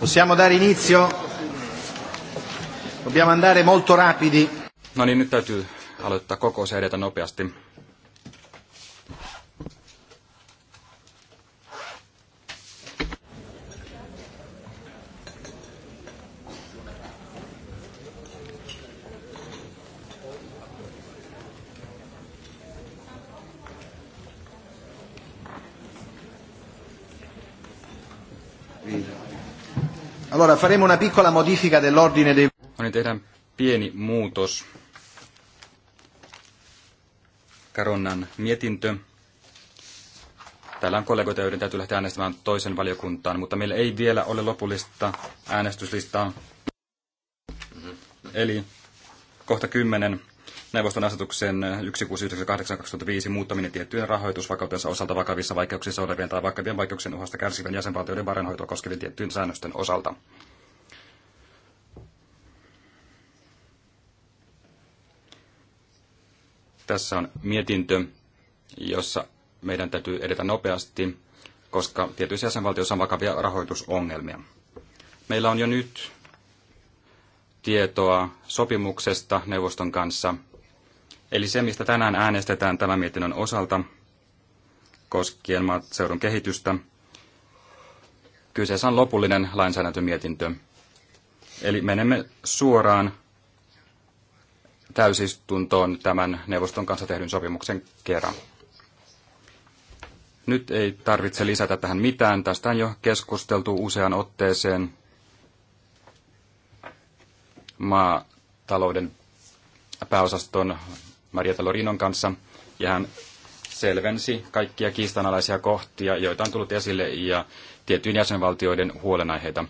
Possiamo dare inizio? Dobbiamo andare molto rapidi. No niin, nyt täytyy aloittaa kokous ja edetä nopeasti. Allora, faremo una piccola modifica dell'ordine dei... voti. No niin, tehdään pieni muutos. Karonnan mietintö. Täällä on kollegoita, joiden täytyy lähteä äänestämään toisen valiokuntaan, mutta meillä ei vielä ole lopullista äänestyslistaa. Mhm. Eli kohta kymmenen neuvoston asetuksen 1698-2005 muuttaminen tiettyjen rahoitusvakautensa osalta vakavissa vaikeuksissa olevien tai vakavien vaikeuksien uhasta kärsivien jäsenvaltioiden varainhoitoa koskevien tiettyjen säännösten osalta. Tässä on mietintö, jossa meidän täytyy edetä nopeasti, koska tietyissä jäsenvaltioissa on vakavia rahoitusongelmia. Meillä on jo nyt tietoa sopimuksesta neuvoston kanssa – Eli se, mistä tänään äänestetään tämän mietinnön osalta koskien maaseudun kehitystä, kyseessä on lopullinen lainsäädäntömietintö. Eli menemme suoraan täysistuntoon tämän neuvoston kanssa tehdyn sopimuksen kerran. Nyt ei tarvitse lisätä tähän mitään. Tästä on jo keskusteltu useaan otteeseen maatalouden pääosaston Maria Talorinon kanssa, ja hän selvensi kaikkia kiistanalaisia kohtia, joita on tullut esille, ja tiettyjen jäsenvaltioiden huolenaiheita.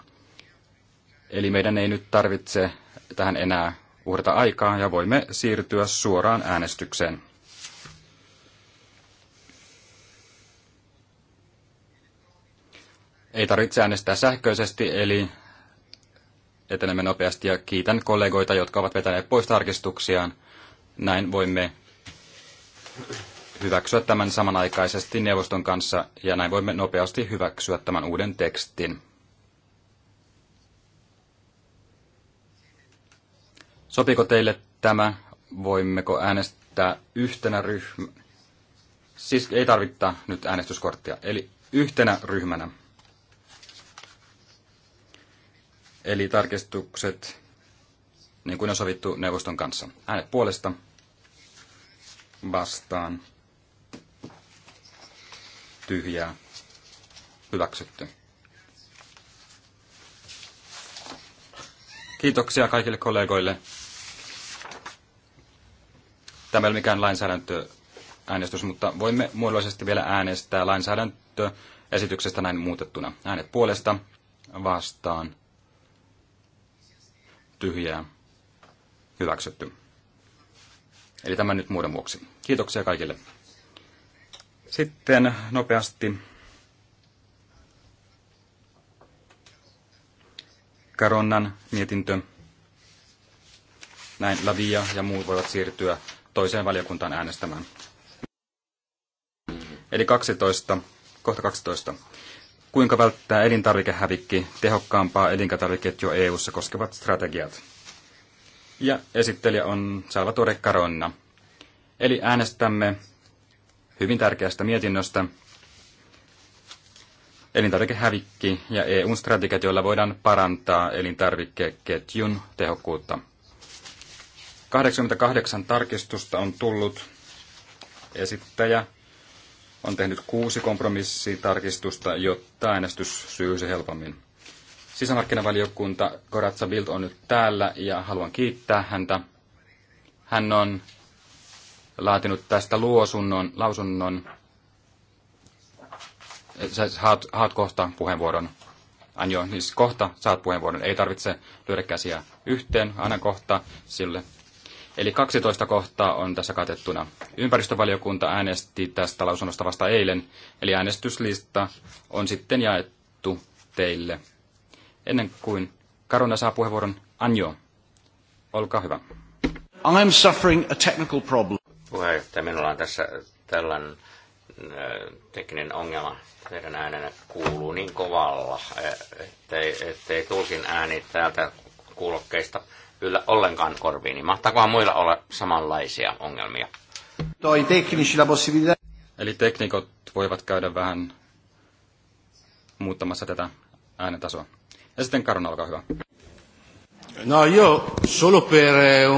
Eli meidän ei nyt tarvitse tähän enää uhrata aikaa, ja voimme siirtyä suoraan äänestykseen. Ei tarvitse äänestää sähköisesti, eli etenemme nopeasti ja kiitän kollegoita, jotka ovat vetäneet pois tarkistuksiaan – näin voimme hyväksyä tämän samanaikaisesti neuvoston kanssa ja näin voimme nopeasti hyväksyä tämän uuden tekstin. Sopiko teille tämä? Voimmeko äänestää yhtenä ryhmänä? Siis ei tarvita nyt äänestyskorttia, eli yhtenä ryhmänä. Eli tarkistukset, niin kuin on sovittu neuvoston kanssa. Äänet puolesta vastaan tyhjää hyväksytty. Kiitoksia kaikille kollegoille. Tämä ei ole mikään lainsäädäntöäänestys, mutta voimme muodollisesti vielä äänestää lainsäädäntöesityksestä näin muutettuna. Äänet puolesta vastaan tyhjää hyväksytty. Eli tämä nyt muodon vuoksi. Kiitoksia kaikille. Sitten nopeasti Karonnan mietintö. Näin Lavia ja muut voivat siirtyä toiseen valiokuntaan äänestämään. Eli 12, kohta 12. Kuinka välttää elintarvikehävikki tehokkaampaa elintarvikeketjua EU-ssa koskevat strategiat? Ja esittelijä on Salvatore Caronna. Eli äänestämme hyvin tärkeästä mietinnöstä elintarvikehävikki ja EUn strategiat, joilla voidaan parantaa elintarvikeketjun tehokkuutta. 88 tarkistusta on tullut. Esittäjä on tehnyt kuusi kompromissitarkistusta, jotta äänestys syysi helpommin. Sisämarkkinavaliokunta Koratsa Bild on nyt täällä ja haluan kiittää häntä. Hän on laatinut tästä luosunnon, lausunnon. saat, saat kohta puheenvuoron. Anjo, siis kohta saat puheenvuoron. Ei tarvitse lyödä käsiä yhteen, aina kohta sille. Eli 12 kohtaa on tässä katettuna. Ympäristövaliokunta äänesti tästä lausunnosta vasta eilen, eli äänestyslista on sitten jaettu teille. Ennen kuin Karuna saa puheenvuoron, Anjo, olkaa hyvä. I'm suffering a technical problem. Puheenjohtaja, minulla on tässä tällainen äh, tekninen ongelma. Teidän äänenne kuuluu niin kovalla, ettei, ettei tulkin ääni täältä kuulokkeista yllä ollenkaan korviin. Niin mahtakohan muilla olla samanlaisia ongelmia? Toi teknisillä possibilità. Eli teknikot voivat käydä vähän muuttamassa tätä äänetasoa. Ja sitten olkaa hyvä. No joo, solo per... Eh,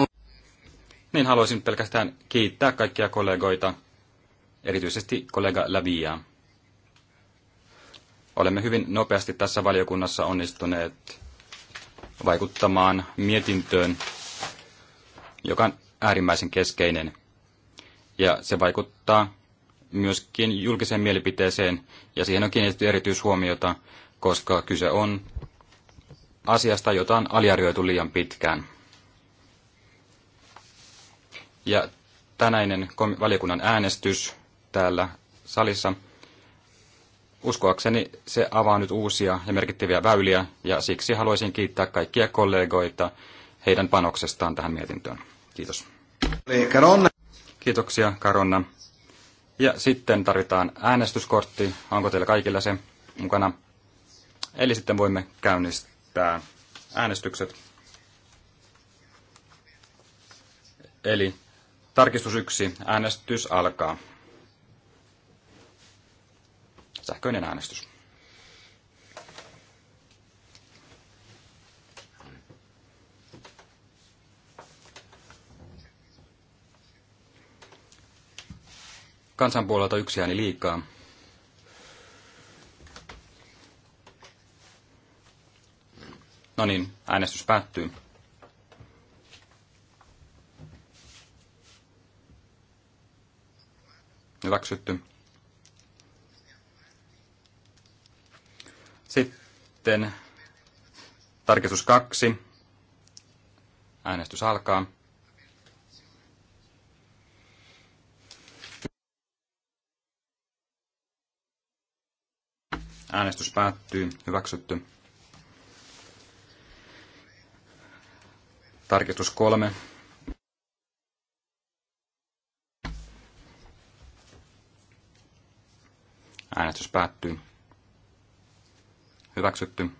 niin haluaisin pelkästään kiittää kaikkia kollegoita, erityisesti kollega Lavia. Olemme hyvin nopeasti tässä valiokunnassa onnistuneet vaikuttamaan mietintöön, joka on äärimmäisen keskeinen. Ja se vaikuttaa myöskin julkiseen mielipiteeseen, ja siihen on kiinnitetty erityishuomiota, koska kyse on asiasta, jota on aliarvioitu liian pitkään. Ja tänäinen valiokunnan äänestys täällä salissa, uskoakseni se avaa nyt uusia ja merkittäviä väyliä, ja siksi haluaisin kiittää kaikkia kollegoita heidän panoksestaan tähän mietintöön. Kiitos. Kiitoksia, Karonna. Ja sitten tarvitaan äänestyskortti. Onko teillä kaikilla se mukana? Eli sitten voimme käynnistää järjestää äänestykset. Eli tarkistus yksi, äänestys alkaa. Sähköinen äänestys. Kansanpuolelta yksi ääni liikaa. No niin, äänestys päättyy. Hyväksytty. Sitten tarkistus kaksi. Äänestys alkaa. Äänestys päättyy. Hyväksytty. Tarkistus kolme. Äänestys päättyy. Hyväksytty.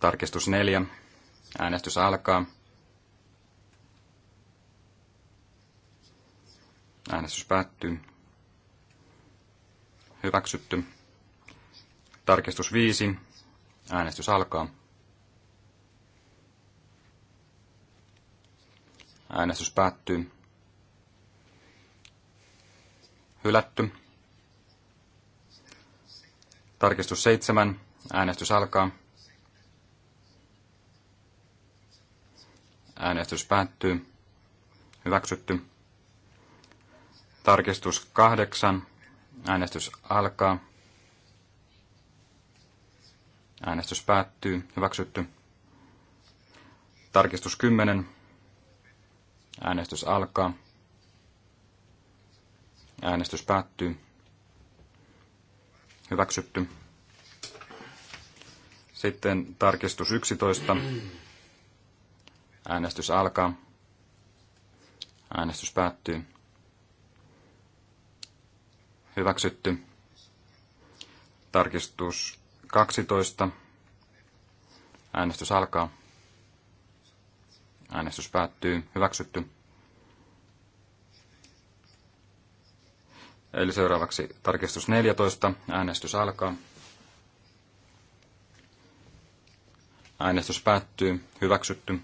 Tarkistus neljä. Äänestys alkaa. Äänestys päättyy. Hyväksytty. Tarkistus 5. Äänestys alkaa. Äänestys päättyy. Hylätty. Tarkistus 7. Äänestys alkaa. Äänestys päättyy. Hyväksytty. Tarkistus 8. Äänestys alkaa. Äänestys päättyy. Hyväksytty. Tarkistus 10. Äänestys alkaa. Äänestys päättyy. Hyväksytty. Sitten tarkistus 11. Äänestys alkaa. Äänestys päättyy. Hyväksytty. Tarkistus 12. Äänestys alkaa. Äänestys päättyy. Hyväksytty. Eli seuraavaksi tarkistus 14. Äänestys alkaa. Äänestys päättyy. Hyväksytty.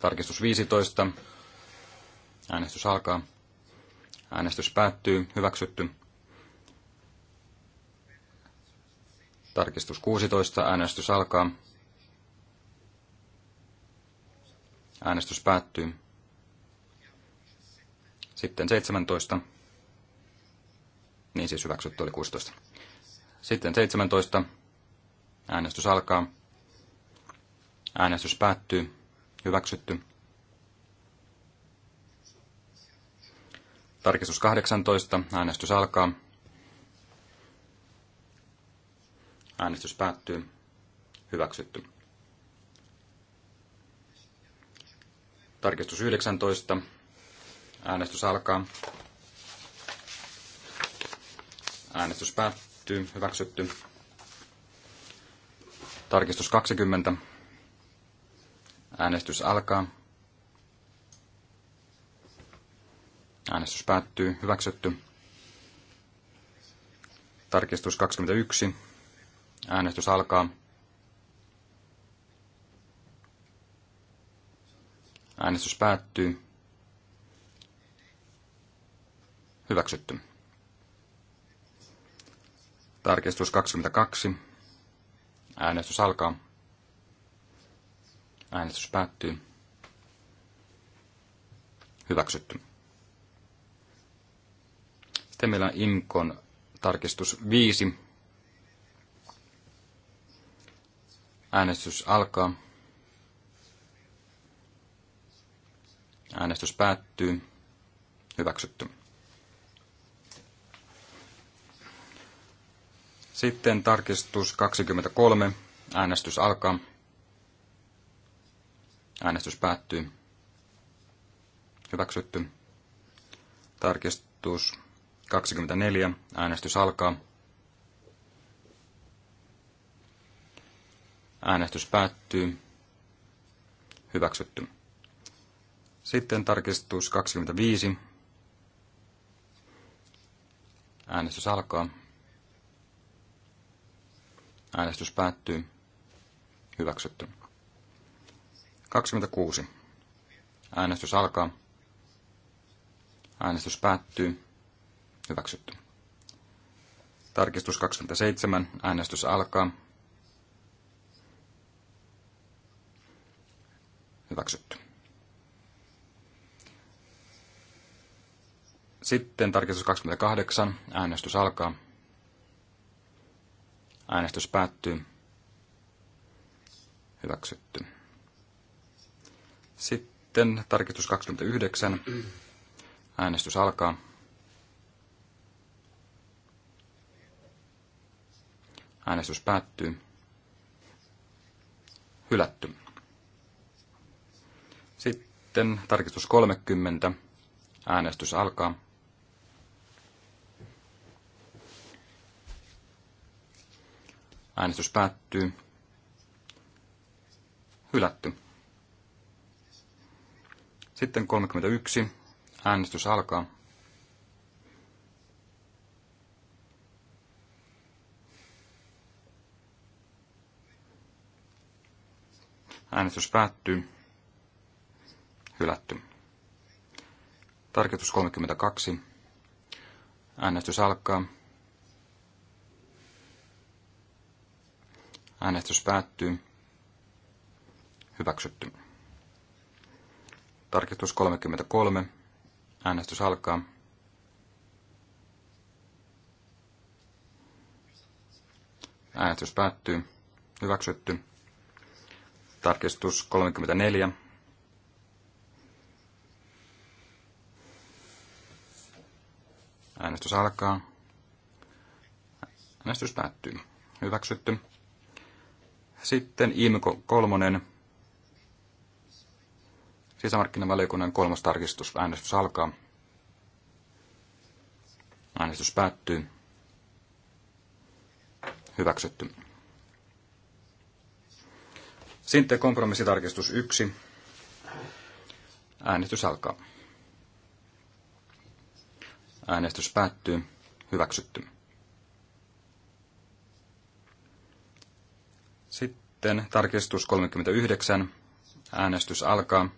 Tarkistus 15. Äänestys alkaa. Äänestys päättyy. Hyväksytty. Tarkistus 16. Äänestys alkaa. Äänestys päättyy. Sitten 17. Niin siis hyväksytty oli 16. Sitten 17. Äänestys alkaa. Äänestys päättyy. Hyväksytty. Tarkistus 18. Äänestys alkaa. Äänestys päättyy. Hyväksytty. Tarkistus 19. Äänestys alkaa. Äänestys päättyy. Hyväksytty. Tarkistus 20. Äänestys alkaa. Äänestys päättyy. Hyväksytty. Tarkistus 21. Äänestys alkaa. Äänestys päättyy. Hyväksytty. Tarkistus 22. Äänestys alkaa. Äänestys päättyy. Hyväksytty. Sitten meillä on IMKON tarkistus 5. Äänestys alkaa. Äänestys päättyy. Hyväksytty. Sitten tarkistus 23. Äänestys alkaa. Äänestys päättyy. Hyväksytty. Tarkistus 24. Äänestys alkaa. Äänestys päättyy. Hyväksytty. Sitten tarkistus 25. Äänestys alkaa. Äänestys päättyy. Hyväksytty. 26. Äänestys alkaa. Äänestys päättyy. Hyväksytty. Tarkistus 27. Äänestys alkaa. Hyväksytty. Sitten tarkistus 28. Äänestys alkaa. Äänestys päättyy. Hyväksytty. Sitten tarkistus 29. Äänestys alkaa. Äänestys päättyy. Hylätty. Sitten tarkistus 30. Äänestys alkaa. Äänestys päättyy. Hylätty. Sitten 31. Äänestys alkaa. Äänestys päättyy. Hylätty. Tarkoitus 32. Äänestys alkaa. Äänestys päättyy. Hyväksytty. Tarkistus 33. Äänestys alkaa. Äänestys päättyy. Hyväksytty. Tarkistus 34. Äänestys alkaa. Äänestys päättyy. Hyväksytty. Sitten IMKO kolmonen, sisämarkkinavaliokunnan kolmas tarkistus, äänestys alkaa. Äänestys päättyy. Hyväksytty. Sitten kompromissitarkistus 1. Äänestys alkaa. Äänestys päättyy. Hyväksytty. Sitten tarkistus 39. Äänestys alkaa.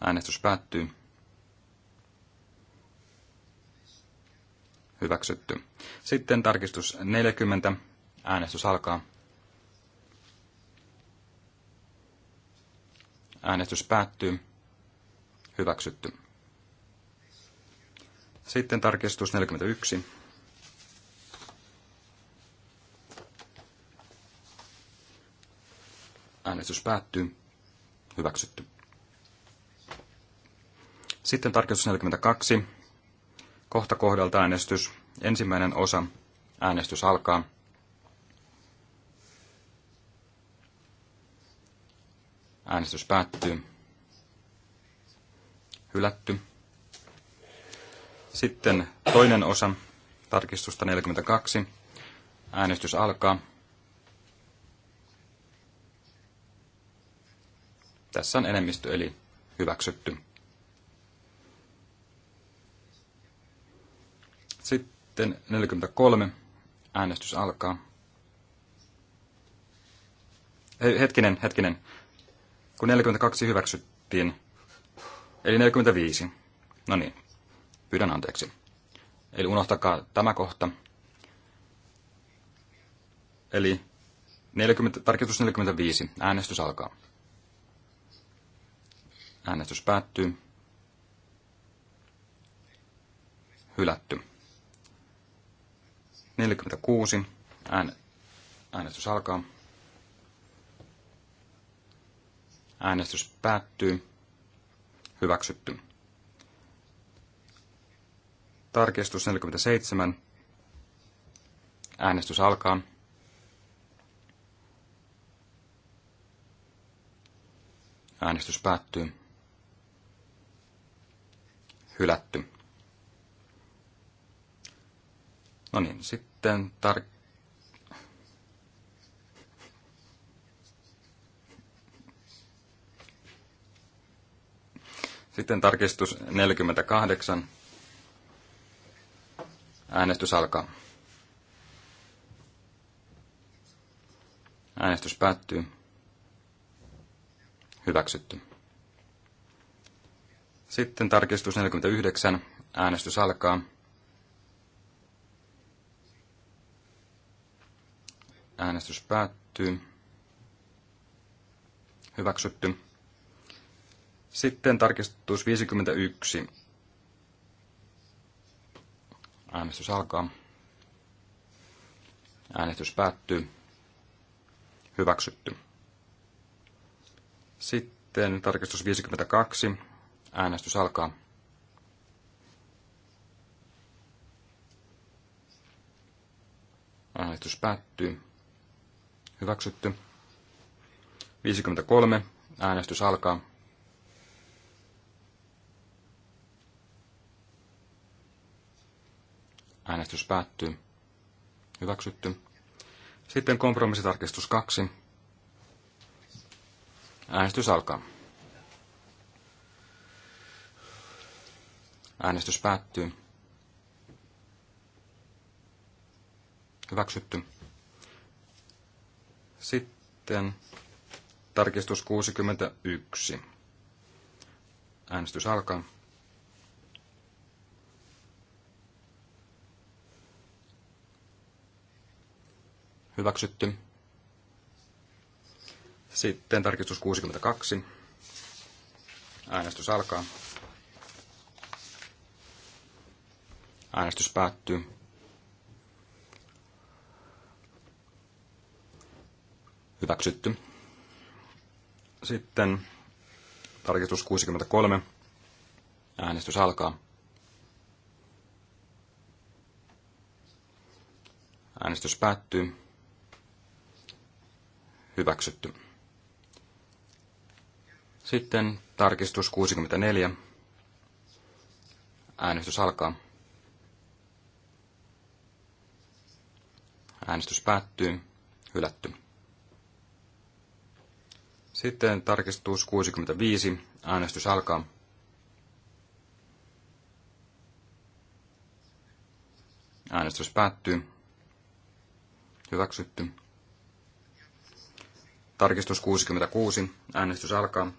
Äänestys päättyy. Hyväksytty. Sitten tarkistus 40. Äänestys alkaa. Äänestys päättyy. Hyväksytty. Sitten tarkistus 41. Äänestys päättyy. Hyväksytty. Sitten tarkistus 42. Kohta kohdalta äänestys. Ensimmäinen osa. Äänestys alkaa. Äänestys päättyy. Hylätty. Sitten toinen osa tarkistusta 42. Äänestys alkaa. Tässä on enemmistö, eli hyväksytty. Sitten 43. Äänestys alkaa. Ei, hetkinen, hetkinen. Kun 42 hyväksyttiin, eli 45. No niin, pyydän anteeksi. Eli unohtakaa tämä kohta. Eli 40, tarkistus 45. Äänestys alkaa. Äänestys päättyy. Hylätty. 46. Ään, äänestys alkaa. Äänestys päättyy. Hyväksytty. Tarkistus 47. Äänestys alkaa. Äänestys päättyy hylätty. No niin, sitten tar... Sitten tarkistus 48. Äänestys alkaa. Äänestys päättyy. Hyväksytty. Sitten tarkistus 49. Äänestys alkaa. Äänestys päättyy. Hyväksytty. Sitten tarkistus 51. Äänestys alkaa. Äänestys päättyy. Hyväksytty. Sitten tarkistus 52. Äänestys alkaa. Äänestys päättyy. Hyväksytty. 53. Äänestys alkaa. Äänestys päättyy. Hyväksytty. Sitten kompromissitarkistus 2. Äänestys alkaa. Äänestys päättyy. Hyväksytty. Sitten tarkistus 61. Äänestys alkaa. Hyväksytty. Sitten tarkistus 62. Äänestys alkaa. Äänestys päättyy. Hyväksytty. Sitten tarkistus 63. Äänestys alkaa. Äänestys päättyy. Hyväksytty. Sitten tarkistus 64. Äänestys alkaa. Äänestys päättyy. Hylätty. Sitten tarkistus 65. Äänestys alkaa. Äänestys päättyy. Hyväksytty. Tarkistus 66. Äänestys alkaa.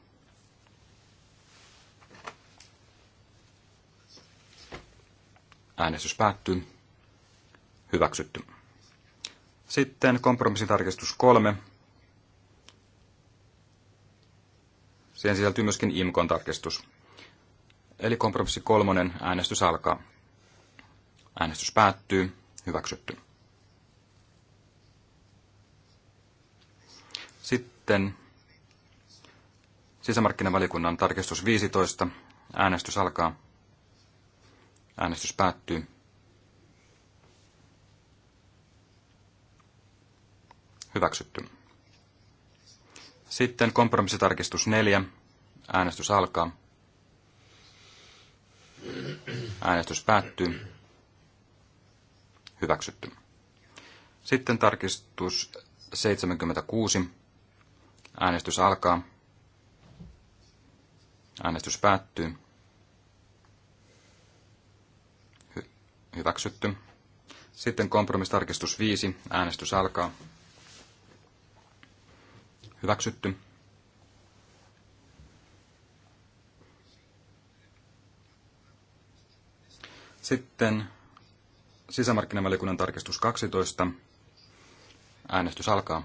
Äänestys päättyy. Hyväksytty. Sitten kompromissitarkistus kolme. Siihen sisältyy myöskin IMKon tarkistus. Eli kompromissi kolmonen äänestys alkaa. Äänestys päättyy. Hyväksytty. Sitten sisämarkkinavalikunnan tarkistus 15. Äänestys alkaa. Äänestys päättyy. Hyväksytty. Sitten kompromissitarkistus 4. Äänestys alkaa. Äänestys päättyy. Hyväksytty. Sitten tarkistus 76. Äänestys alkaa. Äänestys päättyy. Hy- hyväksytty. Sitten kompromistarkistus 5. Äänestys alkaa. Hyväksytty. Sitten sisämarkkinavaliokunnan tarkistus 12. Äänestys alkaa.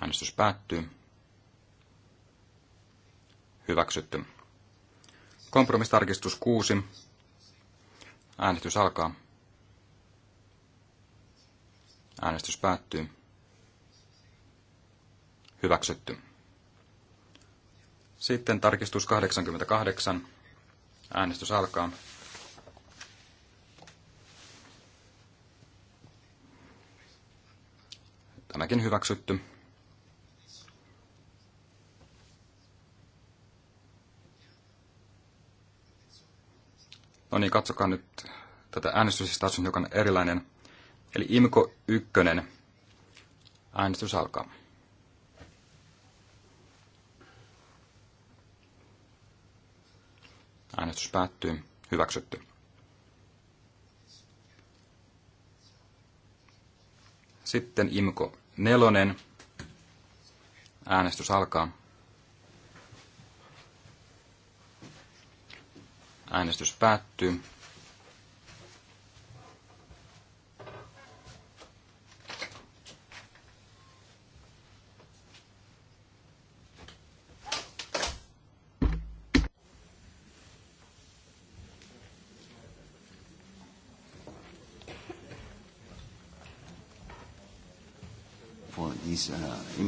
Äänestys päättyy. Hyväksytty. Kompromistarkistus 6. Äänestys alkaa. Äänestys päättyy. Hyväksytty. Sitten tarkistus 88. Äänestys alkaa. Tämäkin hyväksytty. No niin, katsokaa nyt tätä äänestysistää, on hiukan erilainen. Eli IMKO 1. Äänestys alkaa. Äänestys päättyy. Hyväksytty. Sitten IMKO 4. Äänestys alkaa. Äänestys päättyy.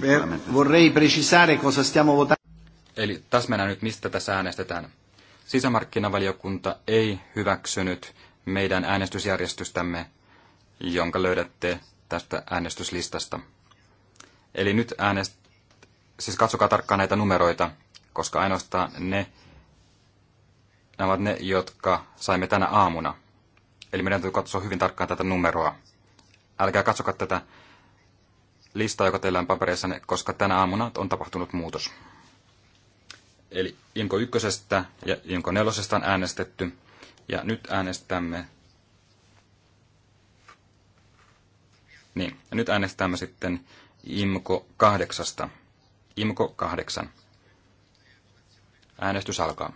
Eh, vorrei precisare cosa stiamo votando. Eli täsmennän nyt, mistä tässä äänestetään. Sisämarkkinavaliokunta ei hyväksynyt meidän äänestysjärjestystämme, jonka löydätte tästä äänestyslistasta. Eli nyt äänest... siis katsokaa tarkkaan näitä numeroita, koska ainoastaan ne, nämä ovat ne, jotka saimme tänä aamuna. Eli meidän täytyy katsoa hyvin tarkkaan tätä numeroa. Älkää katsokaa tätä Lista, joka teillä on papereissanne, koska tänä aamuna on tapahtunut muutos. Eli IMKO 1 ja IMKO 4 on äänestetty, ja nyt äänestämme Niin, ja nyt äänestämme sitten IMKO 8. IMKO 8. Äänestys alkaa.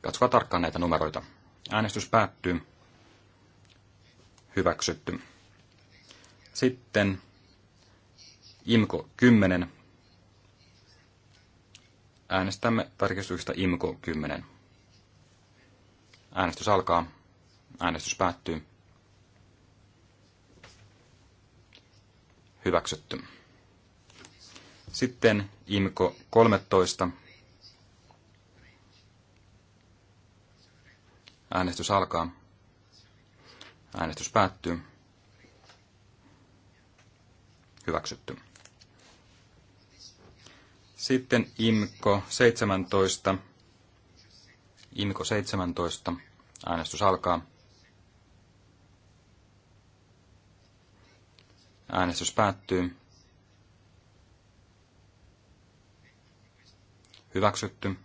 Katsokaa tarkkaan näitä numeroita. Äänestys päättyy hyväksytty. Sitten IMKO 10. Äänestämme tarkistuksista IMKO 10. Äänestys alkaa. Äänestys päättyy. Hyväksytty. Sitten IMKO 13. Äänestys alkaa. Äänestys päättyy. Hyväksytty. Sitten IMKO 17. IMKO 17. Äänestys alkaa. Äänestys päättyy. Hyväksytty.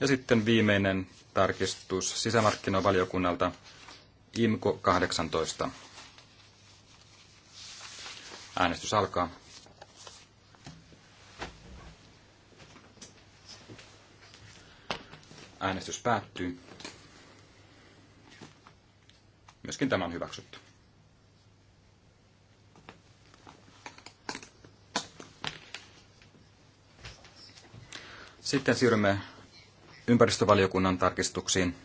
Ja sitten viimeinen tarkistus sisämarkkinovaliokunnalta IMKO 18. Äänestys alkaa. Äänestys päättyy. Myöskin tämä on hyväksytty. Sitten siirrymme ympäristövaliokunnan tarkistuksiin.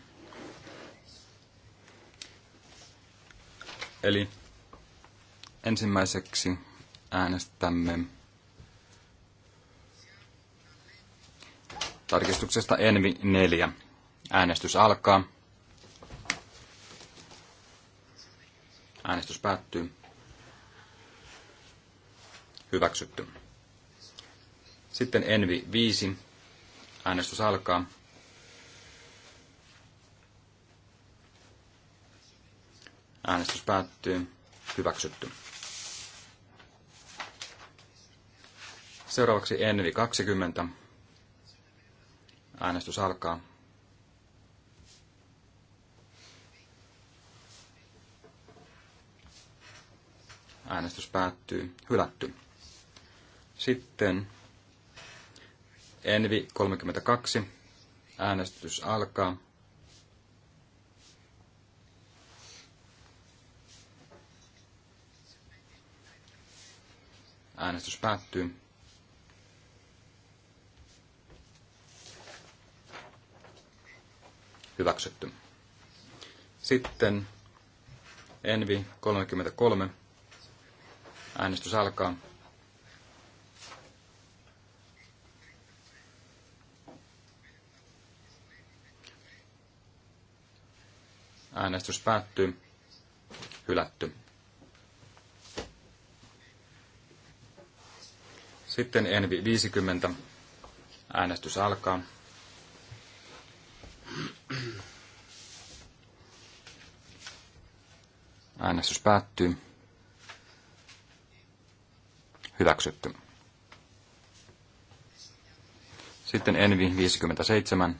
Eli ensimmäiseksi äänestämme tarkistuksesta Envi 4. Äänestys alkaa. Äänestys päättyy. Hyväksytty. Sitten Envi 5. Äänestys alkaa. Äänestys päättyy. Hyväksytty. Seuraavaksi Envi 20. Äänestys alkaa. Äänestys päättyy. Hylätty. Sitten Envi 32. Äänestys alkaa. Äänestys päättyy. Hyväksytty. Sitten Envi 33. Äänestys alkaa. Äänestys päättyy. Hylätty. Sitten Envi 50. Äänestys alkaa. Äänestys päättyy. Hyväksytty. Sitten Envi 57.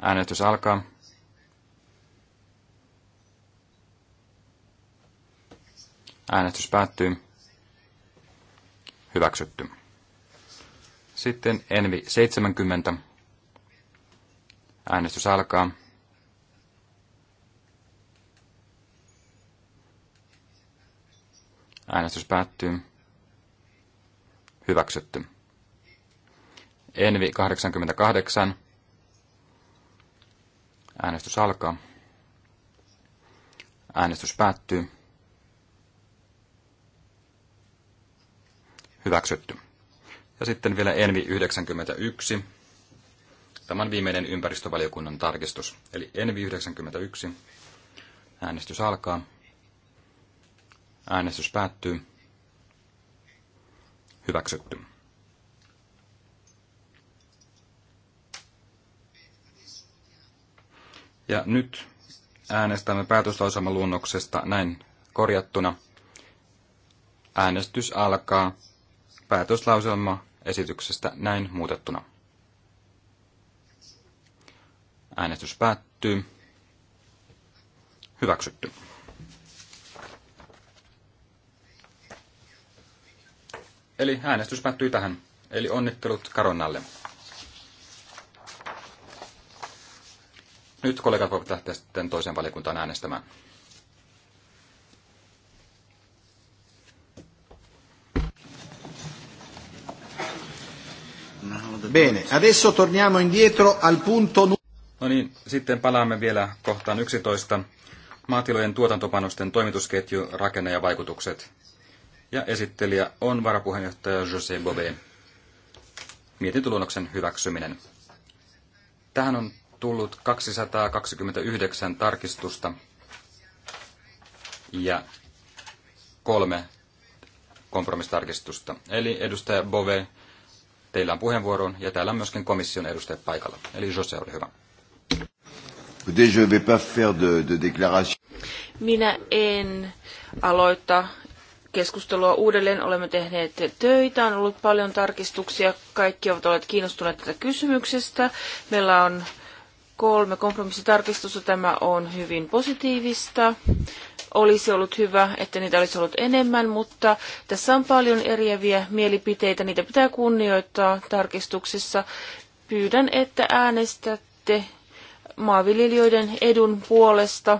Äänestys alkaa. Äänestys päättyy. Hyväksytty. Sitten Envi 70. Äänestys alkaa. Äänestys päättyy. Hyväksytty. Envi 88. Äänestys alkaa. Äänestys päättyy. hyväksytty. Ja sitten vielä Envi 91. Tämä on viimeinen ympäristövaliokunnan tarkistus. Eli Envi 91. Äänestys alkaa. Äänestys päättyy. Hyväksytty. Ja nyt äänestämme päätöslauselman näin korjattuna. Äänestys alkaa päätöslauselma esityksestä näin muutettuna. Äänestys päättyy. Hyväksytty. Eli äänestys päättyy tähän. Eli onnittelut Karonnalle. Nyt kollegat voivat lähteä sitten toiseen valiokuntaan äänestämään. Bene, adesso torniamo indietro al punto... No niin, sitten palaamme vielä kohtaan 11. Maatilojen tuotantopanosten toimitusketju, rakenne ja vaikutukset. Ja esittelijä on varapuheenjohtaja José Bové. Mietintöluonnoksen hyväksyminen. Tähän on tullut 229 tarkistusta ja kolme kompromistarkistusta. Eli edustaja Bove teillä on puheenvuoron ja täällä on myöskin komission edustajat paikalla. Eli Jose, ole hyvä. Minä en aloita keskustelua uudelleen. Olemme tehneet töitä, on ollut paljon tarkistuksia. Kaikki ovat olleet kiinnostuneet tätä kysymyksestä. Meillä on kolme kompromissitarkistusta. Tämä on hyvin positiivista. Olisi ollut hyvä, että niitä olisi ollut enemmän, mutta tässä on paljon eriäviä mielipiteitä. Niitä pitää kunnioittaa tarkistuksissa. Pyydän, että äänestätte maanviljelijöiden edun puolesta.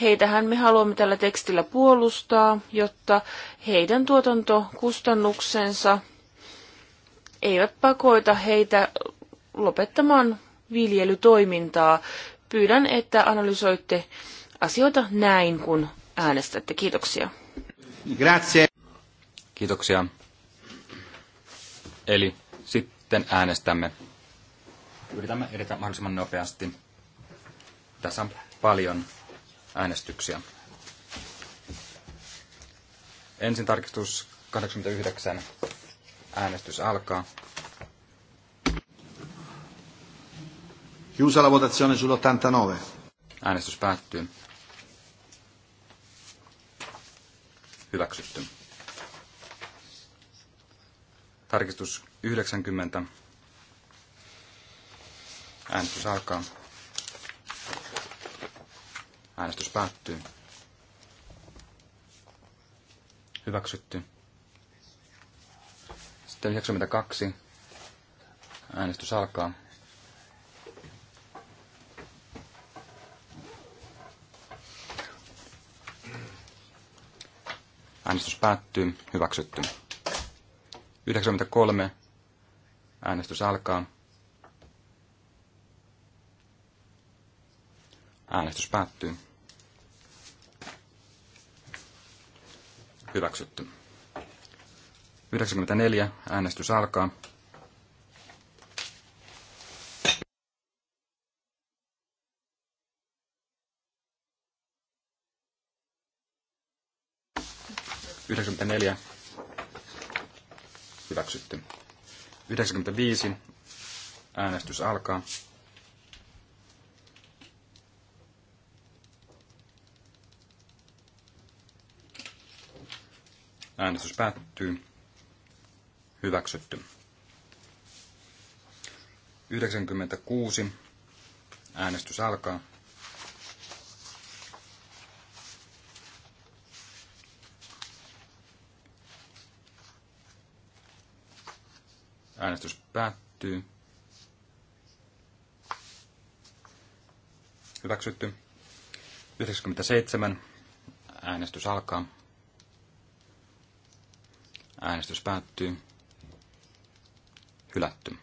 Heitähän me haluamme tällä tekstillä puolustaa, jotta heidän tuotantokustannuksensa eivät pakoita heitä lopettamaan viljelytoimintaa. Pyydän, että analysoitte asioita näin, kun äänestätte. Kiitoksia. Grazie. Kiitoksia. Eli sitten äänestämme. Yritämme edetä mahdollisimman nopeasti. Tässä on paljon äänestyksiä. Ensin tarkistus 89. Äänestys alkaa. Chiusa la votazione sull'89. Äänestys päättyy. Hyväksytty. Tarkistus 90. Äänestys alkaa. Äänestys päättyy. Hyväksytty. Sitten 92. Äänestys alkaa. Äänestys päättyy. Hyväksytty. 93. Äänestys alkaa. Äänestys päättyy. Hyväksytty. 94. Äänestys alkaa. 94 hyväksytty. 95 äänestys alkaa. Äänestys päättyy. Hyväksytty. 96. Äänestys alkaa. Äänestys päättyy. Hyväksytty. 97. Äänestys alkaa. Äänestys päättyy. Hylätty.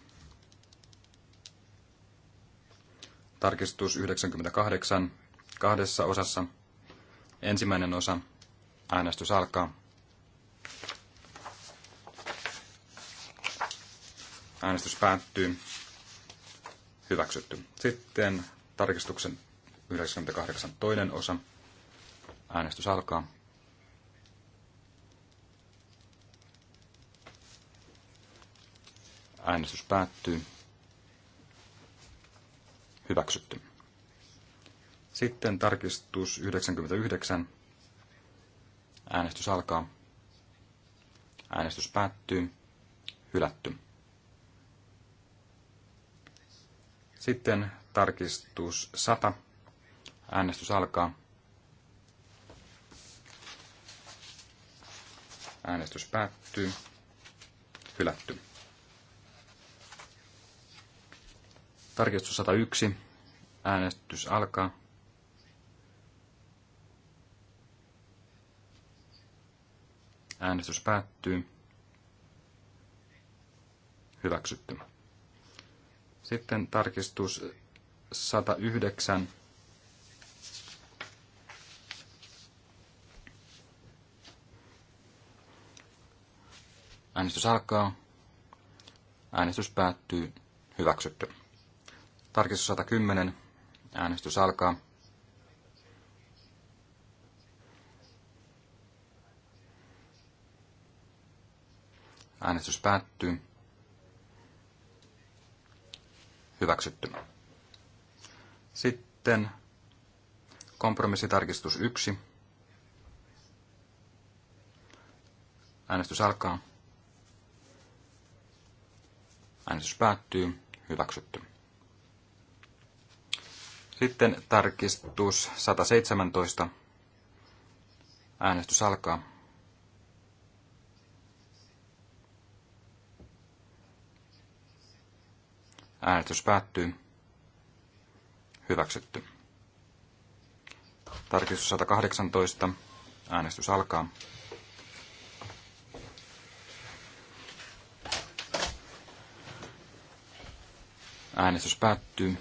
Tarkistus 98. Kahdessa osassa. Ensimmäinen osa. Äänestys alkaa. Äänestys päättyy. Hyväksytty. Sitten tarkistuksen 98 toinen osa. Äänestys alkaa. Äänestys päättyy. Hyväksytty. Sitten tarkistus 99. Äänestys alkaa. Äänestys päättyy. Hylätty. Sitten tarkistus 100. Äänestys alkaa. Äänestys päättyy. Hylätty. Tarkistus 101. Äänestys alkaa. Äänestys päättyy. Hyväksytty. Sitten tarkistus 109. Äänestys alkaa. Äänestys päättyy. Hyväksytty. Tarkistus 110. Äänestys alkaa. Äänestys päättyy. hyväksytty. Sitten kompromissitarkistus 1. Äänestys alkaa. Äänestys päättyy. Hyväksytty. Sitten tarkistus 117. Äänestys alkaa. Äänestys päättyy. Hyväksytty. Tarkistus 118. Äänestys alkaa. Äänestys päättyy.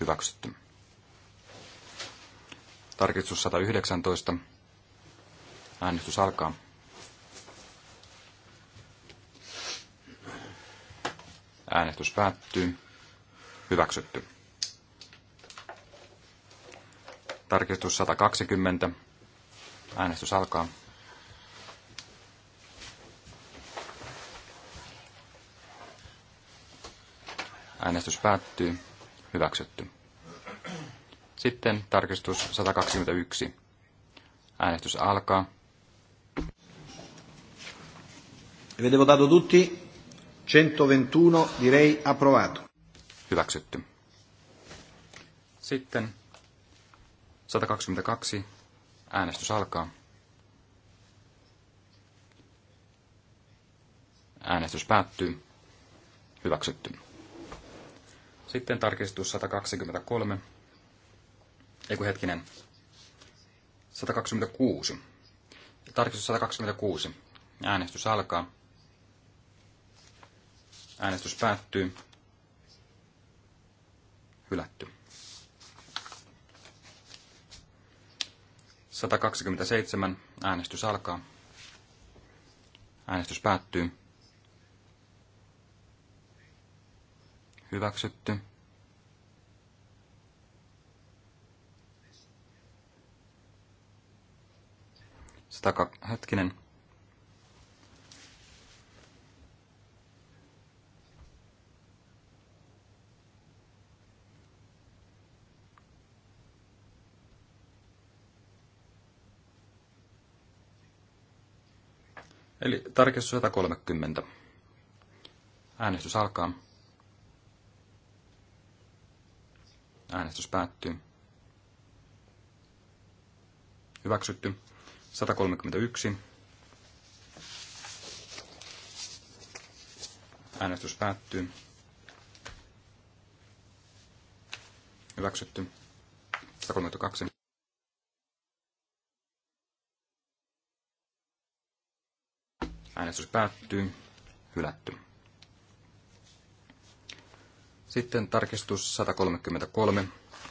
Hyväksytty. Tarkistus 119. Äänestys alkaa. Äänestys päättyy. Hyväksytty. Tarkistus 120. Äänestys alkaa. Äänestys päättyy. Hyväksytty. Sitten tarkistus 121. Äänestys alkaa. Vedevo dato tutti? 121 direi approvato. Hyväksytty. Sitten 122. Äänestys alkaa. Äänestys päättyy. Hyväksytty. Sitten tarkistus 123. Eiku hetkinen. 126. Tarkistus 126. Äänestys alkaa. Äänestys päättyy. Hylätty. 127. Äänestys alkaa. Äänestys päättyy. Hyväksytty. Sataka, hetkinen. Eli tarkistus 130. Äänestys alkaa. Äänestys päättyy. Hyväksytty. 131. Äänestys päättyy. Hyväksytty. 132. Äänestys päättyy. Hylätty. Sitten tarkistus 133.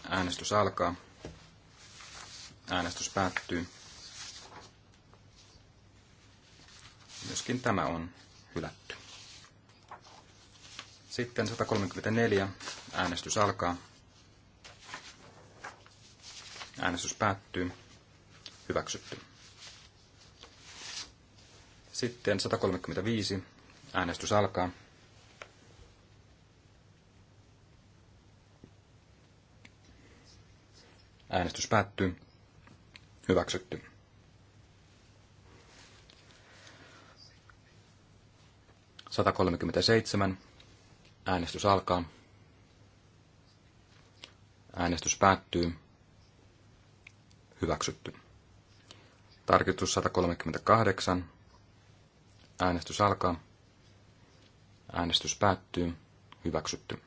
Äänestys alkaa. Äänestys päättyy. Myöskin tämä on hylätty. Sitten 134. Äänestys alkaa. Äänestys päättyy. Hyväksytty. Sitten 135. Äänestys alkaa. Äänestys päättyy. Hyväksytty. seitsemän. Äänestys alkaa. Äänestys päättyy. Hyväksytty. Tarkistus 138. Äänestys alkaa. Äänestys päättyy. Hyväksytty.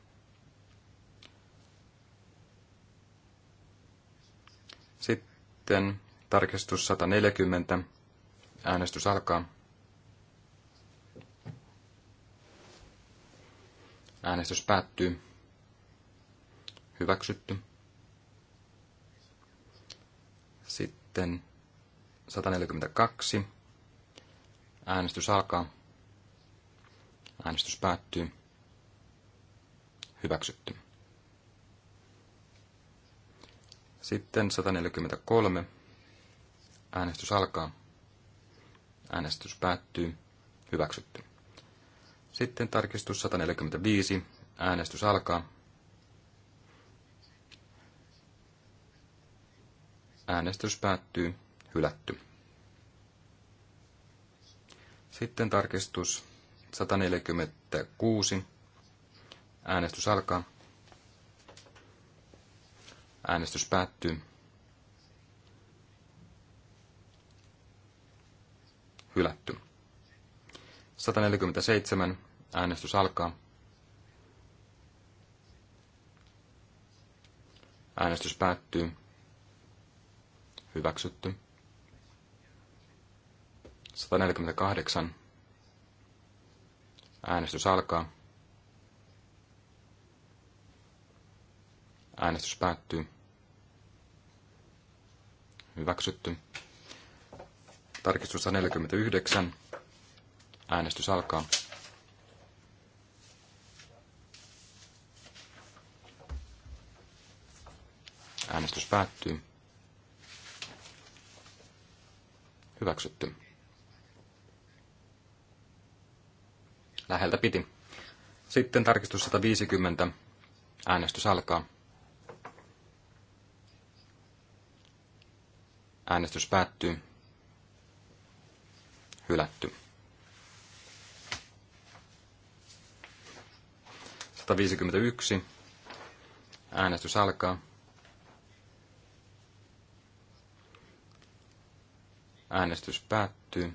Sitten tarkistus 140. Äänestys alkaa. Äänestys päättyy. Hyväksytty. Sitten 142. Äänestys alkaa. Äänestys päättyy. Hyväksytty. Sitten 143. Äänestys alkaa. Äänestys päättyy. Hyväksytty. Sitten tarkistus 145. Äänestys alkaa. Äänestys päättyy. Hylätty. Sitten tarkistus 146. Äänestys alkaa. Äänestys päättyy. Hylätty. 147. Äänestys alkaa. Äänestys päättyy. Hyväksytty. 148. Äänestys alkaa. Äänestys päättyy. Hyväksytty. Tarkistus 149. Äänestys alkaa. Äänestys päättyy. Hyväksytty. läheltä piti. Sitten tarkistus 150. Äänestys alkaa. Äänestys päättyy. Hylätty. 151. Äänestys alkaa. Äänestys päättyy.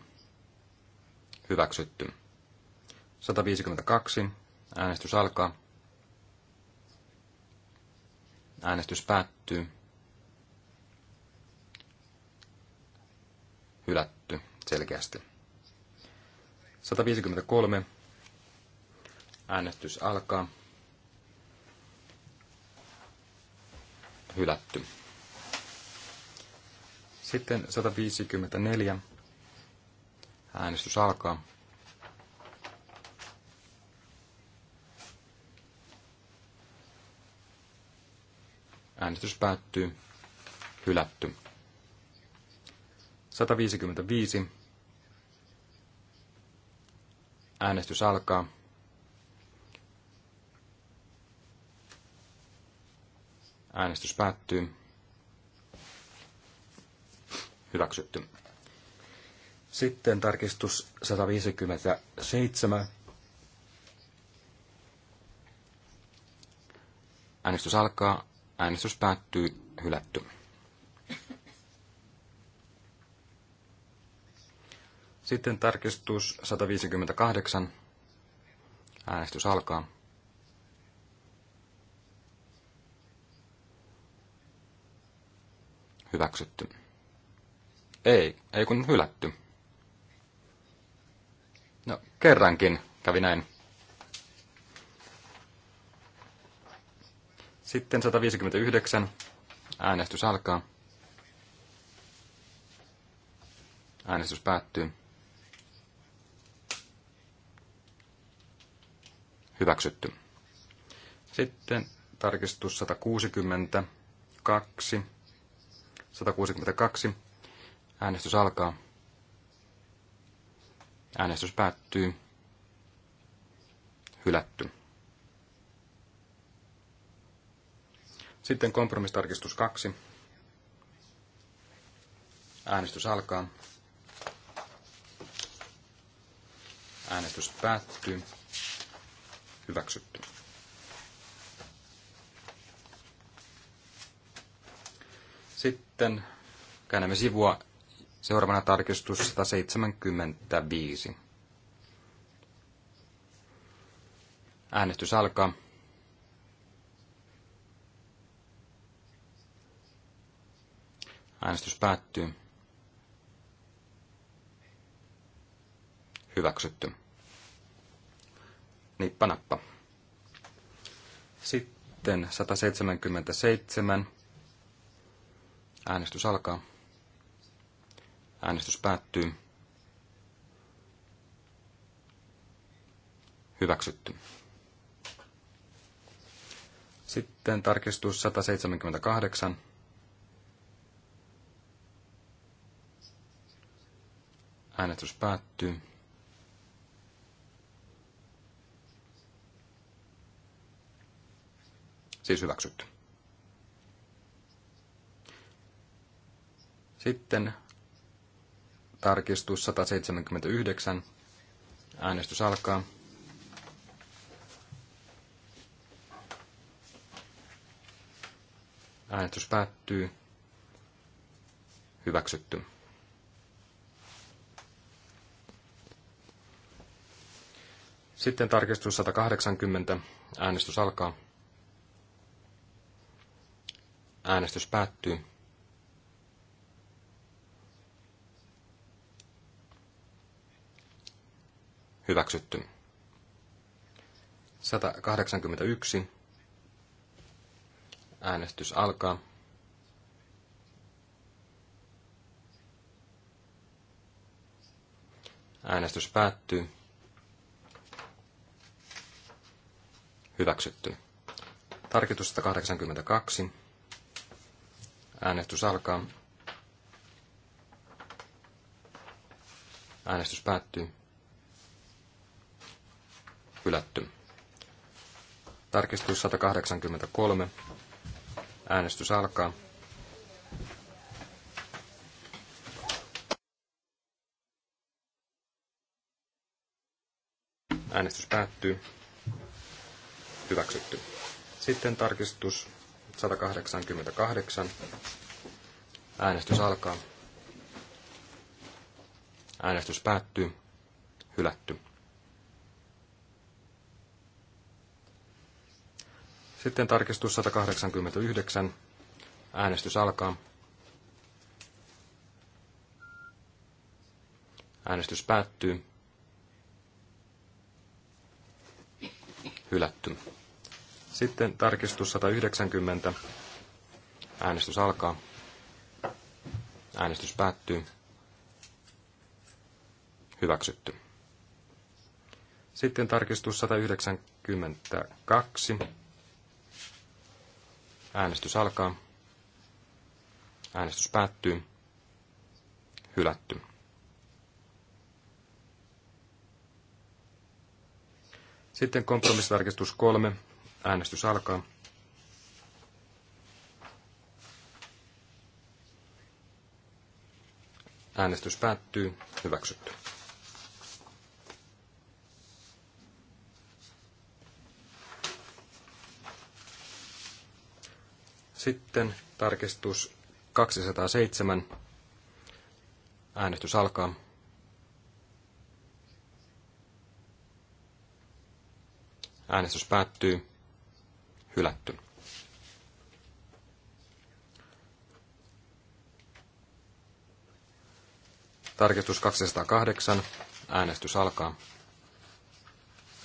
Hyväksytty. 152. Äänestys alkaa. Äänestys päättyy. Hylätty selkeästi. 153. Äänestys alkaa. Hylätty. Sitten 154. Äänestys alkaa. Äänestys päättyy. Hylätty. 155. Äänestys alkaa. Äänestys päättyy. Hyväksytty. Sitten tarkistus 157. Äänestys alkaa. Äänestys päättyy hylätty. Sitten tarkistus 158. Äänestys alkaa. Hyväksytty. Ei, ei kun hylätty. No, kerrankin kävi näin. Sitten 159. Äänestys alkaa. Äänestys päättyy. Hyväksytty. Sitten tarkistus 162. 162. Äänestys alkaa. Äänestys päättyy. Hylätty. Sitten kompromistarkistus 2. Äänestys alkaa. Äänestys päättyy. Hyväksytty. Sitten käännämme sivua. Seuraavana tarkistus 175. Äänestys alkaa. Äänestys päättyy. Hyväksytty. Nippa nappa. Sitten 177. Äänestys alkaa. Äänestys päättyy. Hyväksytty. Sitten tarkistus 178. Äänestys päättyy. Siis hyväksytty. Sitten tarkistus 179. Äänestys alkaa. Äänestys päättyy. Hyväksytty. Sitten tarkistus 180. Äänestys alkaa. Äänestys päättyy. Hyväksytty. 181. Äänestys alkaa. Äänestys päättyy. Hyväksytty. Tarkitus 182. Äänestys alkaa. Äänestys päättyy. Hylätty. Tarkistus 183. Äänestys alkaa. Äänestys päättyy hyväksytty. Sitten tarkistus 188. Äänestys alkaa. Äänestys päättyy. Hylätty. Sitten tarkistus 189. Äänestys alkaa. Äänestys päättyy. hylätty. Sitten tarkistus 190. Äänestys alkaa. Äänestys päättyy. Hyväksytty. Sitten tarkistus 192. Äänestys alkaa. Äänestys päättyy. Hylätty. Sitten kompromissitarkistus kolme. Äänestys alkaa. Äänestys päättyy. Hyväksytty. Sitten tarkistus 207. Äänestys alkaa. Äänestys päättyy. Hylätty. Tarkistus 208. Äänestys alkaa.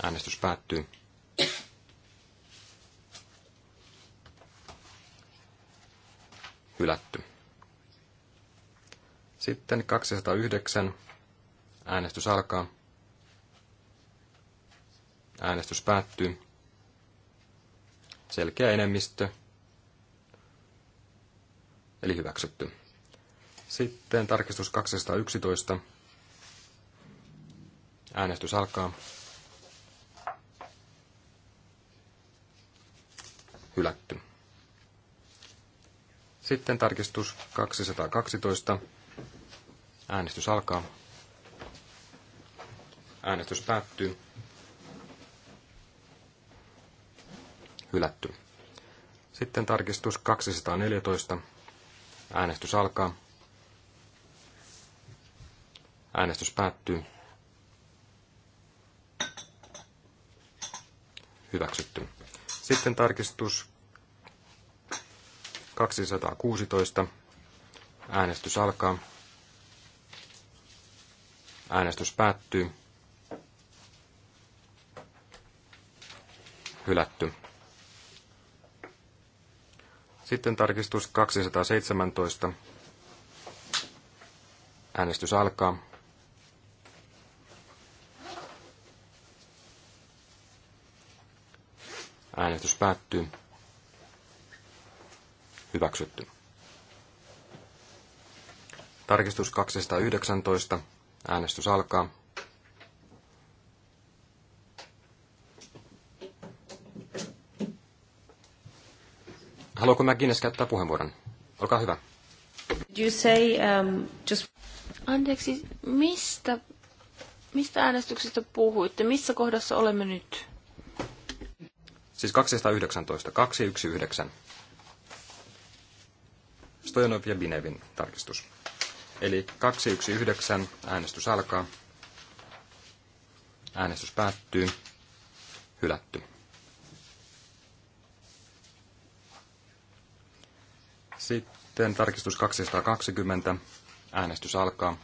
Äänestys päättyy. Hylätty. Sitten 209. Äänestys alkaa. Äänestys päättyy. Selkeä enemmistö. Eli hyväksytty. Sitten tarkistus 211. Äänestys alkaa. Hylätty. Sitten tarkistus 212. Äänestys alkaa. Äänestys päättyy. hylätty. Sitten tarkistus 214. Äänestys alkaa. Äänestys päättyy. Hyväksytty. Sitten tarkistus 216. Äänestys alkaa. Äänestys päättyy. Hylätty. Sitten tarkistus 217. Äänestys alkaa. Äänestys päättyy. Hyväksytty. Tarkistus 219. Äänestys alkaa. Haluaako McGuinness käyttää puheenvuoron? Olkaa hyvä. You say, um, just... Anteeksi, mistä, mistä äänestyksestä puhuitte? Missä kohdassa olemme nyt? Siis 219, 219. Stojanov ja Binevin tarkistus. Eli 219 äänestys alkaa. Äänestys päättyy. Hylätty. Sitten tarkistus 220. Äänestys alkaa.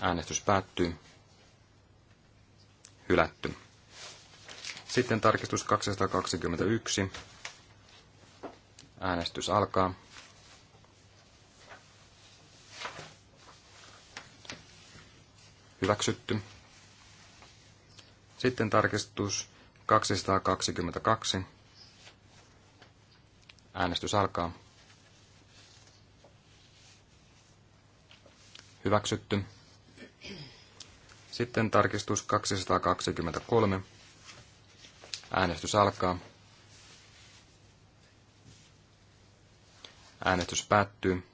Äänestys päättyy. Hylätty. Sitten tarkistus 221. Äänestys alkaa. Hyväksytty. Sitten tarkistus 222. Äänestys alkaa. Hyväksytty. Sitten tarkistus 223. Äänestys alkaa. Äänestys päättyy.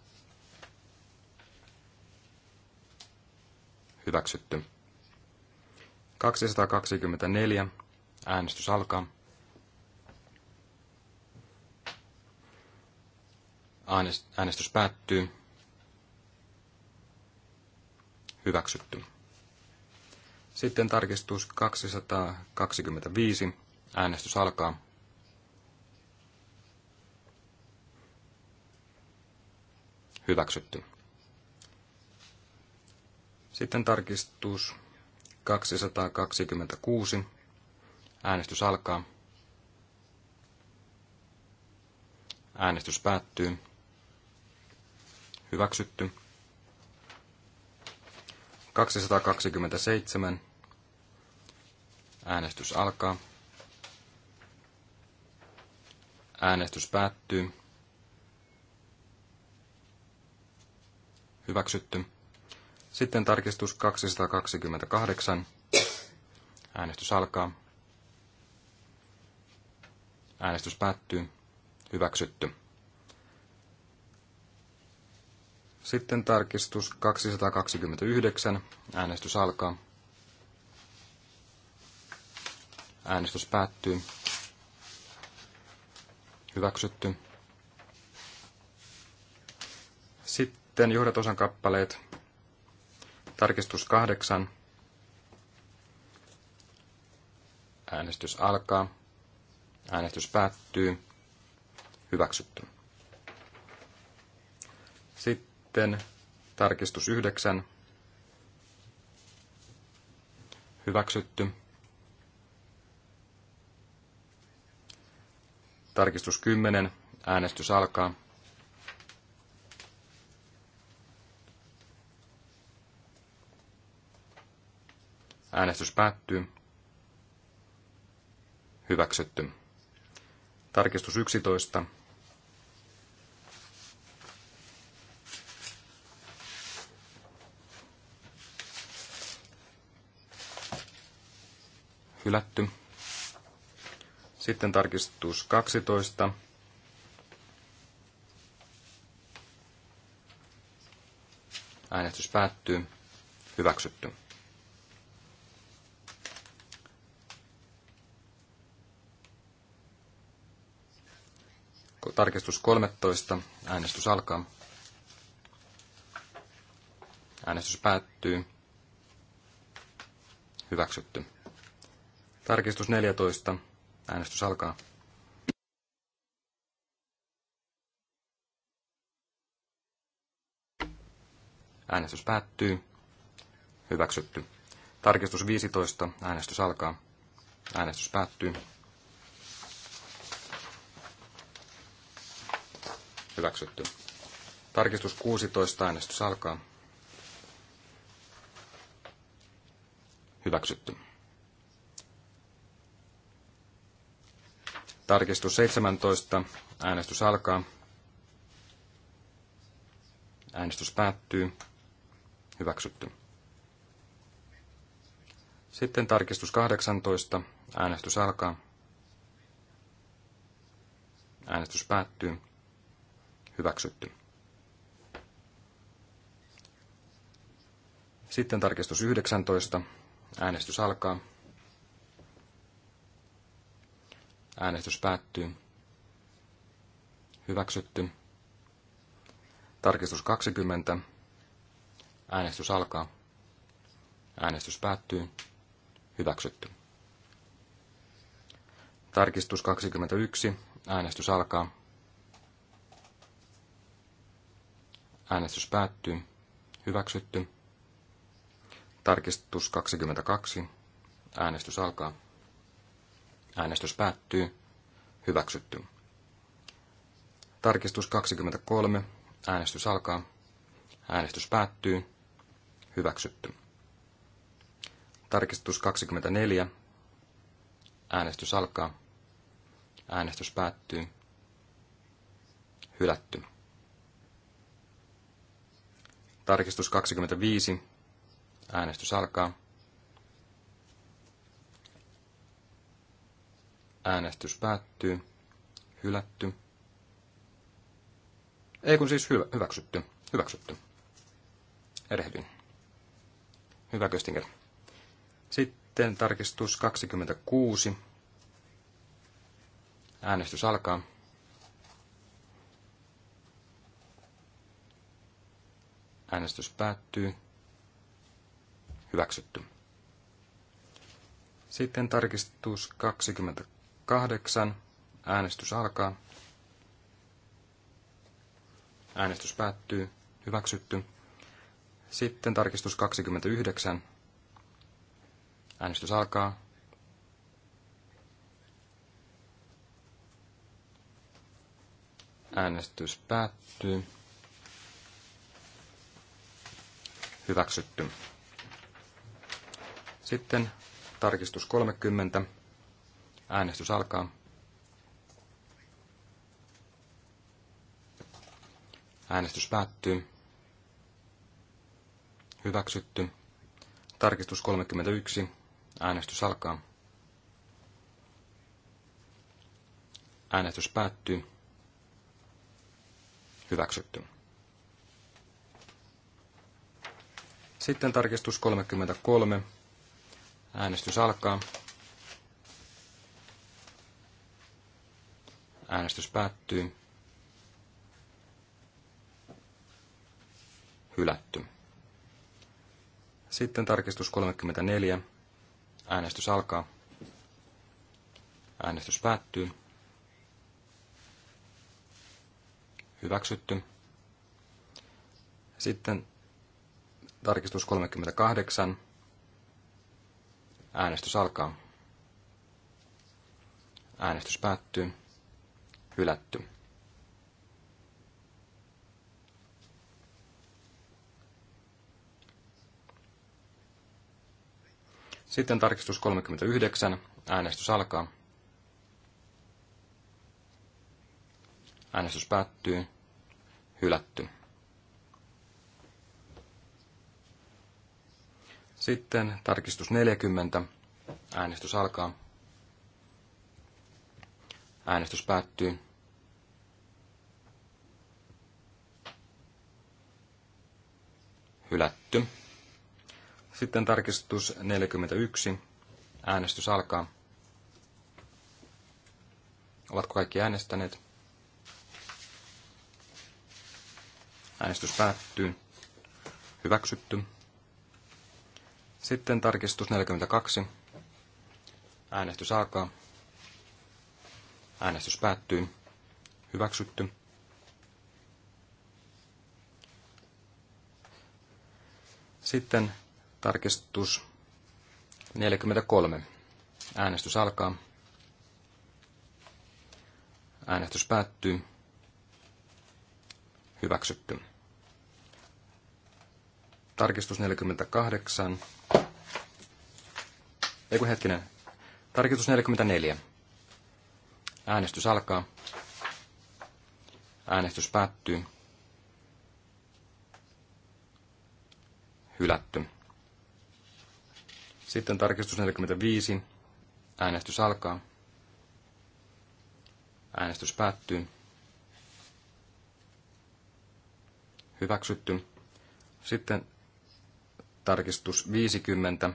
Hyväksytty. 224. Äänestys alkaa. Äänestys päättyy. Hyväksytty. Sitten tarkistus 225. Äänestys alkaa. Hyväksytty. Sitten tarkistus 226. Äänestys alkaa. Äänestys päättyy. Hyväksytty. 227. Äänestys alkaa. Äänestys päättyy. Hyväksytty. Sitten tarkistus 228. Äänestys alkaa. Äänestys päättyy. Hyväksytty. Sitten tarkistus 229. Äänestys alkaa. Äänestys päättyy. Hyväksytty. Sitten johdatosan kappaleet. Tarkistus 8. Äänestys alkaa. Äänestys päättyy. Hyväksytty. Sitten tarkistus 9. Hyväksytty. Tarkistus 10. Äänestys alkaa. Äänestys päättyy. Hyväksytty. Tarkistus 11. Hylätty. Sitten tarkistus 12. Äänestys päättyy. Hyväksytty. Tarkistus 13. Äänestys alkaa. Äänestys päättyy. Hyväksytty. Tarkistus 14. Äänestys alkaa. Äänestys päättyy. Hyväksytty. Tarkistus 15. Äänestys alkaa. Äänestys päättyy. hyväksytty. Tarkistus 16, äänestys alkaa. Hyväksytty. Tarkistus 17, äänestys alkaa. Äänestys päättyy. Hyväksytty. Sitten tarkistus 18. Äänestys alkaa. Äänestys päättyy hyväksytty. Sitten tarkistus 19. Äänestys alkaa. Äänestys päättyy. Hyväksytty. Tarkistus 20. Äänestys alkaa. Äänestys päättyy. Hyväksytty. Tarkistus 21. Äänestys alkaa. Äänestys päättyy. Hyväksytty. Tarkistus 22. Äänestys alkaa. Äänestys päättyy. Hyväksytty. Tarkistus 23. Äänestys alkaa. Äänestys päättyy. Hyväksytty. Tarkistus 24. Äänestys alkaa. Äänestys päättyy. Hylätty. Tarkistus 25. Äänestys alkaa. Äänestys päättyy. Hylätty. Ei kun siis hyvä, hyväksytty. Hyväksytty. Erehdyin. Hyvä Köstinger. Sitten tarkistus 26. Äänestys alkaa. Äänestys päättyy. Hyväksytty. Sitten tarkistus 28. Äänestys alkaa. Äänestys päättyy. Hyväksytty. Sitten tarkistus 29. Äänestys alkaa. Äänestys päättyy. hyväksytty. Sitten tarkistus 30. Äänestys alkaa. Äänestys päättyy. Hyväksytty. Tarkistus 31. Äänestys alkaa. Äänestys päättyy. Hyväksytty. Sitten tarkistus 33. Äänestys alkaa. Äänestys päättyy. Hylätty. Sitten tarkistus 34. Äänestys alkaa. Äänestys päättyy. Hyväksytty. Sitten Tarkistus 38. Äänestys alkaa. Äänestys päättyy. Hylätty. Sitten tarkistus 39. Äänestys alkaa. Äänestys päättyy. Hylätty. Sitten tarkistus 40. Äänestys alkaa. Äänestys päättyy. Hylätty. Sitten tarkistus 41. Äänestys alkaa. Ovatko kaikki äänestäneet? Äänestys päättyy. Hyväksytty. Sitten tarkistus 42. Äänestys alkaa. Äänestys päättyy. Hyväksytty. Sitten tarkistus 43. Äänestys alkaa. Äänestys päättyy. Hyväksytty. Tarkistus 48. Ei kun hetkinen. Tarkistus 44. Äänestys alkaa. Äänestys päättyy. Hylätty. Sitten tarkistus 45. Äänestys alkaa. Äänestys päättyy. Hyväksytty. Sitten tarkistus 50.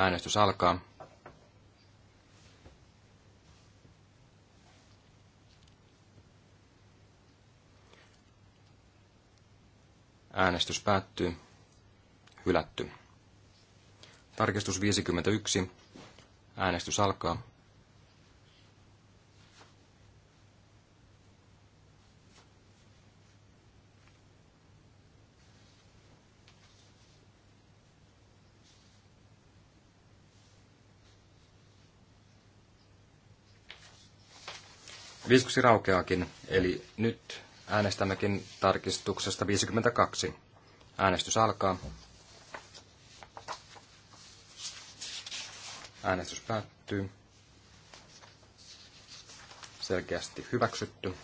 Äänestys alkaa. Äänestys päättyy. Hylätty. Tarkistus 51. Äänestys alkaa. 56 raukeakin, eli nyt äänestämmekin tarkistuksesta 52. Äänestys alkaa. Äänestys päättyy. Selkeästi hyväksytty.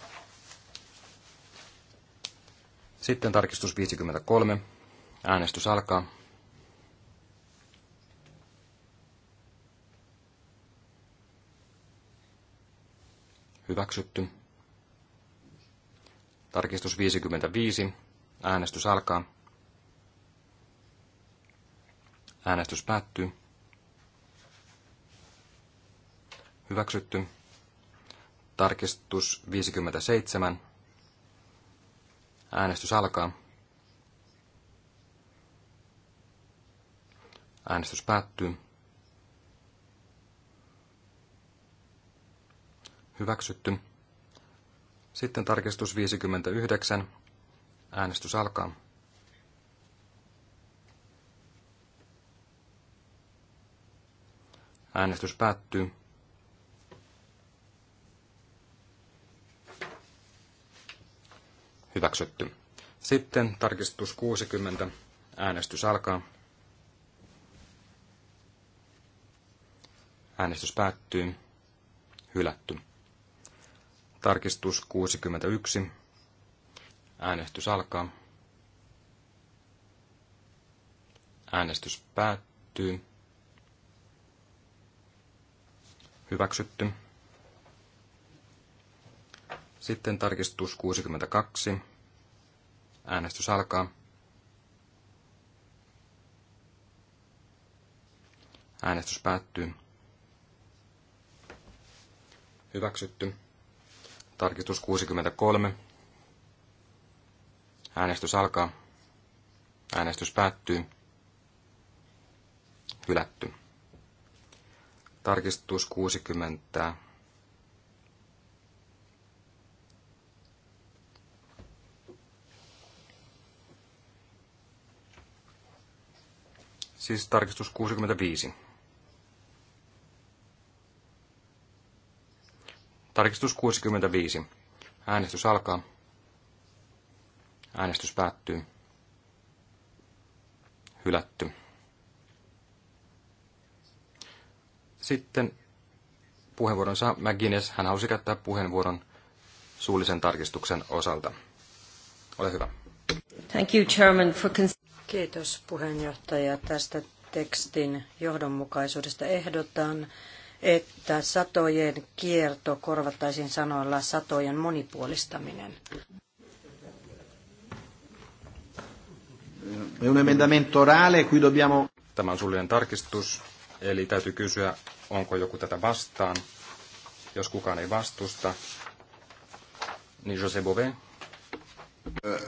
Sitten tarkistus 53. Äänestys alkaa. Hyväksytty. Tarkistus 55. Äänestys alkaa. Äänestys päättyy. Hyväksytty. Tarkistus 57. Äänestys alkaa. Äänestys päättyy. Hyväksytty. Sitten tarkistus 59. Äänestys alkaa. Äänestys päättyy. Hyväksytty. Sitten tarkistus 60. Äänestys alkaa. Äänestys päättyy. Hylätty. Tarkistus 61. Äänestys alkaa. Äänestys päättyy. Hyväksytty. Sitten tarkistus 62. Äänestys alkaa. Äänestys päättyy. Hyväksytty. Tarkistus 63. Äänestys alkaa. Äänestys päättyy. Hylätty. Tarkistus 60. Siis tarkistus 65. Tarkistus 65. Äänestys alkaa. Äänestys päättyy. Hylätty. Sitten puheenvuoron saa McGuinness. Hän halusi käyttää puheenvuoron suullisen tarkistuksen osalta. Ole hyvä. Thank you, Chairman, for Kiitos puheenjohtaja tästä tekstin johdonmukaisuudesta. Ehdotan, että satojen kierto korvattaisiin sanoilla satojen monipuolistaminen. Tämä on suullinen tarkistus, eli täytyy kysyä, onko joku tätä vastaan. Jos kukaan ei vastusta, niin José Bové. Eh,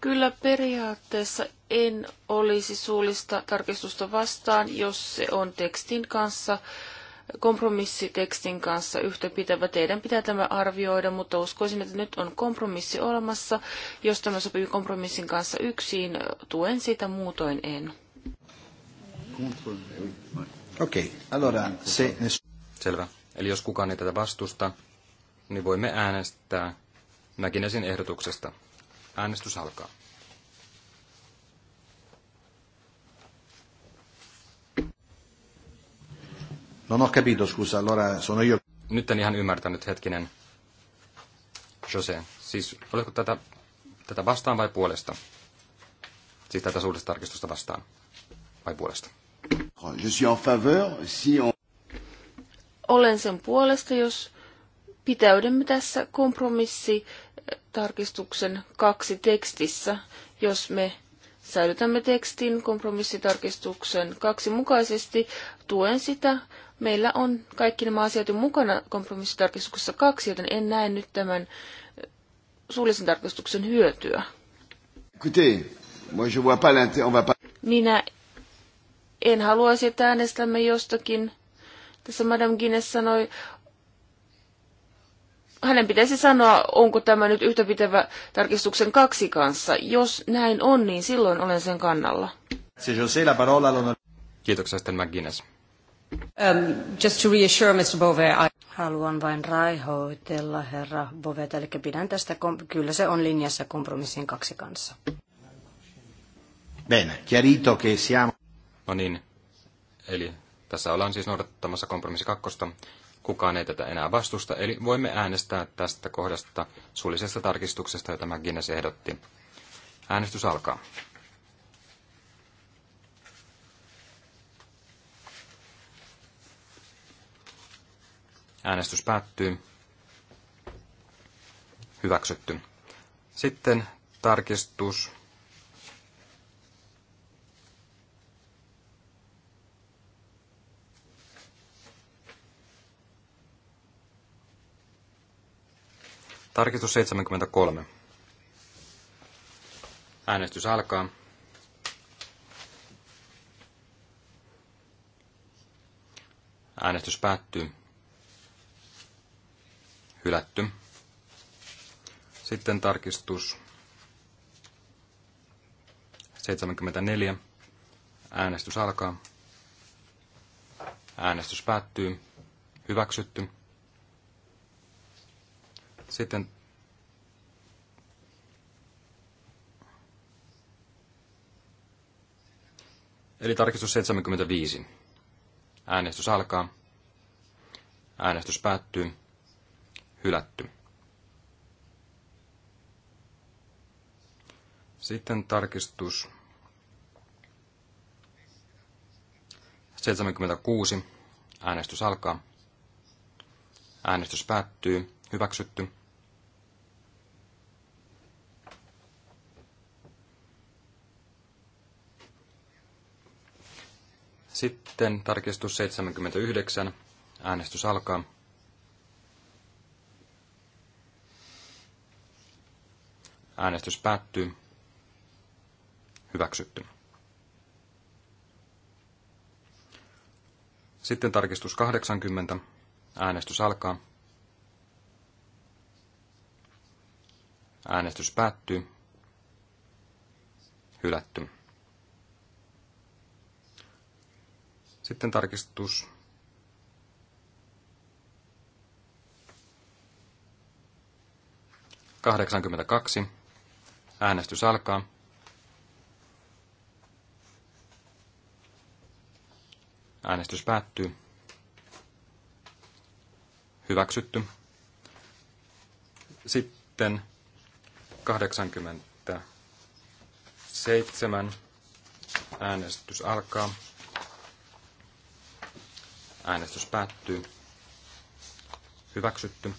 Kyllä periaatteessa en olisi suullista tarkistusta vastaan, jos se on tekstin kanssa, kompromissitekstin kanssa pitävä Teidän pitää tämä arvioida, mutta uskoisin, että nyt on kompromissi olemassa. Jos tämä sopii kompromissin kanssa yksin, tuen sitä, muutoin en. Okei, okay. allora se... Selvä. Eli jos kukaan ei tätä vastusta, niin voimme äänestää Mäkinäsin ehdotuksesta. Äänestys alkaa. Non ho capito, scusa, allora sono io. Nyt en ihan ymmärtänyt, hetkinen. Jose, siis oletko tätä, tätä vastaan vai puolesta? Siis tätä suurista tarkistusta vastaan vai puolesta? Je suis en faveur, si on... Olen sen puolesta, jos pitäydymme tässä kompromissi tarkistuksen kaksi tekstissä, jos me säilytämme tekstin kompromissitarkistuksen kaksi mukaisesti, tuen sitä Meillä on kaikki nämä asiat jo mukana kompromissitarkistuksessa kaksi, joten en näe nyt tämän suullisen tarkistuksen hyötyä. Écoutez, moi je vois pas l'intérêt, on va pas... Minä en haluaisi, että äänestämme jostakin. Tässä Madame Guinness sanoi, hänen pitäisi sanoa, onko tämä nyt yhtäpitävä tarkistuksen kaksi kanssa. Jos näin on, niin silloin olen sen kannalla. Kiitoksia sitten McGuinness. Um, just to reassure Mr. Bove, I... Haluan vain raihoitella herra Bove, eli pidän tästä, kyllä se on linjassa kompromissin kaksi kanssa. Bene, chiarito che siamo... No niin, eli tässä ollaan siis noudattamassa kompromissi kakkosta. Kukaan ei tätä enää vastusta, eli voimme äänestää tästä kohdasta suullisesta tarkistuksesta, jota McGuinness ehdotti. Äänestys alkaa. Äänestys päättyy. Hyväksytty. Sitten tarkistus. Tarkistus 73. Äänestys alkaa. Äänestys päättyy hylätty. Sitten tarkistus 74. Äänestys alkaa. Äänestys päättyy. Hyväksytty. Sitten Eli tarkistus 75. Äänestys alkaa. Äänestys päättyy hylätty. Sitten tarkistus 76. Äänestys alkaa. Äänestys päättyy. Hyväksytty. Sitten tarkistus 79. Äänestys alkaa. Äänestys päättyy. Hyväksytty. Sitten tarkistus 80. Äänestys alkaa. Äänestys päättyy. Hylätty. Sitten tarkistus. 82. Äänestys alkaa. Äänestys päättyy. Hyväksytty. Sitten 87. Äänestys alkaa. Äänestys päättyy. Hyväksytty.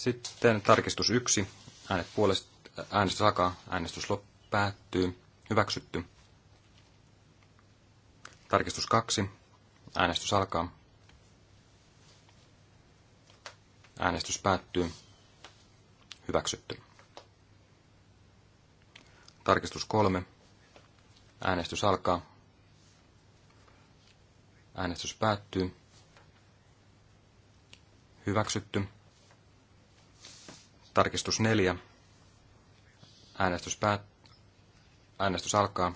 Sitten tarkistus yksi. Äänet puolesta, äänestys alkaa, äänestys lop, päättyy, hyväksytty. Tarkistus kaksi. Äänestys alkaa. Äänestys päättyy. Hyväksytty. Tarkistus kolme. Äänestys alkaa. Äänestys päättyy. Hyväksytty. Tarkistus neljä. Äänestys, päät- Äänestys alkaa.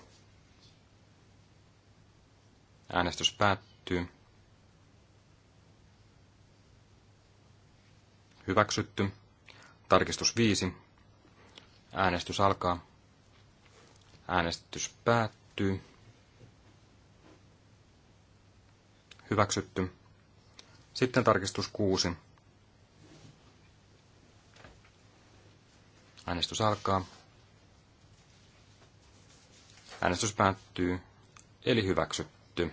Äänestys päättyy. Hyväksytty. Tarkistus 5. Äänestys alkaa. Äänestys päättyy. Hyväksytty. Sitten tarkistus 6. Äänestys alkaa. Äänestys päättyy, eli hyväksytty.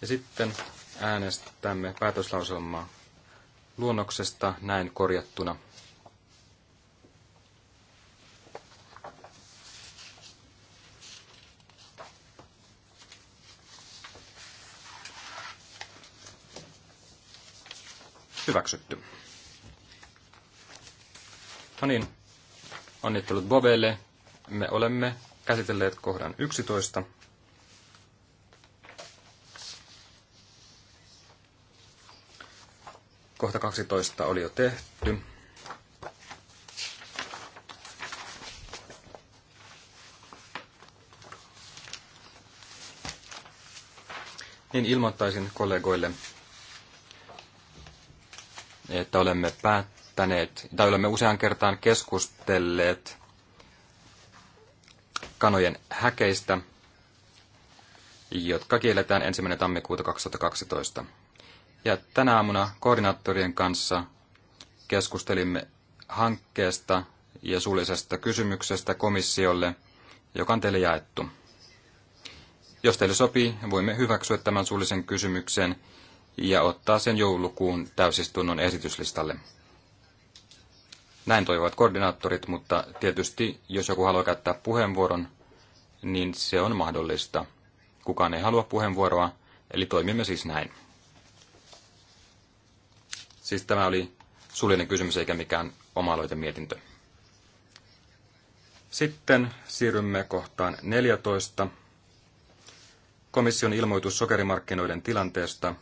Ja sitten äänestämme päätöslauselmaa luonnoksesta näin korjattuna. Hyväksytty. No niin, onnittelut Bobelle. Me olemme käsitelleet kohdan 11. Kohta 12 oli jo tehty. Niin ilmoittaisin kollegoille, että olemme päättäneet esittäneet, tai olemme usean kertaan keskustelleet kanojen häkeistä, jotka kielletään 1. tammikuuta 2012. Ja tänä aamuna koordinaattorien kanssa keskustelimme hankkeesta ja suullisesta kysymyksestä komissiolle, joka on teille jaettu. Jos teille sopii, voimme hyväksyä tämän suullisen kysymyksen ja ottaa sen joulukuun täysistunnon esityslistalle. Näin toivovat koordinaattorit, mutta tietysti jos joku haluaa käyttää puheenvuoron, niin se on mahdollista. Kukaan ei halua puheenvuoroa, eli toimimme siis näin. Siis tämä oli suullinen kysymys eikä mikään oma mietintö. Sitten siirrymme kohtaan 14. Komission ilmoitus sokerimarkkinoiden tilanteesta –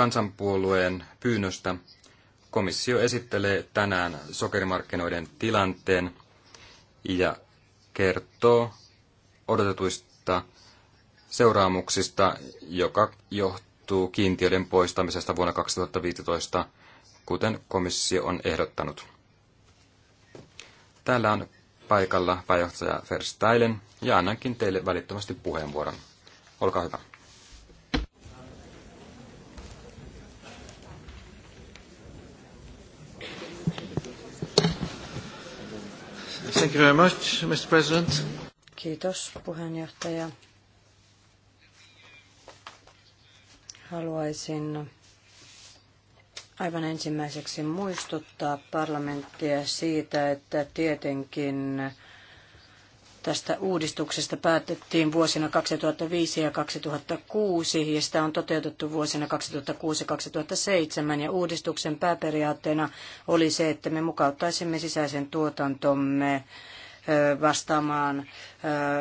kansanpuolueen pyynnöstä komissio esittelee tänään sokerimarkkinoiden tilanteen ja kertoo odotetuista seuraamuksista, joka johtuu kiintiöiden poistamisesta vuonna 2015, kuten komissio on ehdottanut. Täällä on paikalla pääjohtaja Verstailen ja annankin teille välittömästi puheenvuoron. Olkaa hyvä. Thank you very much, Mr. President. Kiitos, puheenjohtaja. Haluaisin aivan ensimmäiseksi muistuttaa parlamenttia siitä, että tietenkin Tästä uudistuksesta päätettiin vuosina 2005 ja 2006 ja sitä on toteutettu vuosina 2006-2007 ja uudistuksen pääperiaatteena oli se, että me mukauttaisimme sisäisen tuotantomme vastaamaan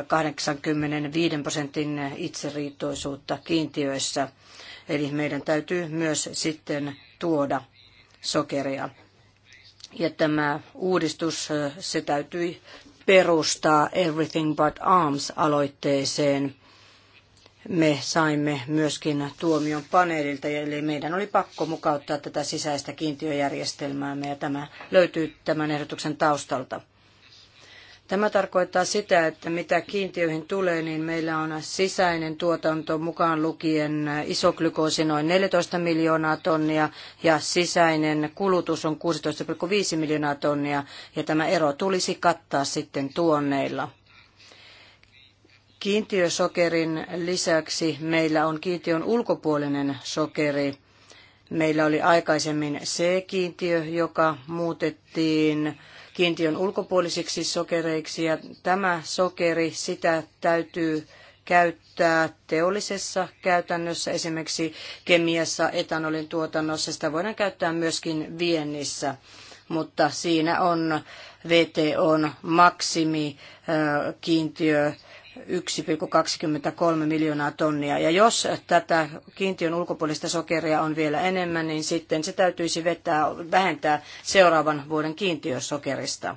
85 prosentin itseriittoisuutta kiintiöissä. Eli meidän täytyy myös sitten tuoda sokeria. Ja tämä uudistus, se täytyi perustaa Everything But Arms-aloitteeseen. Me saimme myöskin tuomion paneelilta, eli meidän oli pakko mukauttaa tätä sisäistä kiintiöjärjestelmäämme, ja tämä löytyy tämän ehdotuksen taustalta. Tämä tarkoittaa sitä, että mitä kiintiöihin tulee, niin meillä on sisäinen tuotanto mukaan lukien isoglykoosi noin 14 miljoonaa tonnia ja sisäinen kulutus on 16,5 miljoonaa tonnia ja tämä ero tulisi kattaa sitten tuonneilla. Kiintiösokerin lisäksi meillä on kiintiön ulkopuolinen sokeri. Meillä oli aikaisemmin C-kiintiö, joka muutettiin kiintiön ulkopuolisiksi sokereiksi ja tämä sokeri, sitä täytyy käyttää teollisessa käytännössä, esimerkiksi kemiassa, etanolin tuotannossa. Sitä voidaan käyttää myöskin viennissä, mutta siinä on VTOn maksimi kiintiö 1,23 miljoonaa tonnia. Ja jos tätä kiintiön ulkopuolista sokeria on vielä enemmän, niin sitten se täytyisi vetää, vähentää seuraavan vuoden kiintiösokerista.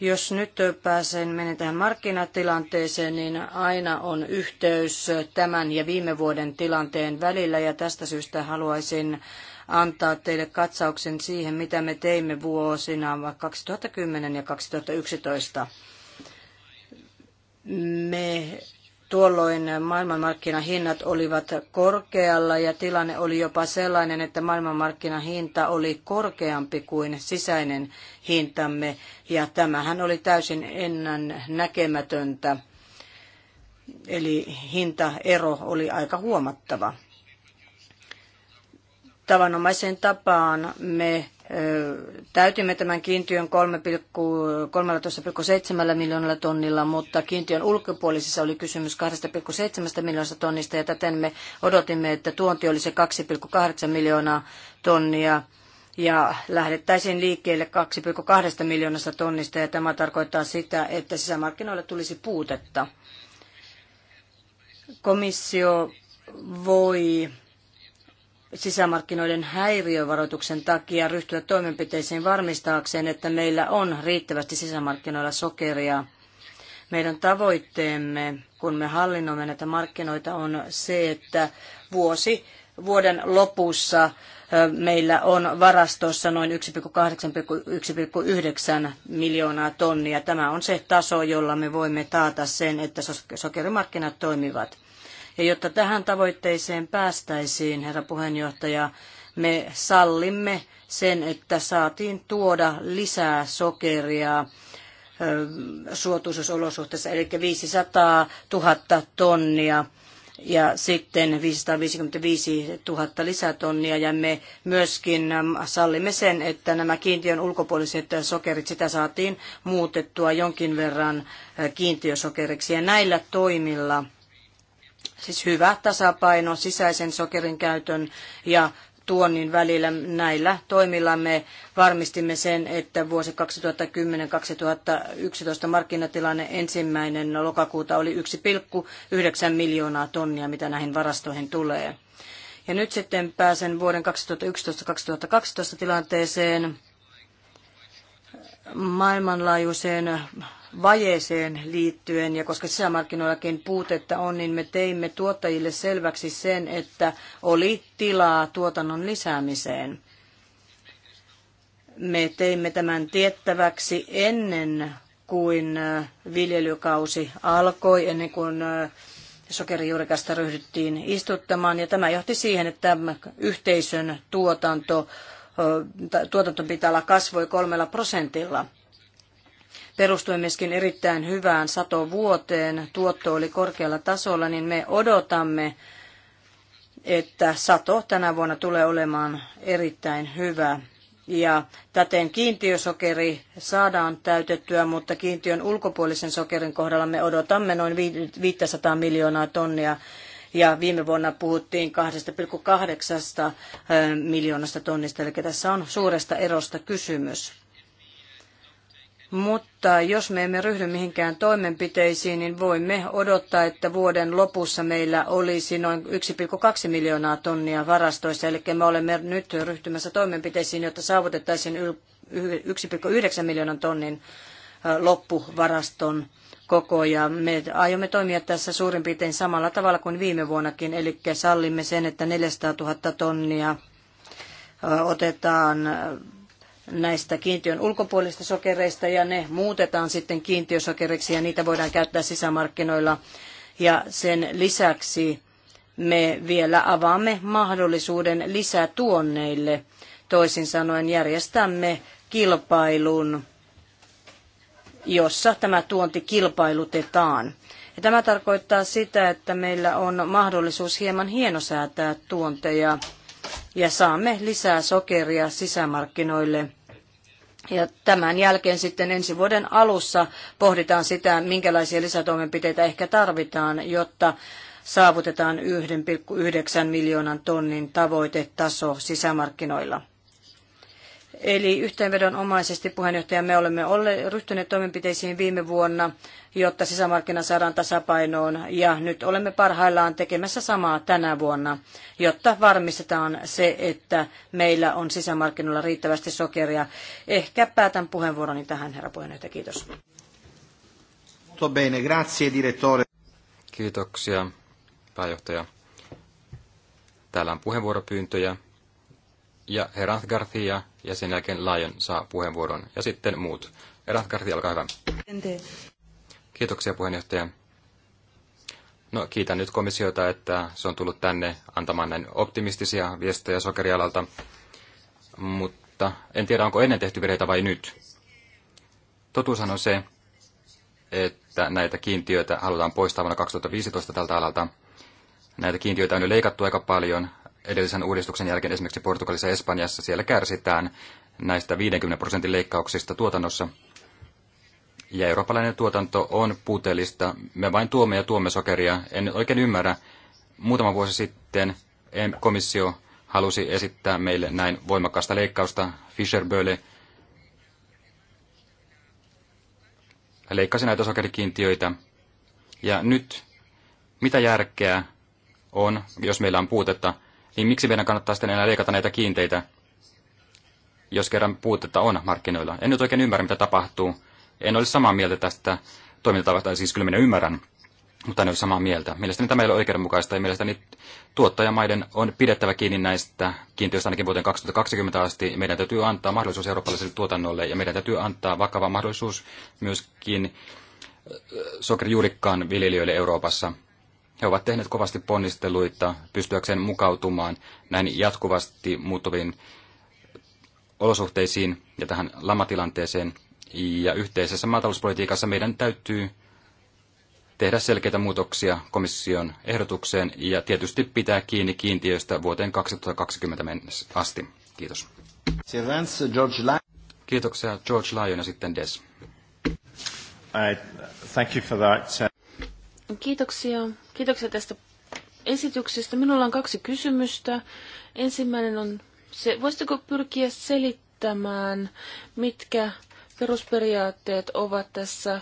Jos nyt pääsen menen tähän markkinatilanteeseen, niin aina on yhteys tämän ja viime vuoden tilanteen välillä ja tästä syystä haluaisin antaa teille katsauksen siihen, mitä me teimme vuosina 2010 ja 2011. Me tuolloin maailmanmarkkinahinnat olivat korkealla ja tilanne oli jopa sellainen, että maailmanmarkkinahinta oli korkeampi kuin sisäinen hintamme ja tämähän oli täysin ennän näkemätöntä. Eli hintaero oli aika huomattava. Tavanomaiseen tapaan me Täytimme tämän kiintiön 13,7 miljoonalla tonnilla, mutta kiintiön ulkopuolisissa oli kysymys 2,7 miljoonasta tonnista ja täten me odotimme, että tuonti olisi 2,8 miljoonaa tonnia ja lähdettäisiin liikkeelle 2,2 miljoonasta tonnista ja tämä tarkoittaa sitä, että sisämarkkinoille tulisi puutetta. Komissio voi sisämarkkinoiden häiriövaroituksen takia ryhtyä toimenpiteisiin varmistaakseen, että meillä on riittävästi sisämarkkinoilla sokeria. Meidän tavoitteemme, kun me hallinnoimme näitä markkinoita, on se, että vuosi vuoden lopussa meillä on varastossa noin 1,8-1,9 miljoonaa tonnia. Tämä on se taso, jolla me voimme taata sen, että sokerimarkkinat toimivat. Ja jotta tähän tavoitteeseen päästäisiin, herra puheenjohtaja, me sallimme sen, että saatiin tuoda lisää sokeria suotuisuusolosuhteissa, eli 500 000 tonnia ja sitten 555 000 lisätonnia ja me myöskin sallimme sen, että nämä kiintiön ulkopuoliset sokerit, sitä saatiin muutettua jonkin verran kiintiösokeriksi ja näillä toimilla – Siis hyvä tasapaino sisäisen sokerin käytön ja tuonnin välillä. Näillä toimilla me varmistimme sen, että vuosi 2010-2011 markkinatilanne ensimmäinen lokakuuta oli 1,9 miljoonaa tonnia, mitä näihin varastoihin tulee. Ja nyt sitten pääsen vuoden 2011-2012 tilanteeseen maailmanlaajuiseen vajeeseen liittyen, ja koska sisämarkkinoillakin puutetta on, niin me teimme tuottajille selväksi sen, että oli tilaa tuotannon lisäämiseen. Me teimme tämän tiettäväksi ennen kuin äh, viljelykausi alkoi, ennen kuin äh, sokerijuurikasta ryhdyttiin istuttamaan, ja tämä johti siihen, että yhteisön tuotanto, äh, tuotantomitala kasvoi kolmella prosentilla – perustui myöskin erittäin hyvään satovuoteen, tuotto oli korkealla tasolla, niin me odotamme, että sato tänä vuonna tulee olemaan erittäin hyvä. Ja täten kiintiösokeri saadaan täytettyä, mutta kiintiön ulkopuolisen sokerin kohdalla me odotamme noin 500 miljoonaa tonnia ja viime vuonna puhuttiin 2,8 miljoonasta tonnista, eli tässä on suuresta erosta kysymys. Mutta jos me emme ryhdy mihinkään toimenpiteisiin, niin voimme odottaa, että vuoden lopussa meillä olisi noin 1,2 miljoonaa tonnia varastoissa. Eli me olemme nyt ryhtymässä toimenpiteisiin, jotta saavutettaisiin 1,9 miljoonan tonnin loppuvaraston koko ja me aiomme toimia tässä suurin piirtein samalla tavalla kuin viime vuonnakin, eli sallimme sen, että 400 000 tonnia otetaan näistä kiintiön ulkopuolista sokereista ja ne muutetaan sitten kiintiösokeriksi ja niitä voidaan käyttää sisämarkkinoilla. Ja sen lisäksi me vielä avaamme mahdollisuuden lisätuonneille. Toisin sanoen järjestämme kilpailun, jossa tämä tuonti kilpailutetaan. Ja tämä tarkoittaa sitä, että meillä on mahdollisuus hieman hienosäätää tuonteja ja saamme lisää sokeria sisämarkkinoille. Ja tämän jälkeen sitten ensi vuoden alussa pohditaan sitä, minkälaisia lisätoimenpiteitä ehkä tarvitaan, jotta saavutetaan 1,9 miljoonan tonnin tavoitetaso sisämarkkinoilla. Eli yhteenvedonomaisesti puheenjohtaja, me olemme olleet ryhtyneet toimenpiteisiin viime vuonna, jotta sisämarkkina saadaan tasapainoon ja nyt olemme parhaillaan tekemässä samaa tänä vuonna, jotta varmistetaan se, että meillä on sisämarkkinoilla riittävästi sokeria. Ehkä päätän puheenvuoroni tähän, herra puheenjohtaja. Kiitos. grazie, direttore. Kiitoksia, pääjohtaja. Täällä on puheenvuoropyyntöjä. Ja herra Garcia ja sen jälkeen Lion saa puheenvuoron ja sitten muut. Erat Karti, olkaa hyvä. Kiitoksia puheenjohtaja. No, kiitän nyt komissiota, että se on tullut tänne antamaan näin optimistisia viestejä sokerialalta, mutta en tiedä, onko ennen tehty virheitä vai nyt. Totuushan on se, että näitä kiintiöitä halutaan poistaa vuonna 2015 tältä alalta. Näitä kiintiöitä on jo leikattu aika paljon, edellisen uudistuksen jälkeen esimerkiksi Portugalissa ja Espanjassa siellä kärsitään näistä 50 prosentin leikkauksista tuotannossa. Ja eurooppalainen tuotanto on puutteellista. Me vain tuomme ja tuomme sokeria. En oikein ymmärrä. Muutama vuosi sitten komissio halusi esittää meille näin voimakasta leikkausta. fischer Böle leikkasi näitä sokerikiintiöitä. Ja nyt mitä järkeä on, jos meillä on puutetta niin miksi meidän kannattaa sitten enää leikata näitä kiinteitä, jos kerran puutetta on markkinoilla? En nyt oikein ymmärrä, mitä tapahtuu. En ole samaa mieltä tästä toimintatavasta, siis kyllä minä ymmärrän, mutta en ole samaa mieltä. Mielestäni tämä ei ole oikeudenmukaista ja mielestäni tuottajamaiden on pidettävä kiinni näistä kiintiöistä ainakin vuoteen 2020 asti. Meidän täytyy antaa mahdollisuus eurooppalaiselle tuotannolle ja meidän täytyy antaa vakava mahdollisuus myöskin sokerijuurikkaan viljelijöille Euroopassa – he ovat tehneet kovasti ponnisteluita pystyäkseen mukautumaan näin jatkuvasti muuttuviin olosuhteisiin ja tähän lamatilanteeseen. Ja yhteisessä maatalouspolitiikassa meidän täytyy tehdä selkeitä muutoksia komission ehdotukseen ja tietysti pitää kiinni kiintiöistä vuoteen 2020 mennessä asti. Kiitos. Kiitoksia George Lyon ja sitten Des. Kiitoksia Kiitoksia tästä esityksestä. Minulla on kaksi kysymystä. Ensimmäinen on se, voisitteko pyrkiä selittämään, mitkä perusperiaatteet ovat tässä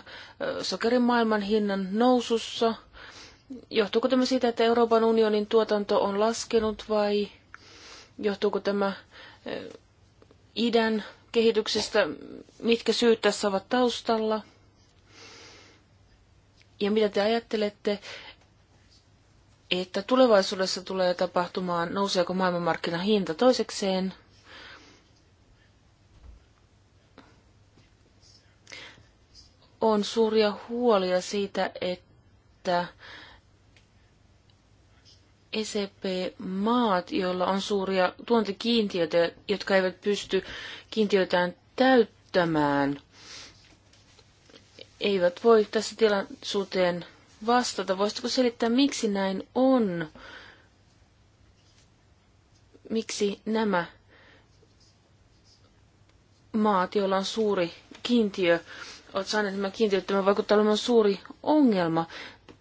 sokerin maailman hinnan nousussa? Johtuuko tämä siitä, että Euroopan unionin tuotanto on laskenut vai johtuuko tämä idän kehityksestä? Mitkä syyt tässä ovat taustalla? Ja mitä te ajattelette että tulevaisuudessa tulee tapahtumaan, nouseeko maailmanmarkkinahinta toisekseen. On suuria huolia siitä, että ECP-maat, joilla on suuria tuontikiintiöitä, jotka eivät pysty kiintiötään täyttämään, eivät voi tässä tilaisuuteen vastata. Voisitko selittää, miksi näin on? Miksi nämä maat, joilla on suuri kiintiö, olet saaneet nämä kiintiöt, tämä vaikuttaa olemaan suuri ongelma.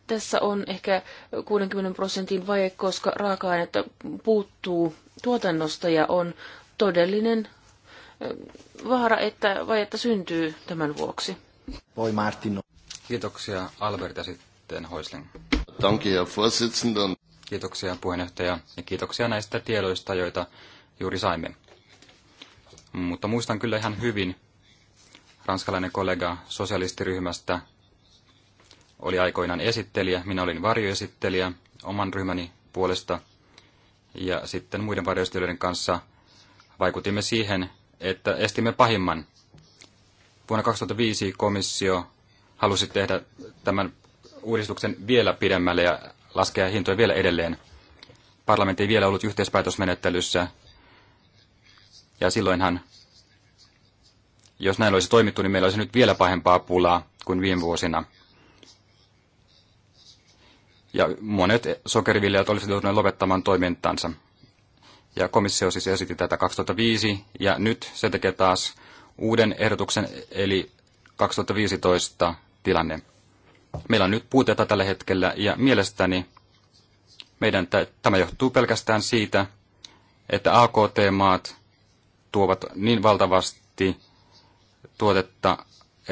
Tässä on ehkä 60 prosentin vaje, koska raaka-ainetta puuttuu tuotannosta ja on todellinen vaara, että vajetta syntyy tämän vuoksi. Voi Martin. Kiitoksia Albert ja sitten Kiitoksia puheenjohtaja ja kiitoksia näistä tiedoista, joita juuri saimme. Mutta muistan kyllä ihan hyvin, ranskalainen kollega sosialistiryhmästä oli aikoinaan esittelijä, minä olin varjoesittelijä oman ryhmäni puolesta ja sitten muiden varjoesittelijöiden kanssa vaikutimme siihen, että estimme pahimman. Vuonna 2005 komissio halusi tehdä tämän uudistuksen vielä pidemmälle ja laskea hintoja vielä edelleen. Parlamentti ei vielä ollut yhteispäätösmenettelyssä, ja silloinhan, jos näin olisi toimittu, niin meillä olisi nyt vielä pahempaa pulaa kuin viime vuosina. Ja monet sokeriviljelijät olisivat joutuneet lopettamaan toimintansa. Ja komissio siis esitti tätä 2005, ja nyt se tekee taas uuden ehdotuksen, eli 2015 tilanne. Meillä on nyt puutetta tällä hetkellä ja mielestäni meidän tämä johtuu pelkästään siitä, että AKT-maat tuovat niin valtavasti tuotetta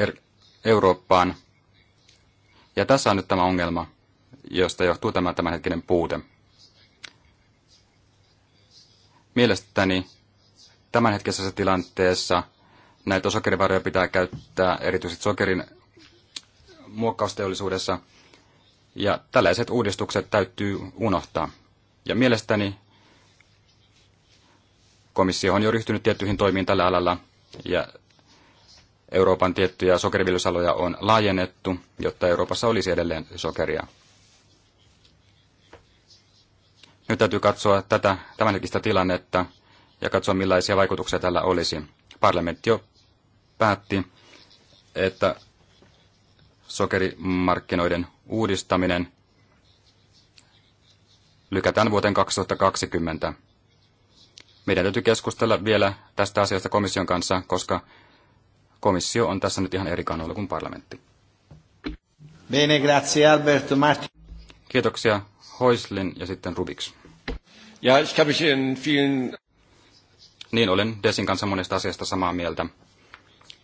er-, Eurooppaan. Ja tässä on nyt tämä ongelma, josta johtuu tämä tämänhetkinen puute. Mielestäni tämänhetkisessä tilanteessa näitä sokerivaroja pitää käyttää erityisesti sokerin muokkausteollisuudessa. Ja tällaiset uudistukset täytyy unohtaa. Ja mielestäni komissio on jo ryhtynyt tiettyihin toimiin tällä alalla ja Euroopan tiettyjä sokeriviljelysaloja on laajennettu, jotta Euroopassa olisi edelleen sokeria. Nyt täytyy katsoa tätä tämänhetkistä tilannetta ja katsoa millaisia vaikutuksia tällä olisi. Parlamentti jo päätti, että sokerimarkkinoiden uudistaminen lykätään vuoteen 2020. Meidän täytyy keskustella vielä tästä asiasta komission kanssa, koska komissio on tässä nyt ihan eri kannalla kuin parlamentti. Bene, grazie Albert Martin. Kiitoksia Hoislin ja sitten Rubiks. Ja ich habe mich in vielen... Niin, olen Desin kanssa monesta asiasta samaa mieltä.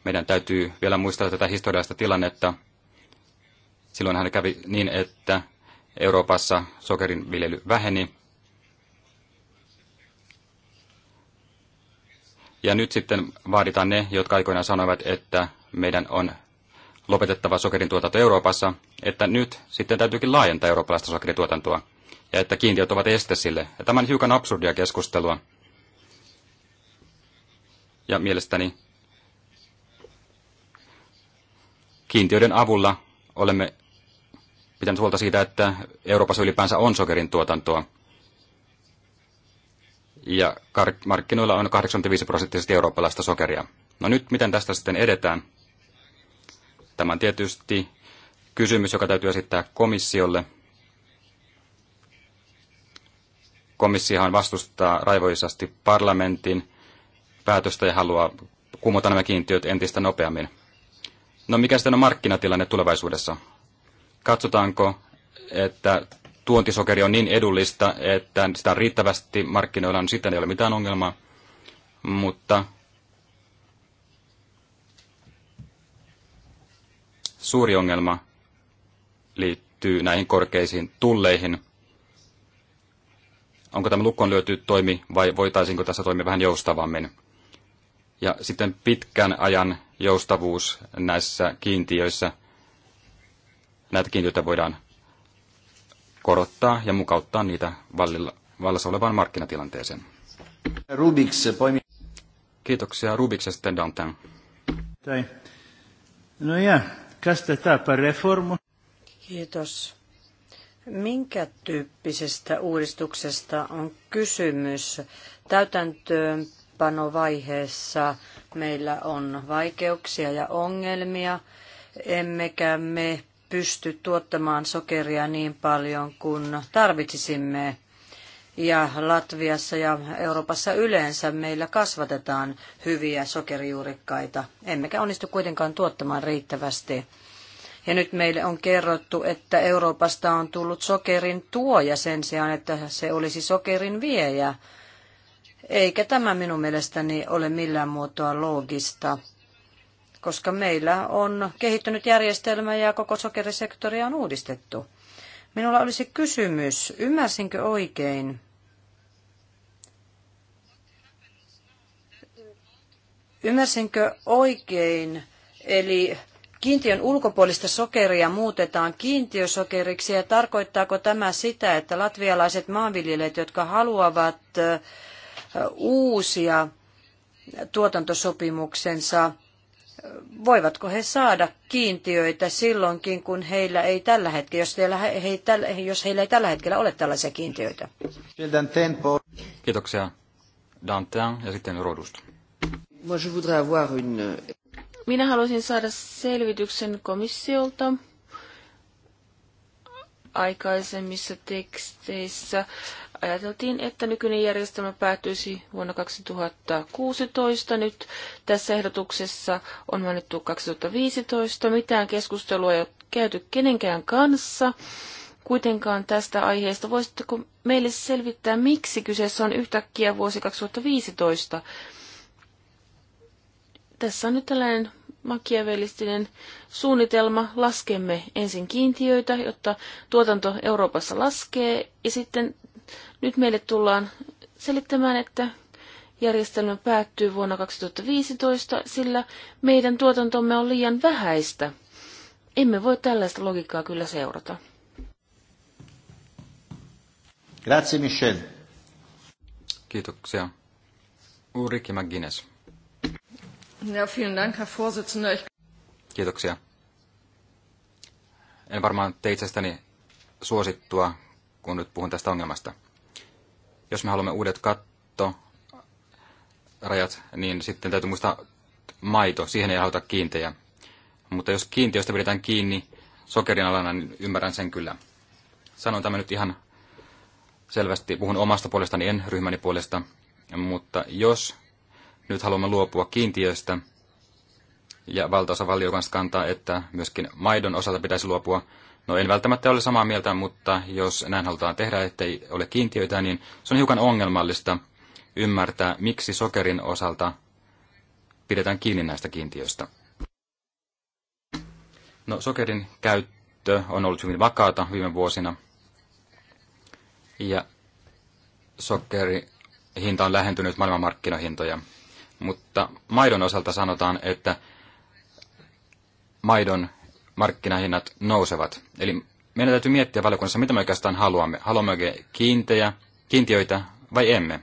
Meidän täytyy vielä muistaa tätä historiallista tilannetta, Silloin hän kävi niin, että Euroopassa sokerin viljely väheni. Ja nyt sitten vaaditaan ne, jotka aikoinaan sanoivat, että meidän on lopetettava sokerin tuotanto Euroopassa, että nyt sitten täytyykin laajentaa eurooppalaista sokerituotantoa ja että kiintiöt ovat este sille. Ja tämä on hiukan absurdia keskustelua. Ja mielestäni kiintiöiden avulla olemme pitänyt huolta siitä, että Euroopassa ylipäänsä on sokerin tuotantoa. Ja markkinoilla on 85 prosenttisesti eurooppalaista sokeria. No nyt miten tästä sitten edetään? Tämä on tietysti kysymys, joka täytyy esittää komissiolle. Komissiohan vastustaa raivoisasti parlamentin päätöstä ja haluaa kumota nämä kiintiöt entistä nopeammin. No mikä sitten on markkinatilanne tulevaisuudessa? Katsotaanko, että tuontisokeri on niin edullista, että sitä on riittävästi markkinoilla, niin sitten ei ole mitään ongelmaa. Mutta suuri ongelma liittyy näihin korkeisiin tulleihin. Onko tämä lukkoon lyöty toimi vai voitaisiinko tässä toimia vähän joustavammin? Ja sitten pitkän ajan joustavuus näissä kiintiöissä – näitä kiintiöitä voidaan korottaa ja mukauttaa niitä vallassa olevaan markkinatilanteeseen. Rubix poimi... Kiitoksia Rubiks ja sitten Dantan. Tai. No ja, kastetaanpa reformu. Kiitos. Minkä tyyppisestä uudistuksesta on kysymys? Täytäntöönpanovaiheessa meillä on vaikeuksia ja ongelmia, emmekä me pysty tuottamaan sokeria niin paljon kuin tarvitsisimme. Ja Latviassa ja Euroopassa yleensä meillä kasvatetaan hyviä sokerijuurikkaita, emmekä onnistu kuitenkaan tuottamaan riittävästi. Ja nyt meille on kerrottu, että Euroopasta on tullut sokerin tuoja sen sijaan, että se olisi sokerin viejä. Eikä tämä minun mielestäni ole millään muotoa loogista koska meillä on kehittynyt järjestelmä ja koko sokerisektoria on uudistettu. Minulla olisi kysymys, ymmärsinkö oikein? Ymmärsinkö oikein, eli kiintiön ulkopuolista sokeria muutetaan kiintiösokeriksi ja tarkoittaako tämä sitä, että latvialaiset maanviljelijät, jotka haluavat uusia tuotantosopimuksensa, voivatko he saada kiintiöitä silloinkin, kun heillä ei tällä hetkellä, jos, heillä, he, tällä, jos heillä ei tällä hetkellä ole tällaisia kiintiöitä? Kiitoksia. Dantin ja sitten Rodust. Minä haluaisin saada selvityksen komissiolta aikaisemmissa teksteissä ajateltiin, että nykyinen järjestelmä päätyisi vuonna 2016. Nyt tässä ehdotuksessa on mainittu 2015. Mitään keskustelua ei ole käyty kenenkään kanssa. Kuitenkaan tästä aiheesta voisitteko meille selvittää, miksi kyseessä on yhtäkkiä vuosi 2015? Tässä on nyt tällainen makiavelistinen suunnitelma. Laskemme ensin kiintiöitä, jotta tuotanto Euroopassa laskee, ja sitten nyt meille tullaan selittämään, että järjestelmä päättyy vuonna 2015, sillä meidän tuotantomme on liian vähäistä. Emme voi tällaista logiikkaa kyllä seurata. Grazie Michel. Kiitoksia. Ulrike McGuinness. Ja, vielen Dank, Herr Vorsitzender. Kiitoksia. En varmaan teitsestäni suosittua, kun nyt puhun tästä ongelmasta jos me haluamme uudet kattorajat, niin sitten täytyy muistaa maito, siihen ei haluta kiintejä. Mutta jos kiintiöstä pidetään kiinni sokerin alana, niin ymmärrän sen kyllä. Sanon tämä nyt ihan selvästi, puhun omasta puolestani, en ryhmäni puolesta, mutta jos nyt haluamme luopua kiintiöistä, ja valtaosa valiokunnasta kantaa, että myöskin maidon osalta pitäisi luopua, No en välttämättä ole samaa mieltä, mutta jos näin halutaan tehdä, ettei ole kiintiöitä, niin se on hiukan ongelmallista ymmärtää, miksi sokerin osalta pidetään kiinni näistä kiintiöistä. No sokerin käyttö on ollut hyvin vakaata viime vuosina. Ja sokeri hinta on lähentynyt maailmanmarkkinahintoja. Mutta maidon osalta sanotaan, että maidon markkinahinnat nousevat. Eli meidän täytyy miettiä valiokunnassa, mitä me oikeastaan haluamme. Haluammeko kiintejä, kiintiöitä vai emme?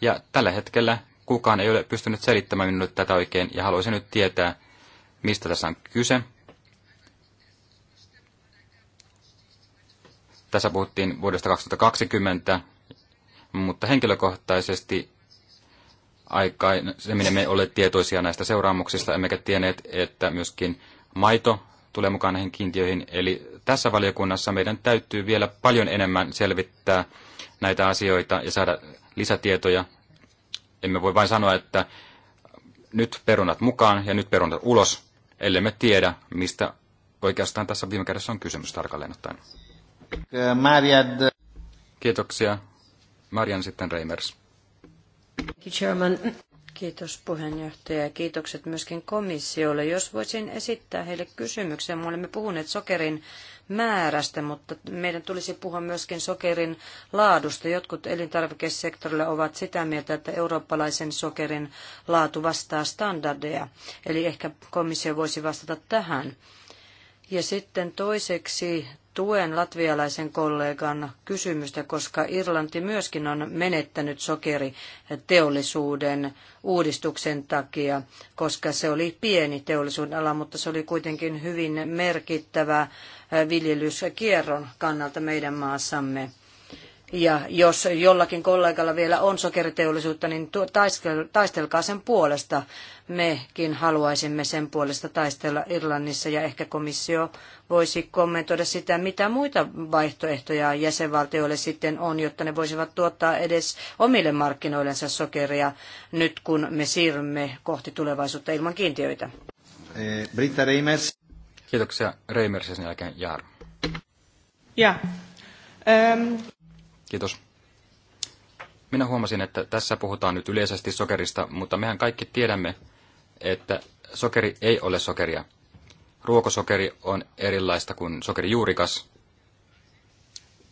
Ja tällä hetkellä kukaan ei ole pystynyt selittämään minulle tätä oikein ja haluaisin nyt tietää, mistä tässä on kyse. Tässä puhuttiin vuodesta 2020, mutta henkilökohtaisesti aikaisemmin emme ole tietoisia näistä seuraamuksista, emmekä tienneet, että myöskin maito tulee mukaan näihin kiintiöihin. Eli tässä valiokunnassa meidän täytyy vielä paljon enemmän selvittää näitä asioita ja saada lisätietoja. Emme voi vain sanoa, että nyt perunat mukaan ja nyt perunat ulos, ellei me tiedä, mistä oikeastaan tässä viime kädessä on kysymys tarkalleen ottaen. Äh, Kiitoksia. Marian sitten Reimers. Kiitos puheenjohtaja ja kiitokset myöskin komissiolle. Jos voisin esittää heille kysymyksen, me olemme puhuneet sokerin määrästä, mutta meidän tulisi puhua myöskin sokerin laadusta. Jotkut elintarvikesektorilla ovat sitä mieltä, että eurooppalaisen sokerin laatu vastaa standardeja. Eli ehkä komissio voisi vastata tähän. Ja sitten toiseksi tuen latvialaisen kollegan kysymystä, koska Irlanti myöskin on menettänyt sokeriteollisuuden uudistuksen takia, koska se oli pieni teollisuuden ala, mutta se oli kuitenkin hyvin merkittävä eh, viljelyskierron kannalta meidän maassamme. Ja jos jollakin kollegalla vielä on sokeriteollisuutta, niin taistelkaa sen puolesta. Mekin haluaisimme sen puolesta taistella Irlannissa ja ehkä komissio voisi kommentoida sitä, mitä muita vaihtoehtoja jäsenvaltioille sitten on, jotta ne voisivat tuottaa edes omille markkinoillensa sokeria nyt, kun me siirrymme kohti tulevaisuutta ilman kiintiöitä. Eh, Britta Reimers. Kiitoksia Reimers ja sen jälkeen Jaar. Ja. Ähm. Kiitos. Minä huomasin, että tässä puhutaan nyt yleisesti sokerista, mutta mehän kaikki tiedämme, että sokeri ei ole sokeria. Ruokosokeri on erilaista kuin sokerijuurikas.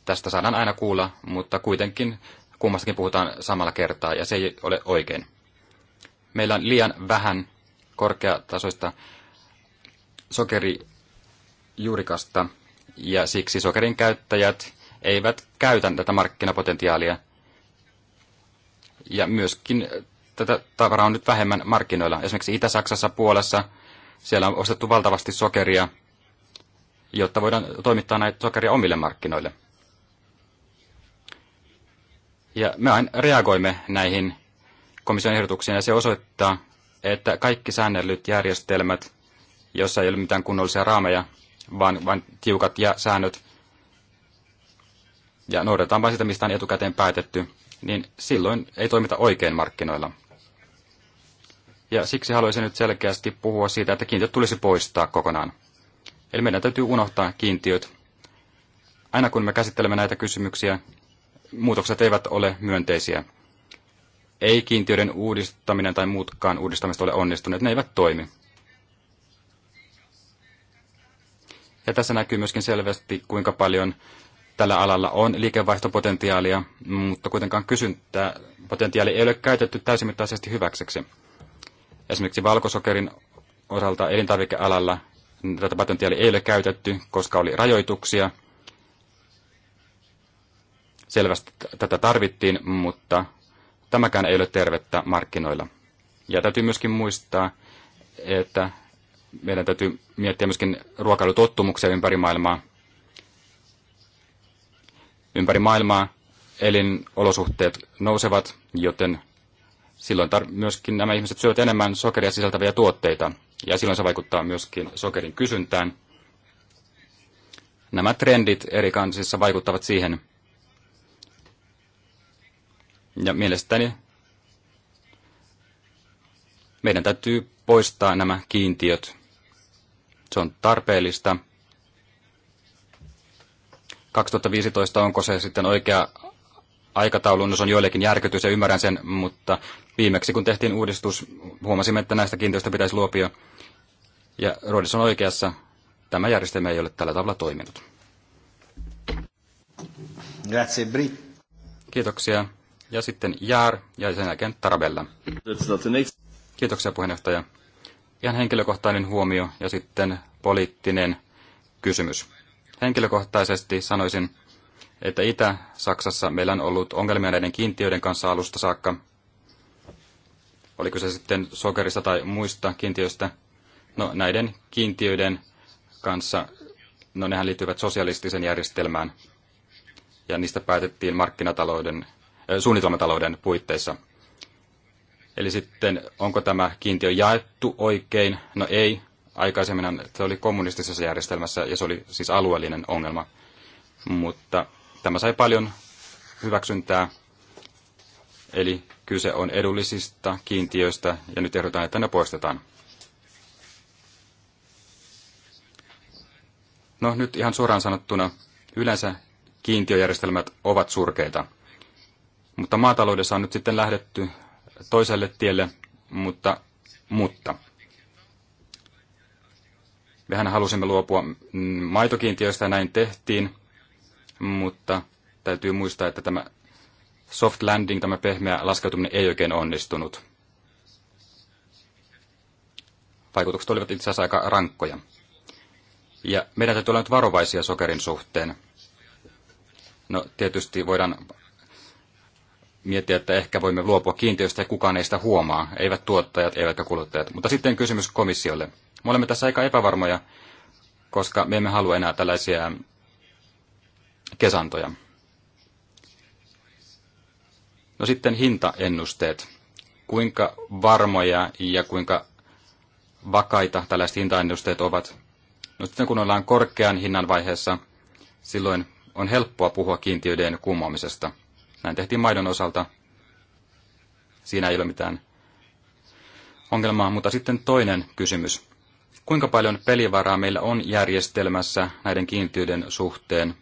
Tästä saadaan aina kuulla, mutta kuitenkin kummastakin puhutaan samalla kertaa, ja se ei ole oikein. Meillä on liian vähän korkeatasoista sokerijuurikasta, ja siksi sokerin käyttäjät eivät käytä tätä markkinapotentiaalia. Ja myöskin tätä tavaraa on nyt vähemmän markkinoilla. Esimerkiksi Itä-Saksassa, Puolassa, siellä on ostettu valtavasti sokeria, jotta voidaan toimittaa näitä sokeria omille markkinoille. Ja me aina reagoimme näihin komission ehdotuksiin, ja se osoittaa, että kaikki säännellyt järjestelmät, joissa ei ole mitään kunnollisia raameja, vaan vain tiukat ja säännöt, ja noudatetaan vain sitä, mistä on etukäteen päätetty, niin silloin ei toimita oikein markkinoilla. Ja siksi haluaisin nyt selkeästi puhua siitä, että kiintiöt tulisi poistaa kokonaan. Eli meidän täytyy unohtaa kiintiöt. Aina kun me käsittelemme näitä kysymyksiä, muutokset eivät ole myönteisiä. Ei kiintiöiden uudistaminen tai muutkaan uudistamista ole onnistuneet, ne eivät toimi. Ja tässä näkyy myöskin selvästi, kuinka paljon tällä alalla on liikevaihtopotentiaalia, mutta kuitenkaan kysyntää potentiaali ei ole käytetty täysimittaisesti hyväkseksi. Esimerkiksi valkosokerin osalta elintarvikealalla tätä potentiaalia ei ole käytetty, koska oli rajoituksia. Selvästi tätä tarvittiin, mutta tämäkään ei ole tervettä markkinoilla. Ja täytyy myöskin muistaa, että meidän täytyy miettiä myöskin ruokailutottumuksia ympäri maailmaa ympäri maailmaa elinolosuhteet nousevat, joten silloin tar- myöskin nämä ihmiset syövät enemmän sokeria sisältäviä tuotteita, ja silloin se vaikuttaa myöskin sokerin kysyntään. Nämä trendit eri kansissa vaikuttavat siihen. Ja mielestäni meidän täytyy poistaa nämä kiintiöt. Se on tarpeellista 2015, onko se sitten oikea aikataulu, no se on joillekin järkytys ja ymmärrän sen, mutta viimeksi kun tehtiin uudistus, huomasimme, että näistä kiinteistöistä pitäisi luopia. Ja Rodis on oikeassa, tämä järjestelmä ei ole tällä tavalla toiminut. Grazie, Bri. Kiitoksia. Ja sitten Jaar ja sen jälkeen Tarabella. Kiitoksia puheenjohtaja. Ihan henkilökohtainen huomio ja sitten poliittinen kysymys. Henkilökohtaisesti sanoisin, että Itä-Saksassa meillä on ollut ongelmia näiden kiintiöiden kanssa alusta saakka. Oliko se sitten sokerista tai muista kiintiöistä? No näiden kiintiöiden kanssa, no nehän liittyvät sosialistisen järjestelmään. Ja niistä päätettiin markkinatalouden, äh, suunnitelmatalouden puitteissa. Eli sitten, onko tämä kiintiö jaettu oikein? No ei, aikaisemmin se oli kommunistisessa järjestelmässä ja se oli siis alueellinen ongelma. Mutta tämä sai paljon hyväksyntää, eli kyse on edullisista kiintiöistä ja nyt ehdotetaan, että ne poistetaan. No nyt ihan suoraan sanottuna, yleensä kiintiöjärjestelmät ovat surkeita. Mutta maataloudessa on nyt sitten lähdetty toiselle tielle, mutta, mutta Mehän halusimme luopua maitokiintiöistä ja näin tehtiin, mutta täytyy muistaa, että tämä soft landing, tämä pehmeä laskeutuminen ei oikein onnistunut. Vaikutukset olivat itse asiassa aika rankkoja. Ja meidän täytyy olla nyt varovaisia sokerin suhteen. No tietysti voidaan miettiä, että ehkä voimme luopua kiintiöistä ja kukaan ei sitä huomaa, eivät tuottajat eivätkä kuluttajat. Mutta sitten kysymys komissiolle. Me olemme tässä aika epävarmoja, koska me emme halua enää tällaisia kesantoja. No sitten hintaennusteet. Kuinka varmoja ja kuinka vakaita tällaiset hintaennusteet ovat? No sitten kun ollaan korkean hinnan vaiheessa, silloin on helppoa puhua kiintiöiden kummoamisesta. Näin tehtiin maidon osalta. Siinä ei ole mitään ongelmaa. Mutta sitten toinen kysymys kuinka paljon pelivaraa meillä on järjestelmässä näiden kiintiöiden suhteen,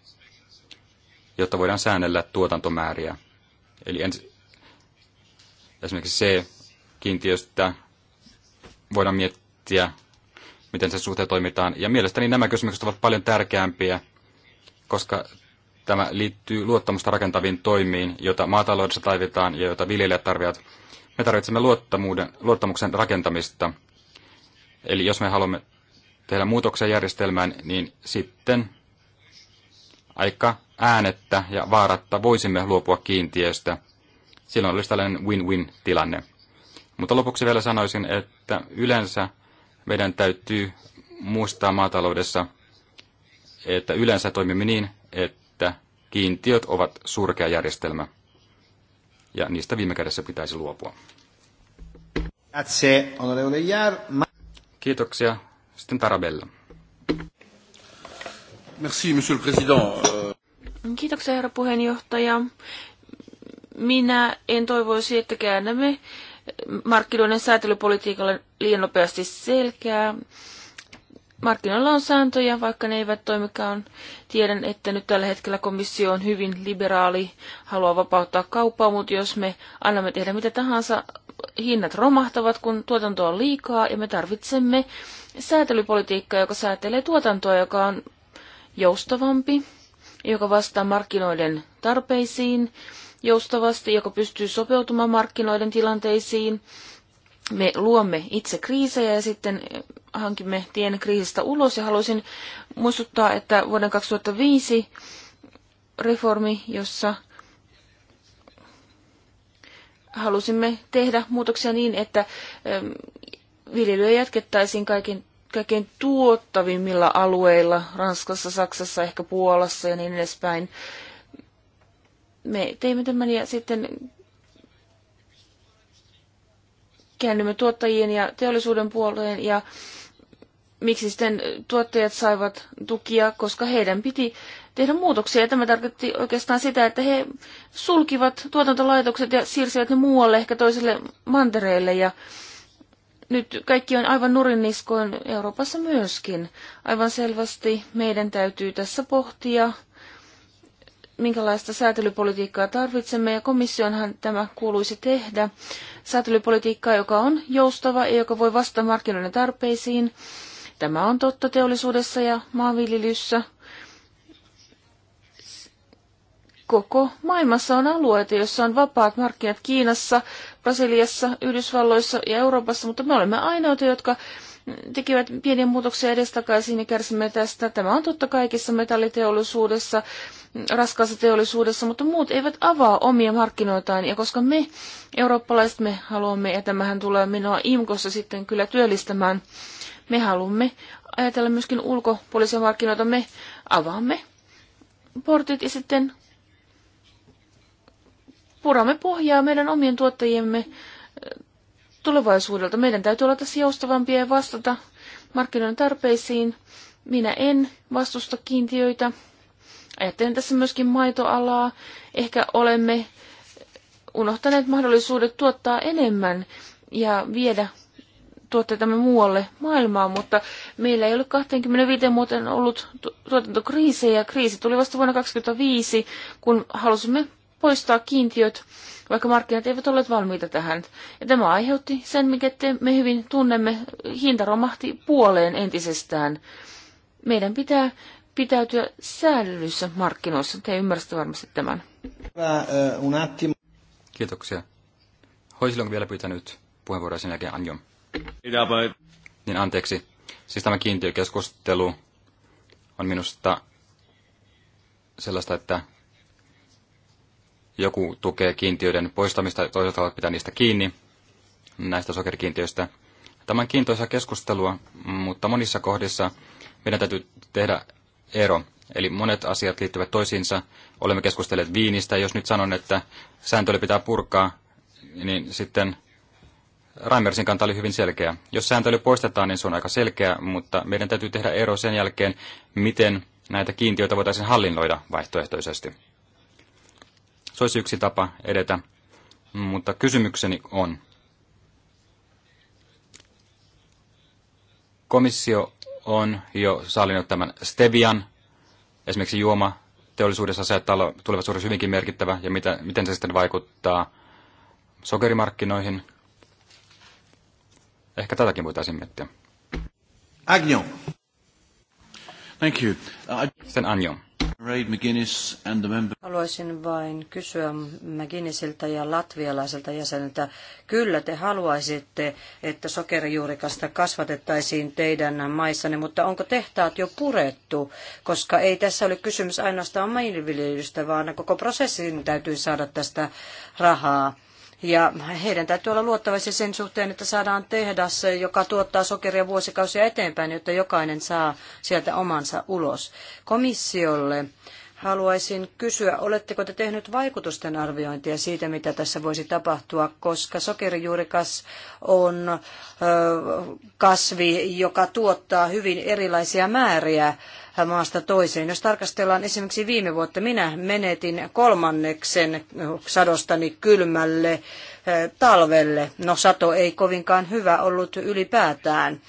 jotta voidaan säännellä tuotantomääriä. Eli ens, esimerkiksi se kiintiöstä voidaan miettiä, miten se suhteen toimitaan. Ja mielestäni nämä kysymykset ovat paljon tärkeämpiä, koska tämä liittyy luottamusta rakentaviin toimiin, joita maataloudessa tarvitaan ja joita viljelijät tarvitsevat. Me tarvitsemme luottamuksen rakentamista Eli jos me haluamme tehdä muutoksia järjestelmään, niin sitten aika äänettä ja vaaratta voisimme luopua kiintiöstä. Silloin olisi tällainen win-win-tilanne. Mutta lopuksi vielä sanoisin, että yleensä meidän täytyy muistaa maataloudessa, että yleensä toimimme niin, että kiintiöt ovat surkea järjestelmä. Ja niistä viime kädessä pitäisi luopua. Grazie, onorevole jär. Kiitoksia. Sitten Tarabella. Merci, monsieur le président. Kiitoksia, herra puheenjohtaja. Minä en toivoisi, että käännämme markkinoiden säätelypolitiikalle liian nopeasti selkää. Markkinoilla on sääntöjä, vaikka ne eivät toimikaan. Tiedän, että nyt tällä hetkellä komissio on hyvin liberaali, haluaa vapauttaa kauppaa, mutta jos me annamme tehdä mitä tahansa, hinnat romahtavat, kun tuotantoa on liikaa ja me tarvitsemme säätelypolitiikkaa, joka säätelee tuotantoa, joka on joustavampi, joka vastaa markkinoiden tarpeisiin joustavasti, joka pystyy sopeutumaan markkinoiden tilanteisiin. Me luomme itse kriisejä ja sitten hankimme tien kriisistä ulos. Ja haluaisin muistuttaa, että vuoden 2005 reformi, jossa halusimme tehdä muutoksia niin, että ähm, viljelyä jatkettaisiin kaikin, kaikkein tuottavimmilla alueilla, Ranskassa, Saksassa, ehkä Puolassa ja niin edespäin. Me teimme tämän ja sitten käännymme tuottajien ja teollisuuden puoleen ja miksi sitten tuottajat saivat tukia, koska heidän piti tehdä muutoksia. Ja tämä tarkoitti oikeastaan sitä, että he sulkivat tuotantolaitokset ja siirsivät ne muualle, ehkä toiselle mantereelle. Ja nyt kaikki on aivan niskoin Euroopassa myöskin. Aivan selvästi meidän täytyy tässä pohtia, minkälaista säätelypolitiikkaa tarvitsemme, ja komissionhan tämä kuuluisi tehdä. Säätelypolitiikkaa, joka on joustava ja joka voi vastata markkinoiden tarpeisiin. Tämä on totta teollisuudessa ja maanviljelyssä. koko maailmassa on alueita, joissa on vapaat markkinat Kiinassa, Brasiliassa, Yhdysvalloissa ja Euroopassa, mutta me olemme ainoita, jotka tekivät pieniä muutoksia edestakaisin ja kärsimme tästä. Tämä on totta kaikessa metalliteollisuudessa, raskaassa teollisuudessa, mutta muut eivät avaa omia markkinoitaan. Ja koska me, eurooppalaiset, me haluamme, ja tämähän tulee minua IMKossa sitten kyllä työllistämään, me haluamme ajatella myöskin ulkopuolisia markkinoita, me avaamme portit ja sitten puramme pohjaa meidän omien tuottajiemme eh, tulevaisuudelta. Meidän täytyy olla tässä joustavampia ja vastata markkinoiden tarpeisiin. Minä en vastusta kiintiöitä. Ajattelen tässä myöskin maitoalaa. Ehkä olemme unohtaneet mahdollisuudet tuottaa enemmän ja viedä tuotteitamme muualle maailmaan, mutta meillä ei ole 25 vuoteen ollut tuotantokriisejä. Kriisi tuli vasta vuonna 2025, kun halusimme poistaa kiintiöt, vaikka markkinat eivät olleet valmiita tähän. Ja tämä aiheutti sen, mikä te, me hyvin tunnemme, hinta romahti puoleen entisestään. Meidän pitää pitäytyä säädellyissä markkinoissa. Te ymmärrätte varmasti tämän. Kiitoksia. Hoisilon vielä pyytänyt puheenvuoroa sen jälkeen Anjom. Niin anteeksi. Siis tämä kiintiökeskustelu on minusta sellaista, että joku tukee kiintiöiden poistamista, toisaalta pitää niistä kiinni, näistä sokerikiintiöistä. Tämän kiintoisa keskustelua, mutta monissa kohdissa meidän täytyy tehdä ero. Eli monet asiat liittyvät toisiinsa. Olemme keskustelleet viinistä. Jos nyt sanon, että sääntely pitää purkaa, niin sitten Raimersin kanta oli hyvin selkeä. Jos sääntely poistetaan, niin se on aika selkeä, mutta meidän täytyy tehdä ero sen jälkeen, miten näitä kiintiöitä voitaisiin hallinnoida vaihtoehtoisesti. Se olisi yksi tapa edetä, mutta kysymykseni on. Komissio on jo sallinut tämän stevian, esimerkiksi juoma teollisuudessa se, että tulevaisuudessa hyvinkin merkittävä, ja mitä, miten se sitten vaikuttaa sokerimarkkinoihin. Ehkä tätäkin voitaisiin miettiä. Agnion. Thank you. Uh, I... Sen Agnion. McGuinness and the member. Haluaisin vain kysyä McGuinnessilta ja latvialaiselta jäseneltä. Kyllä te haluaisitte, että sokerijuurikasta kasvatettaisiin teidän maissanne, mutta onko tehtaat jo purettu? Koska ei tässä ole kysymys ainoastaan maanviljelystä, vaan koko prosessin täytyy saada tästä rahaa ja heidän täytyy olla luottavaisia sen suhteen, että saadaan tehdas, joka tuottaa sokeria vuosikausia eteenpäin, jotta jokainen saa sieltä omansa ulos. Komissiolle Haluaisin kysyä, oletteko te tehnyt vaikutusten arviointia siitä, mitä tässä voisi tapahtua, koska sokerijuurikas on kasvi, joka tuottaa hyvin erilaisia määriä maasta toiseen. Jos tarkastellaan esimerkiksi viime vuotta, minä menetin kolmanneksen sadostani kylmälle eh, talvelle. No sato ei kovinkaan hyvä ollut ylipäätään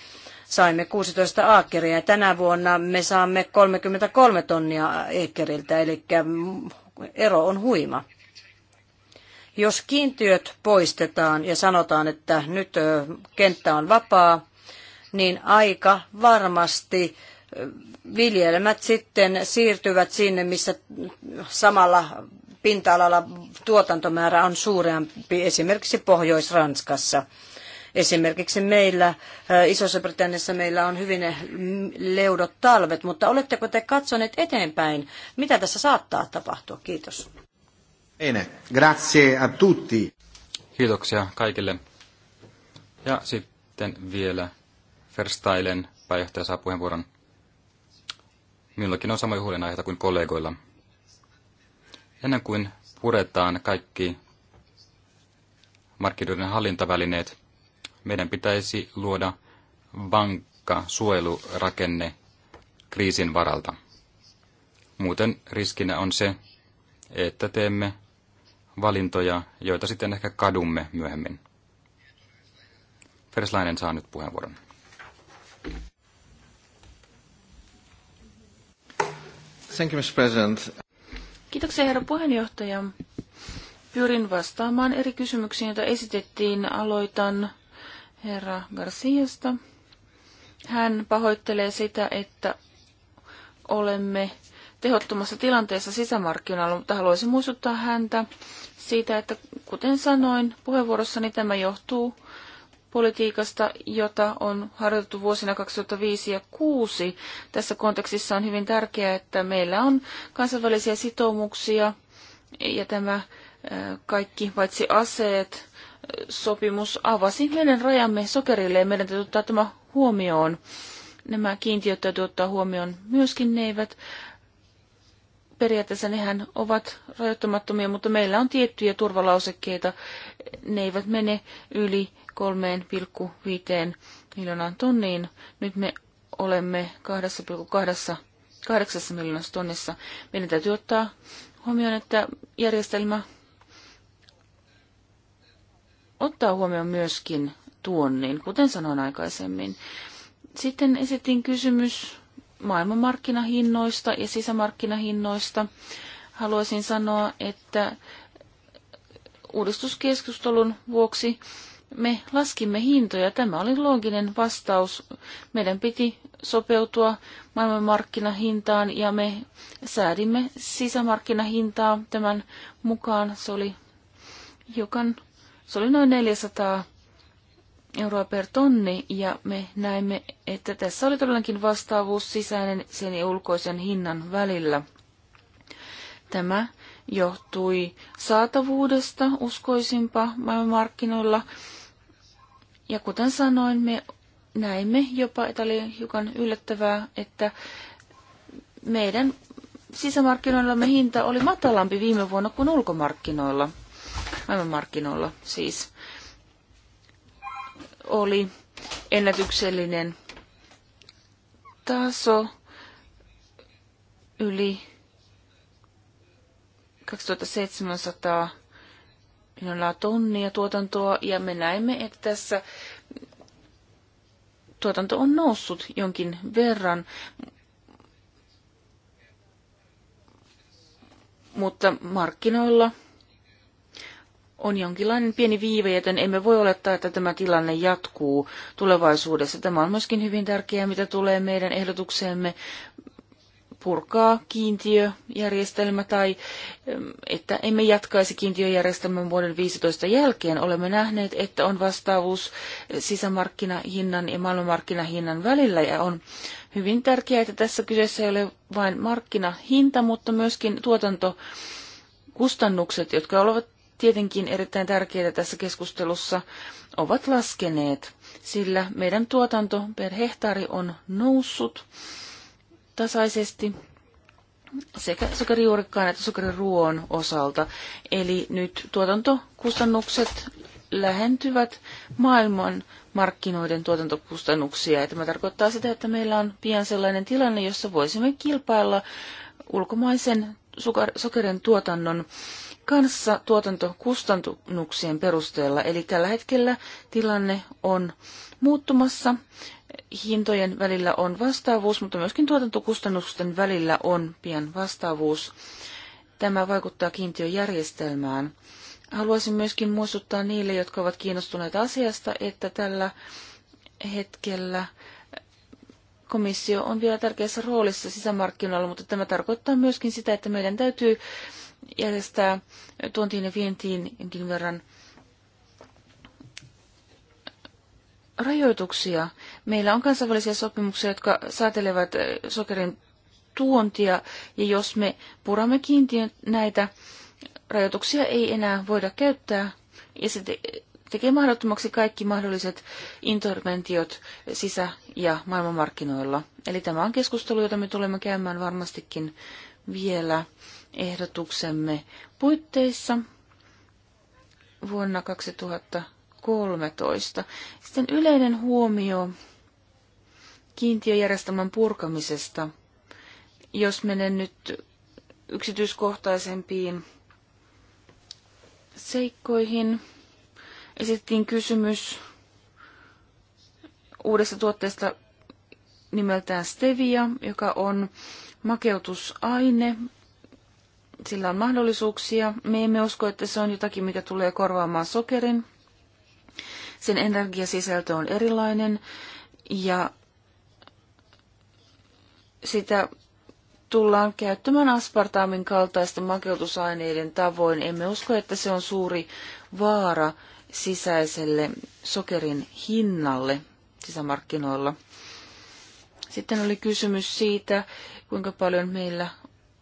saimme 16 aakeria ja tänä vuonna me saamme 33 tonnia ekeriltä, eli ero on huima. Jos kiintiöt poistetaan ja sanotaan, että nyt eh, kenttä on vapaa, niin aika varmasti viljelmät sitten siirtyvät sinne, missä samalla pinta-alalla tuotantomäärä on suurempi, esimerkiksi Pohjois-Ranskassa. Esimerkiksi meillä, Isossa Britanniassa meillä on hyvin leudot talvet, mutta oletteko te katsoneet eteenpäin, mitä tässä saattaa tapahtua? Kiitos. Bene, grazie a tutti. Kiitoksia kaikille. Ja sitten vielä Verstailen pääjohtaja saa puheenvuoron. Minullakin on samoja huolenaiheita kuin kollegoilla. Ennen kuin puretaan kaikki markkinoiden hallintavälineet, meidän pitäisi luoda vankka suojelurakenne kriisin varalta. Muuten riskinä on se, että teemme valintoja, joita sitten ehkä kadumme myöhemmin. Ferslainen saa nyt puheenvuoron. Thank you, Mr. President. Kiitoksia, herra puheenjohtaja. Pyrin vastaamaan eri kysymyksiin, joita esitettiin. Aloitan herra Garciasta. Hän pahoittelee sitä, että olemme tehottomassa tilanteessa sisämarkkinoilla, mutta haluaisin muistuttaa häntä siitä, että kuten sanoin puheenvuorossani, tämä johtuu politiikasta, jota on harjoitettu vuosina 2005 ja 2006. Tässä kontekstissa on hyvin tärkeää, että meillä on kansainvälisiä sitoumuksia ja tämä kaikki paitsi aseet sopimus avasi meidän rajamme sokerille ja meidän täytyy ottaa tämä huomioon. Nämä kiintiöt täytyy ottaa huomioon myöskin, ne eivät periaatteessa nehän ovat rajoittamattomia, mutta meillä on tiettyjä turvalausekkeita. Ne eivät mene yli 3,5 miljoonaan tonniin. Nyt me olemme 2,8 miljoonassa tonnissa. Meidän täytyy ottaa huomioon, että järjestelmä ottaa huomioon myöskin tuonnin, kuten sanoin aikaisemmin. Sitten esitin kysymys maailmanmarkkinahinnoista ja sisämarkkinahinnoista. Haluaisin sanoa, että uudistuskeskustelun vuoksi me laskimme hintoja. Tämä oli looginen vastaus. Meidän piti sopeutua maailmanmarkkinahintaan ja me säädimme sisämarkkinahintaa tämän mukaan. Se oli, hiukan, se oli noin 400 euroa per tonni, ja me näimme, että tässä oli todellakin vastaavuus sisäinen sen ja ulkoisen hinnan välillä. Tämä johtui saatavuudesta uskoisinpa maailmanmarkkinoilla, ja kuten sanoin, me näimme jopa, että oli hiukan yllättävää, että meidän sisämarkkinoillamme hinta oli matalampi viime vuonna kuin ulkomarkkinoilla, maailmanmarkkinoilla siis oli ennätyksellinen taso yli 2700 miljoonaa tonnia tuotantoa ja me näemme, että tässä tuotanto on noussut jonkin verran, mutta markkinoilla – on jonkinlainen pieni viive, joten emme voi olettaa, että tämä tilanne jatkuu tulevaisuudessa. Tämä on myöskin hyvin tärkeää, mitä tulee meidän ehdotukseemme purkaa kiintiöjärjestelmä tai että emme jatkaisi kiintiöjärjestelmän vuoden 15 jälkeen. Olemme nähneet, että on vastaavuus sisämarkkinahinnan ja maailmanmarkkinahinnan välillä ja on hyvin tärkeää, että tässä kyseessä ei ole vain markkinahinta, mutta myöskin tuotantokustannukset, jotka ovat tietenkin erittäin tärkeitä tässä keskustelussa, ovat laskeneet, sillä meidän tuotanto per hehtaari on noussut tasaisesti sekä sokerijuurikkaan että sokeriruoan osalta. Eli nyt tuotantokustannukset lähentyvät maailman markkinoiden tuotantokustannuksia. Ja tämä tarkoittaa sitä, että meillä on pian sellainen tilanne, jossa voisimme kilpailla ulkomaisen sokerin tuotannon kanssa tuotantokustannuksien perusteella. Eli tällä hetkellä tilanne on muuttumassa. Hintojen välillä on vastaavuus, mutta myöskin tuotantokustannusten välillä on pian vastaavuus. Tämä vaikuttaa kiintiöjärjestelmään. Haluaisin myöskin muistuttaa niille, jotka ovat kiinnostuneita asiasta, että tällä hetkellä komissio on vielä tärkeässä roolissa sisämarkkinoilla, mutta tämä tarkoittaa myöskin sitä, että meidän täytyy järjestää tuontiin ja vientiin jonkin verran rajoituksia. Meillä on kansainvälisiä sopimuksia, jotka säätelevät eh, sokerin tuontia, ja jos me puramme kiintiön näitä rajoituksia ei enää voida käyttää, ja se te- tekee mahdottomaksi kaikki mahdolliset interventiot sisä- ja maailmanmarkkinoilla. Eli tämä on keskustelu, jota me tulemme käymään varmastikin vielä ehdotuksemme puitteissa vuonna 2013. Sitten yleinen huomio kiintiöjärjestelmän purkamisesta. Jos menen nyt yksityiskohtaisempiin seikkoihin, esitettiin kysymys uudesta tuotteesta nimeltään stevia, joka on makeutusaine, sillä on mahdollisuuksia. Me emme usko, että se on jotakin, mikä tulee korvaamaan sokerin. Sen energiasisältö on erilainen ja sitä tullaan käyttämään aspartaamin kaltaisten makeutusaineiden tavoin. Emme usko, että se on suuri vaara sisäiselle sokerin hinnalle sisämarkkinoilla. Sitten oli kysymys siitä, kuinka paljon meillä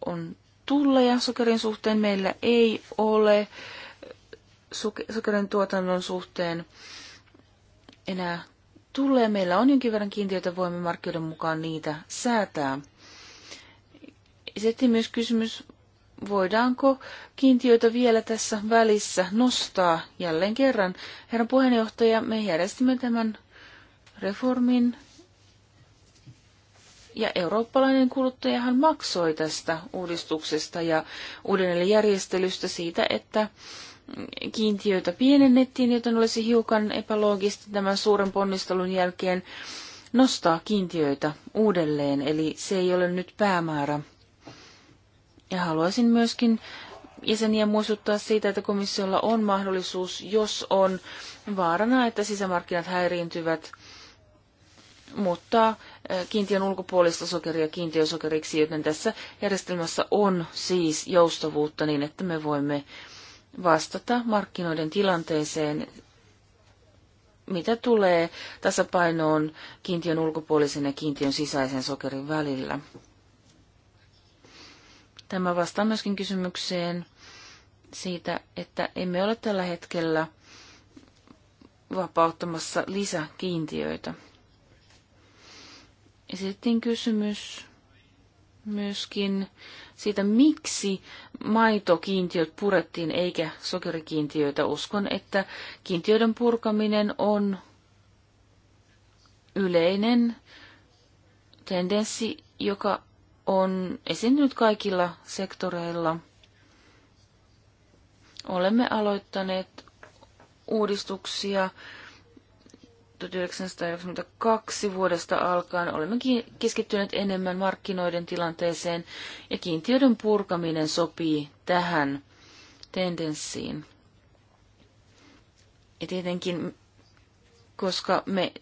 on tulleja sokerin suhteen. Meillä ei ole sokerin tuotannon suhteen enää tulee. Meillä on jonkin verran kiintiöitä, voimme markkinoiden mukaan niitä säätää. Sitten myös kysymys, voidaanko kiintiöitä vielä tässä välissä nostaa jälleen kerran. Herran puheenjohtaja, me järjestimme tämän reformin ja eurooppalainen kuluttajahan maksoi tästä uudistuksesta ja järjestelystä siitä, että kiintiöitä pienennettiin, joten olisi hiukan epäloogista tämän suuren ponnistelun jälkeen nostaa kiintiöitä uudelleen, eli se ei ole nyt päämäärä. Ja haluaisin myöskin jäseniä muistuttaa siitä, että komissiolla on mahdollisuus, jos on vaarana, että sisämarkkinat häiriintyvät, mutta kiintiön ulkopuolista sokeria kiintiösokeriksi, joten tässä järjestelmässä on siis joustavuutta niin, että me voimme vastata markkinoiden tilanteeseen, mitä tulee tasapainoon kiintiön ulkopuolisen ja kiintiön sisäisen sokerin välillä. Tämä vastaa myöskin kysymykseen siitä, että emme ole tällä hetkellä vapauttamassa lisäkiintiöitä. Esitettiin kysymys myöskin siitä, miksi maitokiintiöt purettiin eikä sokerikiintiöitä. Uskon, että kiintiöiden purkaminen on yleinen tendenssi, joka on esiintynyt kaikilla sektoreilla. Olemme aloittaneet uudistuksia 1992 vuodesta alkaen olemme keskittyneet enemmän markkinoiden tilanteeseen ja kiintiöiden purkaminen sopii tähän tendenssiin. Ja tietenkin, koska me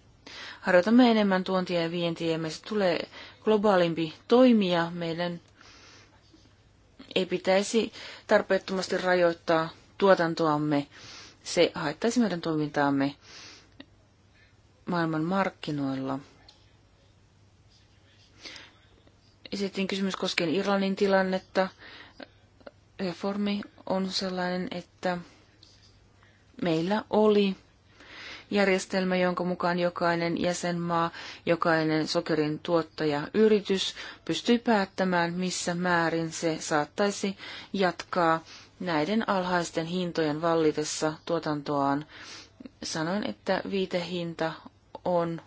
harjoitamme enemmän tuontia ja vientiä ja meistä tulee globaalimpi toimija, meidän ei pitäisi tarpeettomasti rajoittaa tuotantoamme. Se haittaisi meidän toimintaamme maailman markkinoilla. Esitin kysymys koskien Irlannin tilannetta. Reformi on sellainen, että meillä oli järjestelmä, jonka mukaan jokainen jäsenmaa, jokainen sokerin tuottaja yritys pystyy päättämään, missä määrin se saattaisi jatkaa näiden alhaisten hintojen vallitessa tuotantoaan. Sanoin, että viitehinta on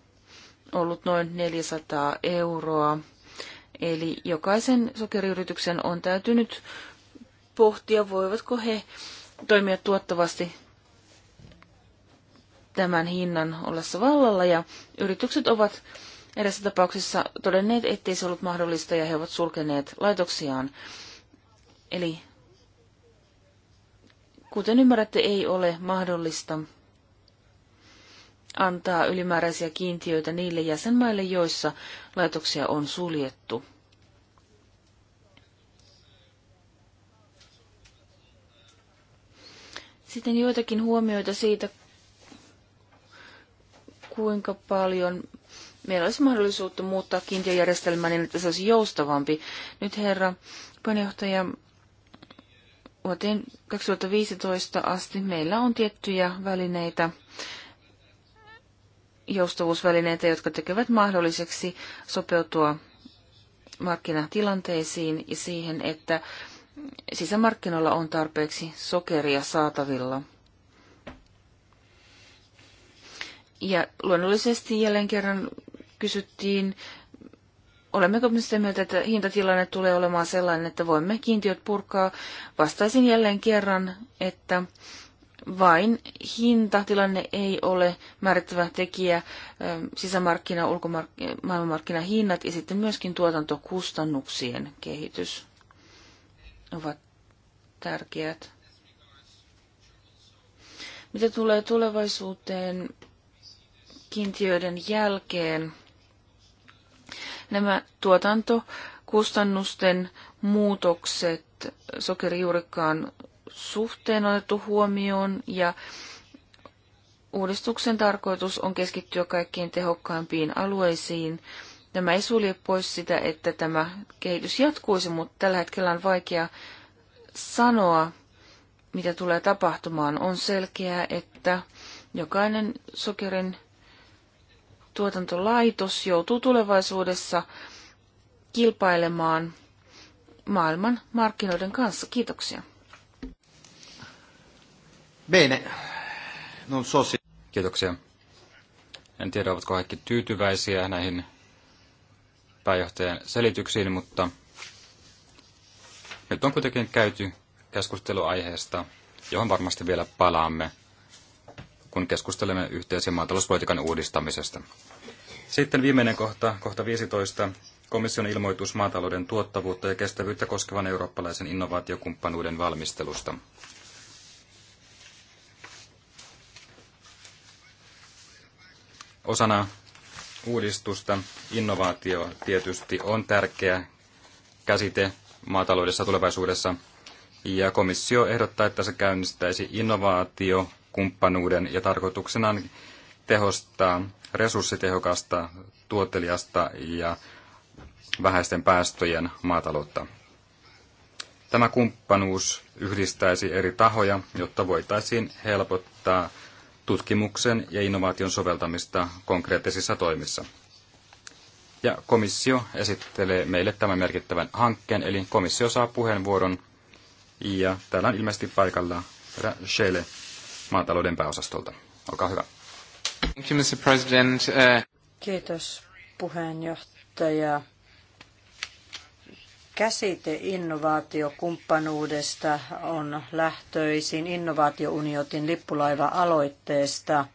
ollut noin 400 euroa. Eli jokaisen sokeriyrityksen on täytynyt pohtia, voivatko he toimia tuottavasti tämän hinnan ollessa vallalla. Ja yritykset ovat edessä tapauksessa todenneet, ettei se ollut mahdollista ja he ovat sulkeneet laitoksiaan. Eli kuten ymmärrätte, ei ole mahdollista antaa ylimääräisiä kiintiöitä niille jäsenmaille, joissa laitoksia on suljettu. Sitten joitakin huomioita siitä, kuinka paljon meillä olisi mahdollisuutta muuttaa kiintiöjärjestelmää niin, että se olisi joustavampi. Nyt herra puheenjohtaja, vuoteen 2015 asti meillä on tiettyjä välineitä, joustavuusvälineitä, jotka tekevät mahdolliseksi sopeutua markkinatilanteisiin ja siihen, että sisämarkkinoilla on tarpeeksi sokeria saatavilla. Ja luonnollisesti jälleen kerran kysyttiin, olemmeko me sitä mieltä, että hintatilanne tulee olemaan sellainen, että voimme kiintiöt purkaa. Vastaisin jälleen kerran, että vain hintatilanne ei ole määrittävä tekijä, sisämarkkina, ulkomark- hinnat ja sitten myöskin tuotantokustannuksien kehitys ovat tärkeät. Mitä tulee tulevaisuuteen kiintiöiden jälkeen, nämä tuotantokustannusten muutokset sokerijuurikkaan suhteen otettu huomioon ja uudistuksen tarkoitus on keskittyä kaikkein tehokkaimpiin alueisiin. Tämä ei sulje pois sitä, että tämä kehitys jatkuisi, mutta tällä hetkellä on vaikea sanoa, mitä tulee tapahtumaan. On selkeää, että jokainen sokerin tuotantolaitos joutuu tulevaisuudessa kilpailemaan maailman markkinoiden kanssa. Kiitoksia. Bene. Non so se... Kiitoksia. En tiedä, ovatko kaikki tyytyväisiä näihin pääjohtajan selityksiin, mutta nyt on kuitenkin käyty keskustelu aiheesta, johon varmasti vielä palaamme, kun keskustelemme yhteisen maatalouspolitiikan uudistamisesta. Sitten viimeinen kohta, kohta 15, komission ilmoitus maatalouden tuottavuutta ja kestävyyttä koskevan eurooppalaisen innovaatiokumppanuuden valmistelusta. Osana uudistusta innovaatio tietysti on tärkeä käsite maataloudessa tulevaisuudessa, ja komissio ehdottaa, että se käynnistäisi innovaatio kumppanuuden ja tarkoituksena on tehostaa resurssitehokasta, tuotteliasta ja vähäisten päästöjen maataloutta. Tämä kumppanuus yhdistäisi eri tahoja, jotta voitaisiin helpottaa tutkimuksen ja innovaation soveltamista konkreettisissa toimissa. Ja komissio esittelee meille tämän merkittävän hankkeen, eli komissio saa puheenvuoron ja täällä on ilmeisesti paikalla Shele maatalouden pääosastolta. Olkaa hyvä. Thank you, Mr. President. Uh, Kiitos puheenjohtaja käsite innovaatiokumppanuudesta on lähtöisin innovaatiouniotin lippulaiva-aloitteesta.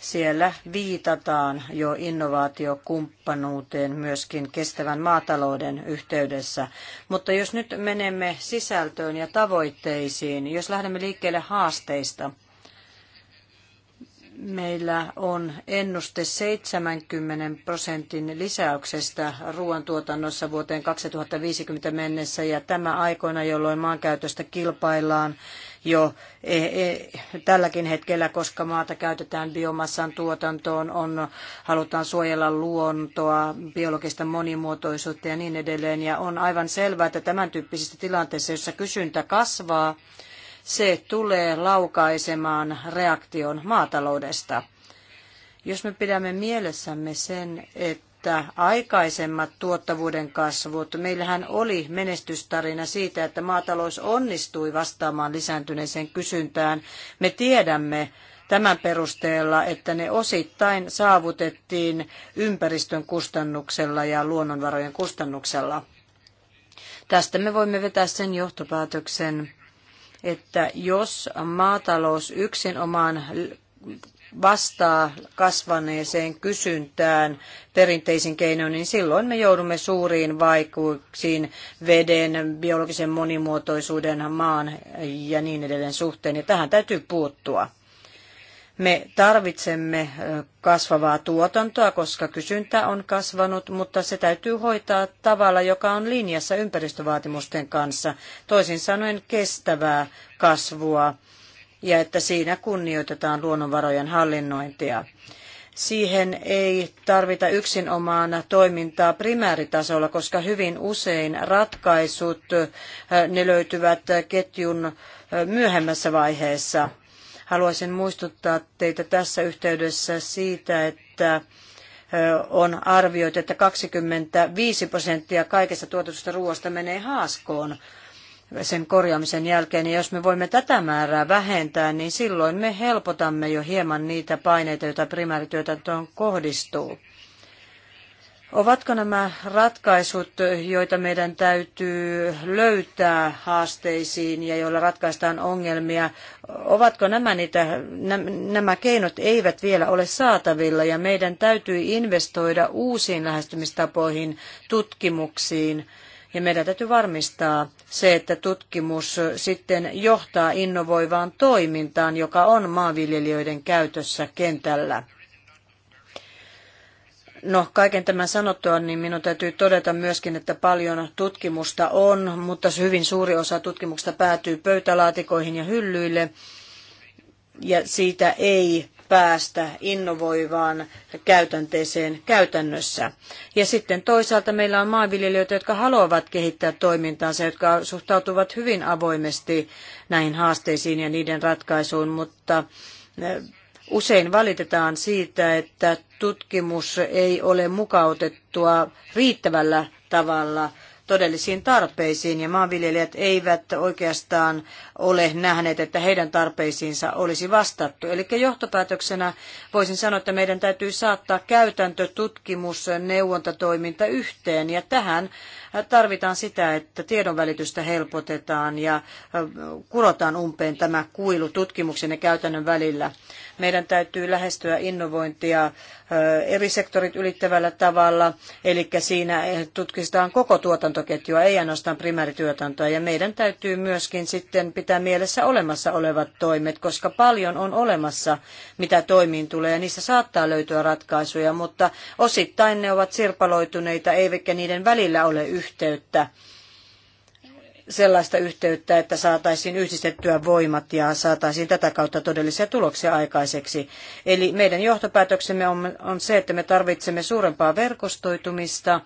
Siellä viitataan jo innovaatiokumppanuuteen myöskin kestävän maatalouden yhteydessä. Mutta jos nyt menemme sisältöön ja tavoitteisiin, jos lähdemme liikkeelle haasteista – meillä on ennuste 70 prosentin lisäyksestä ruoantuotannossa vuoteen 2050 mennessä ja tämä aikoina, jolloin maankäytöstä kilpaillaan jo e, e, tälläkin hetkellä, koska maata käytetään biomassan tuotantoon, on, halutaan suojella luontoa, biologista monimuotoisuutta ja niin edelleen. Ja on aivan selvää, että tämän tyyppisissä tilanteissa, jossa kysyntä kasvaa, se tulee laukaisemaan reaktion maataloudesta. Jos me pidämme mielessämme sen, että aikaisemmat tuottavuuden kasvut, meillähän oli menestystarina siitä, että maatalous onnistui vastaamaan lisääntyneeseen kysyntään. Me tiedämme, tämän perusteella, että ne osittain saavutettiin ympäristön kustannuksella ja luonnonvarojen kustannuksella. Tästä me voimme vetää sen johtopäätöksen, että jos maatalous yksinomaan vastaa kasvaneeseen kysyntään perinteisin keinoin, niin silloin me joudumme suuriin vaikuuksiin veden, biologisen monimuotoisuuden, maan ja niin edelleen suhteen. Ja tähän täytyy puuttua. Me tarvitsemme kasvavaa tuotantoa, koska kysyntä on kasvanut, mutta se täytyy hoitaa tavalla, joka on linjassa ympäristövaatimusten kanssa. Toisin sanoen kestävää kasvua ja että siinä kunnioitetaan luonnonvarojen hallinnointia. Siihen ei tarvita yksinomaan toimintaa primääritasolla, koska hyvin usein ratkaisut ne löytyvät ketjun myöhemmässä vaiheessa Haluaisin muistuttaa teitä tässä yhteydessä siitä, että on arvioitu, että 25 prosenttia kaikesta tuotetusta ruoasta menee haaskoon sen korjaamisen jälkeen. Ja jos me voimme tätä määrää vähentää, niin silloin me helpotamme jo hieman niitä paineita, joita primäärityötäntöön kohdistuu. Ovatko nämä ratkaisut, joita meidän täytyy löytää haasteisiin ja joilla ratkaistaan ongelmia, ovatko nämä, niitä, nämä keinot eivät vielä ole saatavilla ja meidän täytyy investoida uusiin lähestymistapoihin, tutkimuksiin ja meidän täytyy varmistaa se, että tutkimus sitten johtaa innovoivaan toimintaan, joka on maanviljelijöiden käytössä kentällä. No, kaiken tämän sanottua, niin minun täytyy todeta myöskin, että paljon tutkimusta on, mutta hyvin suuri osa tutkimuksesta päätyy pöytälaatikoihin ja hyllyille, ja siitä ei päästä innovoivaan käytänteeseen käytännössä. Ja sitten toisaalta meillä on maanviljelijöitä, jotka haluavat kehittää toimintaansa, jotka suhtautuvat hyvin avoimesti näihin haasteisiin ja niiden ratkaisuun, mutta Usein valitetaan siitä, että tutkimus ei ole mukautettua riittävällä tavalla todellisiin tarpeisiin ja maanviljelijät eivät oikeastaan ole nähneet, että heidän tarpeisiinsa olisi vastattu. Eli johtopäätöksenä voisin sanoa, että meidän täytyy saattaa käytäntö, tutkimus, neuvontatoiminta yhteen ja tähän tarvitaan sitä, että tiedonvälitystä helpotetaan ja kurotaan umpeen tämä kuilu tutkimuksen ja käytännön välillä. Meidän täytyy lähestyä innovointia eri sektorit ylittävällä tavalla, eli siinä eh, tutkitaan koko tuotantoketjua, ei ainoastaan primäärituotantoa, ja meidän täytyy myöskin sitten pitää mielessä olemassa olevat toimet, koska paljon on olemassa, mitä toimiin tulee, ja niissä saattaa löytyä ratkaisuja, mutta osittain ne ovat sirpaloituneita, eivätkä niiden välillä ole yhteyttä, sellaista yhteyttä, että saataisiin yhdistettyä voimat ja saataisiin tätä kautta todellisia tuloksia aikaiseksi. Eli meidän johtopäätöksemme on, on se, että me tarvitsemme suurempaa verkostoitumista,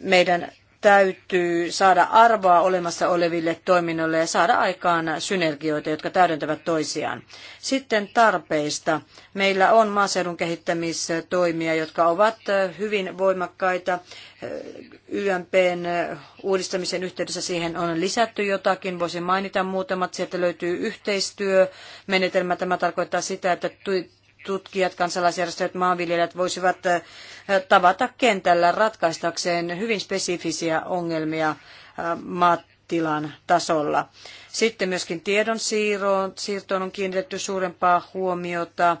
meidän täytyy saada arvoa olemassa oleville toiminnoille ja saada aikaan synergioita, jotka täydentävät toisiaan. Sitten tarpeista. Meillä on maaseudun kehittämistoimia, jotka ovat hyvin voimakkaita. YMPn uudistamisen yhteydessä siihen on lisätty jotakin. Voisin mainita muutamat. Sieltä löytyy yhteistyömenetelmä. Tämä tarkoittaa sitä, että tutkijat, kansalaisjärjestöt, maanviljelijät voisivat tavata kentällä ratkaistakseen hyvin spesifisiä ongelmia äh, maatilan tasolla. Sitten myöskin tiedon siirtoon on kiinnitetty suurempaa huomiota.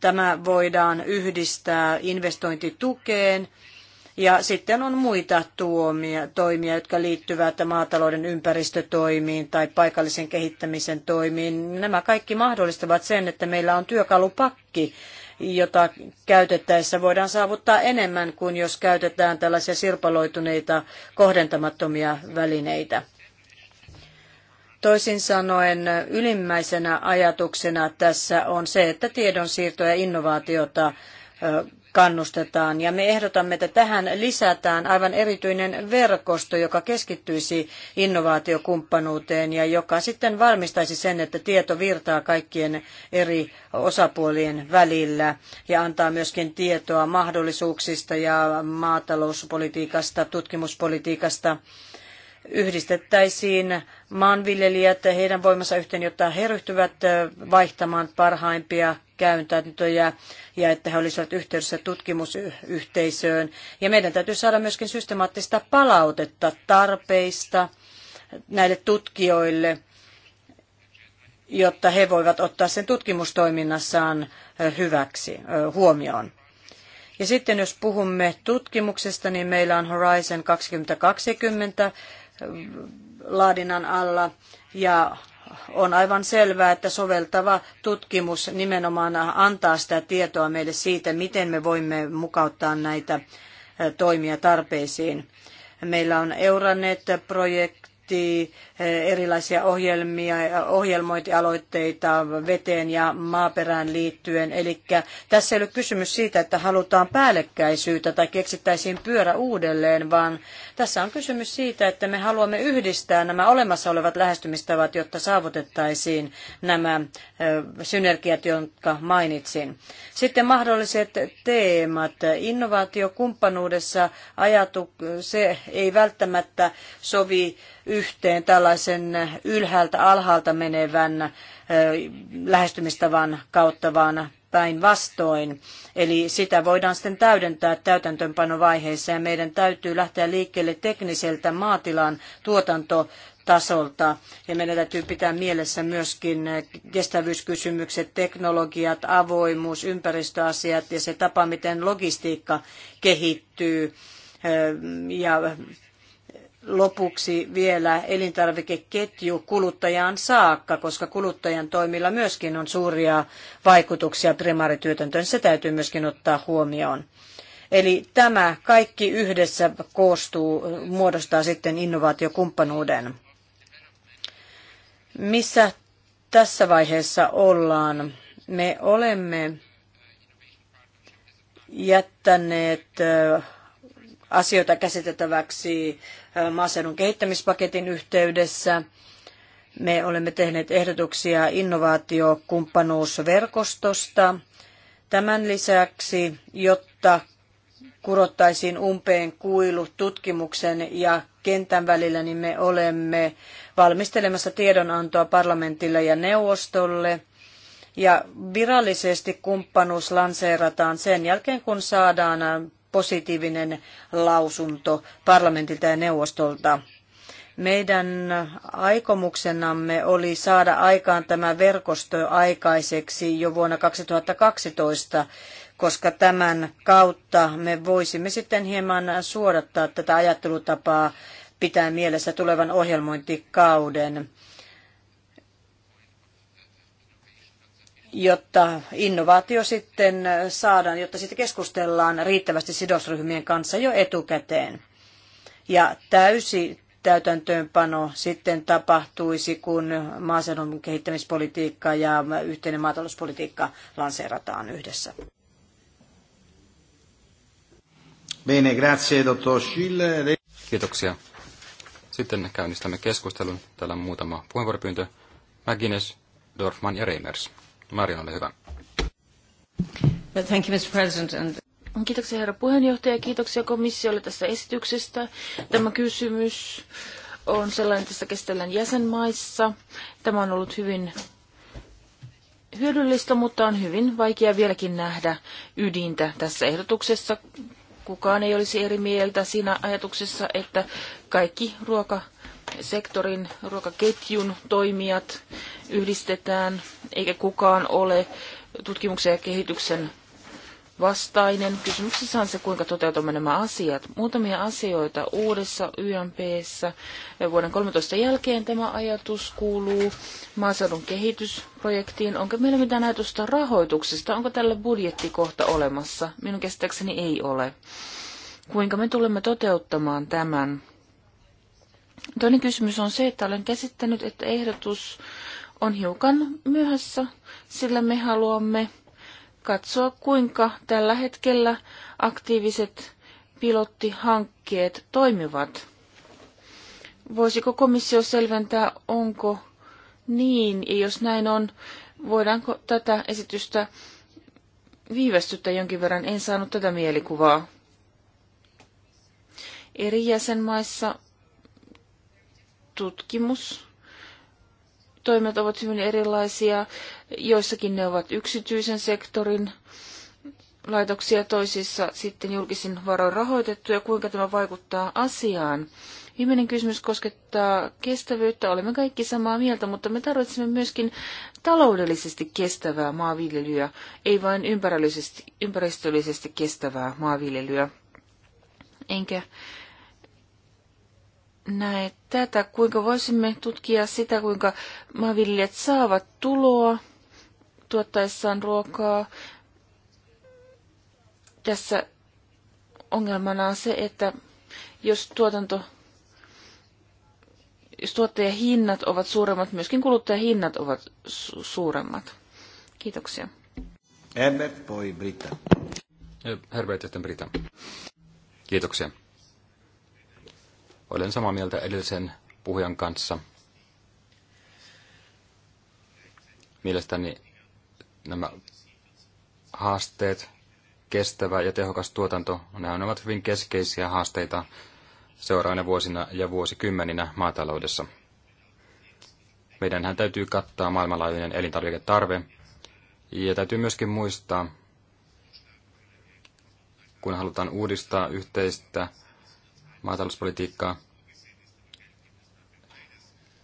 Tämä voidaan yhdistää investointitukeen. Ja sitten on muita tuomia, toimia, jotka liittyvät maatalouden ympäristötoimiin tai paikallisen kehittämisen toimiin. Nämä kaikki mahdollistavat sen, että meillä on työkalupakki, jota käytettäessä voidaan saavuttaa enemmän kuin jos käytetään tällaisia sirpaloituneita kohdentamattomia välineitä. Toisin sanoen ylimmäisenä ajatuksena tässä on se, että tiedonsiirto ja innovaatiota kannustetaan. Ja me ehdotamme, että tähän lisätään aivan erityinen verkosto, joka keskittyisi innovaatiokumppanuuteen ja joka sitten varmistaisi sen, että tieto virtaa kaikkien eri osapuolien välillä ja antaa myöskin tietoa mahdollisuuksista ja maatalouspolitiikasta, tutkimuspolitiikasta yhdistettäisiin maanviljelijät heidän voimansa yhteen, jotta he ryhtyvät eh, vaihtamaan parhaimpia käytäntöjä ja että he olisivat yhteydessä tutkimusyhteisöön. Ja meidän täytyy saada myöskin systemaattista palautetta tarpeista näille tutkijoille, jotta he voivat ottaa sen tutkimustoiminnassaan hyväksi huomioon. Ja sitten jos puhumme tutkimuksesta, niin meillä on Horizon 2020 laadinnan alla ja on aivan selvää, että soveltava tutkimus nimenomaan antaa sitä tietoa meille siitä, miten me voimme mukauttaa näitä toimia tarpeisiin. Meillä on Euronet-projekti, erilaisia ohjelmia, ohjelmointialoitteita veteen ja maaperään liittyen. Eli tässä ei ole kysymys siitä, että halutaan päällekkäisyyttä tai keksittäisiin pyörä uudelleen, vaan tässä on kysymys siitä, että me haluamme yhdistää nämä olemassa olevat lähestymistavat, jotta saavutettaisiin nämä synergiat, jotka mainitsin. Sitten mahdolliset teemat. Innovaatiokumppanuudessa ajatu, se ei välttämättä sovi yhteen tällaisen ylhäältä alhaalta menevän lähestymistavan kautta, vaan päinvastoin. Eli sitä voidaan sitten täydentää täytäntöönpanovaiheessa ja meidän täytyy lähteä liikkeelle tekniseltä maatilan tuotanto tasolta. Ja meidän täytyy pitää mielessä myöskin kestävyyskysymykset, teknologiat, avoimuus, ympäristöasiat ja se tapa, miten logistiikka kehittyy ja lopuksi vielä elintarvikeketju kuluttajaan saakka, koska kuluttajan toimilla myöskin on suuria vaikutuksia primaarityötäntöön. Se täytyy myöskin ottaa huomioon. Eli tämä kaikki yhdessä koostuu, muodostaa sitten innovaatiokumppanuuden. Missä tässä vaiheessa ollaan? Me olemme jättäneet asioita käsiteltäväksi maaseudun kehittämispaketin yhteydessä. Me olemme tehneet ehdotuksia innovaatiokumppanuusverkostosta. Tämän lisäksi, jotta kurottaisiin umpeen kuilu tutkimuksen ja kentän välillä, niin me olemme valmistelemassa tiedonantoa parlamentille ja neuvostolle. Ja virallisesti kumppanuus lanseerataan sen jälkeen, kun saadaan positiivinen lausunto parlamentilta ja neuvostolta. Meidän aikomuksenamme oli saada aikaan tämä verkosto aikaiseksi jo vuonna 2012, koska tämän kautta me voisimme sitten hieman suodattaa tätä ajattelutapaa pitää mielessä tulevan ohjelmointikauden. jotta innovaatio sitten saadaan, jotta siitä keskustellaan riittävästi sidosryhmien kanssa jo etukäteen. Ja täysi täytäntöönpano sitten tapahtuisi, kun maaseudun kehittämispolitiikka ja yhteinen maatalouspolitiikka lanseerataan yhdessä. Bene, grazie, dottor Schiller. Kiitoksia. Sitten käynnistämme keskustelun. Täällä on muutama puheenvuoropyyntö. Mäkines, Dorfman ja Reimers. Marja, ole hyvä. Thank you, Mr. President. And... Kiitoksia herra puheenjohtaja, kiitoksia komissiolle tästä esityksestä. Tämä kysymys on sellainen, että sitä käsitellään jäsenmaissa. Tämä on ollut hyvin hyödyllistä, mutta on hyvin vaikea vieläkin nähdä ydintä tässä ehdotuksessa. Kukaan ei olisi eri mieltä siinä ajatuksessa, että kaikki ruoka sektorin, ruokaketjun toimijat yhdistetään, eikä kukaan ole tutkimuksen ja kehityksen vastainen. Kysymyksessä on se, kuinka toteutamme nämä asiat. Muutamia asioita uudessa YMPssä vuoden 13 jälkeen tämä ajatus kuuluu maaseudun kehitysprojektiin. Onko meillä mitään ajatusta rahoituksesta? Onko tällä budjettikohta olemassa? Minun käsittääkseni ei ole. Kuinka me tulemme toteuttamaan tämän? Toinen kysymys on se, että olen käsittänyt, että ehdotus on hiukan myöhässä, sillä me haluamme katsoa, kuinka tällä hetkellä aktiiviset pilottihankkeet toimivat. Voisiko komissio selventää, onko niin, ja jos näin on, voidaanko tätä esitystä viivästyttää jonkin verran? En saanut tätä mielikuvaa. Eri jäsenmaissa tutkimus toimet ovat hyvin erilaisia. Joissakin ne ovat yksityisen sektorin laitoksia, toisissa sitten julkisin varoin rahoitettuja. Kuinka tämä vaikuttaa asiaan? Viimeinen kysymys koskettaa kestävyyttä. Olemme kaikki samaa mieltä, mutta me tarvitsemme myöskin taloudellisesti kestävää maanviljelyä, ei vain ympäristöllisesti kestävää maanviljelyä. Enkä näe tätä, kuinka voisimme tutkia sitä, kuinka maanviljelijät saavat tuloa tuottaessaan ruokaa. Tässä ongelmana on se, että jos tuotanto jos tuottajahinnat ovat suuremmat, myöskin kuluttajahinnat ovat su- suuremmat. Kiitoksia. Emme voi Brita. Herbert sitten Brita. Kiitoksia. Olen samaa mieltä edellisen puhujan kanssa. Mielestäni nämä haasteet, kestävä ja tehokas tuotanto, nämä ovat hyvin keskeisiä haasteita seuraavina vuosina ja vuosikymmeninä maataloudessa. Meidänhän täytyy kattaa maailmanlaajuinen elintarviketarve, ja täytyy myöskin muistaa, kun halutaan uudistaa yhteistä maatalouspolitiikkaa.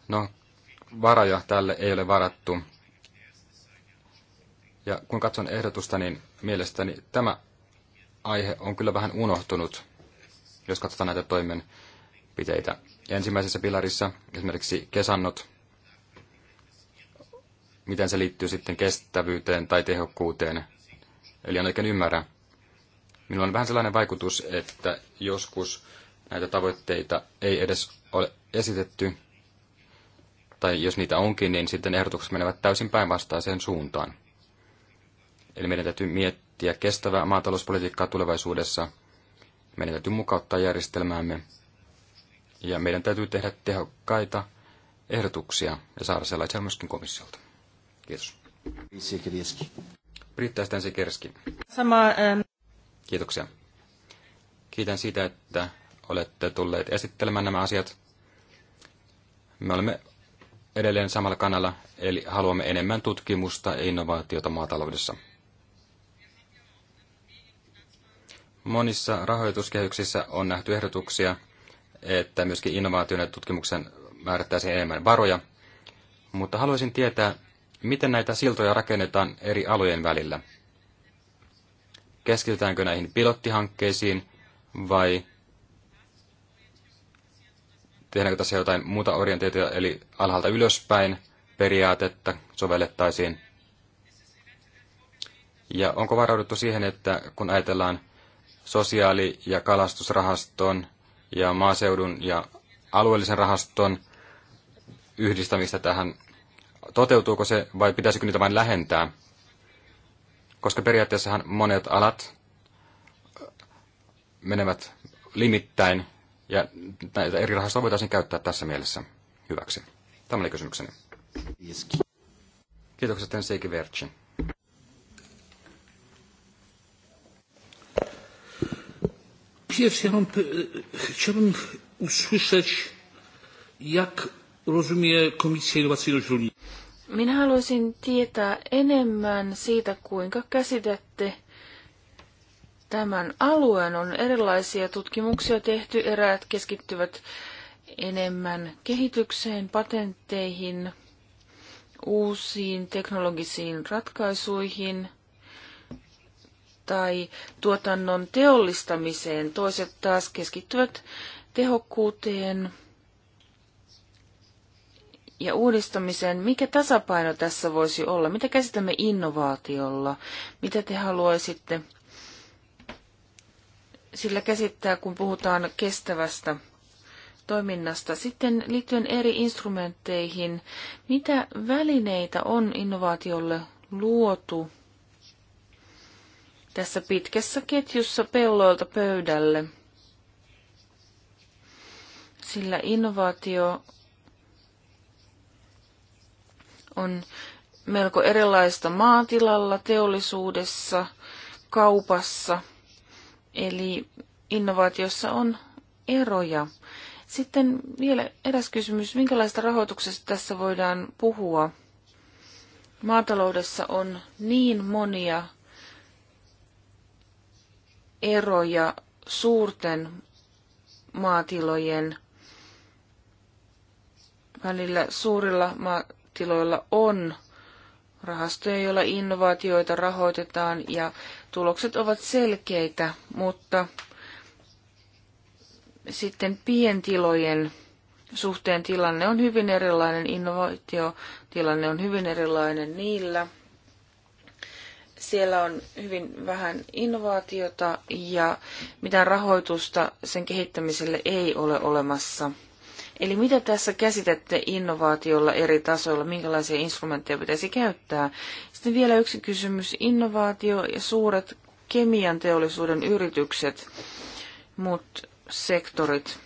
No, varoja tälle ei ole varattu. Ja kun katson ehdotusta, niin mielestäni tämä aihe on kyllä vähän unohtunut, jos katsotaan näitä toimenpiteitä. Ensimmäisessä pilarissa esimerkiksi kesannot, miten se liittyy sitten kestävyyteen tai tehokkuuteen. Eli en oikein ymmärrä. Minulla on vähän sellainen vaikutus, että joskus näitä tavoitteita ei edes ole esitetty, tai jos niitä onkin, niin sitten ehdotukset menevät täysin päinvastaiseen suuntaan. Eli meidän täytyy miettiä kestävää maatalouspolitiikkaa tulevaisuudessa, meidän täytyy mukauttaa järjestelmäämme, ja meidän täytyy tehdä tehokkaita ehdotuksia ja saada sellaisia myöskin komissiolta. Kiitos. Britta Stansikerski. Sama, ähm... Kiitoksia. Kiitän siitä, että olette tulleet esittelemään nämä asiat. Me olemme edelleen samalla kanalla, eli haluamme enemmän tutkimusta ja innovaatiota maataloudessa. Monissa rahoituskehyksissä on nähty ehdotuksia, että myöskin innovaation ja tutkimuksen määrittäisi enemmän varoja, mutta haluaisin tietää, miten näitä siltoja rakennetaan eri alojen välillä. Keskitytäänkö näihin pilottihankkeisiin vai tehdäänkö tässä jotain muuta orientaatiota, eli alhaalta ylöspäin periaatetta sovellettaisiin. Ja onko varauduttu siihen, että kun ajatellaan sosiaali- ja kalastusrahaston ja maaseudun ja alueellisen rahaston yhdistämistä tähän, toteutuuko se vai pitäisikö niitä vain lähentää? Koska periaatteessahan monet alat menevät limittäin ja näitä eri rahastoja voitaisiin käyttää tässä mielessä hyväksi. Tämä oli kysymykseni. Kiitokset tämän Seiki Vertsin. Pierwsze, ja mam, chciałbym usłyszeć, jak rozumie Komisja Innowacyjność Rolnictwa. Minä haluaisin tietää enemmän siitä, kuinka käsitätte tämän alueen on erilaisia tutkimuksia tehty. Eräät keskittyvät enemmän kehitykseen, patentteihin, uusiin teknologisiin ratkaisuihin tai tuotannon teollistamiseen. Toiset taas keskittyvät tehokkuuteen ja uudistamiseen. Mikä tasapaino tässä voisi olla? Mitä käsitämme innovaatiolla? Mitä te haluaisitte sillä käsittää, kun puhutaan kestävästä toiminnasta. Sitten liittyen eri instrumentteihin, mitä välineitä on innovaatiolle luotu tässä pitkässä ketjussa pelloilta pöydälle? Sillä innovaatio on melko erilaista maatilalla, teollisuudessa, kaupassa – Eli innovaatiossa on eroja. Sitten vielä eräs kysymys, minkälaista rahoituksesta tässä voidaan puhua? Maataloudessa on niin monia eroja suurten maatilojen välillä. Suurilla maatiloilla on rahastoja, joilla innovaatioita rahoitetaan ja tulokset ovat selkeitä, mutta sitten pientilojen suhteen tilanne on hyvin erilainen, innovaatiotilanne on hyvin erilainen niillä. Siellä on hyvin vähän innovaatiota ja mitään rahoitusta sen kehittämiselle ei ole olemassa. Eli mitä tässä käsitätte innovaatiolla eri tasoilla, minkälaisia instrumentteja pitäisi käyttää? Sitten vielä yksi kysymys, innovaatio ja suuret kemian teollisuuden yritykset, muut sektorit.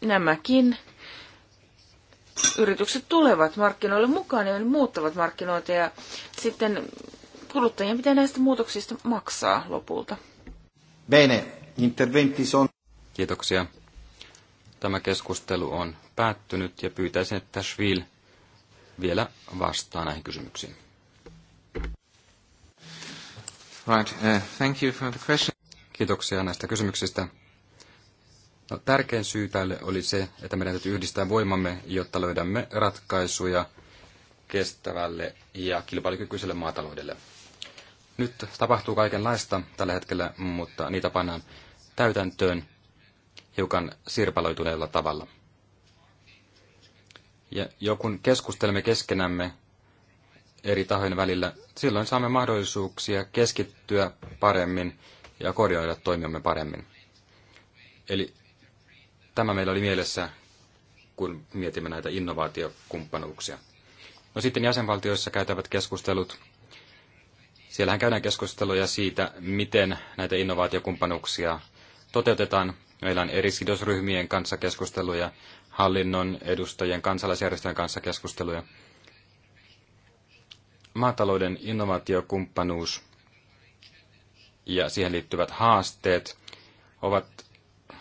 Nämäkin yritykset tulevat markkinoille mukaan ja muuttavat markkinoita ja sitten kuluttajien pitää näistä muutoksista maksaa lopulta. Bene, interventi on. Kiitoksia. Tämä keskustelu on päättynyt ja pyytäisin, että Schwil vielä vastaa näihin kysymyksiin. Right, uh, thank you for the question. Kiitoksia näistä kysymyksistä. No, tärkein syy tälle oli se, että meidän täytyy yhdistää voimamme, jotta löydämme ratkaisuja kestävälle ja kilpailukykyiselle maataloudelle. Nyt tapahtuu kaikenlaista tällä hetkellä, mutta niitä pannaan täytäntöön hiukan sirpaloituneella tavalla. Ja jo kun keskustelemme keskenämme eri tahojen välillä, silloin saamme mahdollisuuksia keskittyä paremmin ja koordinoida toimiamme paremmin. Eli tämä meillä oli mielessä, kun mietimme näitä innovaatiokumppanuuksia. No sitten jäsenvaltioissa käytävät keskustelut. Siellähän käydään keskusteluja siitä, miten näitä innovaatiokumppanuuksia toteutetaan. Meillä on eri sidosryhmien kanssa keskusteluja, hallinnon edustajien, kansalaisjärjestöjen kanssa keskusteluja maatalouden innovaatiokumppanuus ja siihen liittyvät haasteet ovat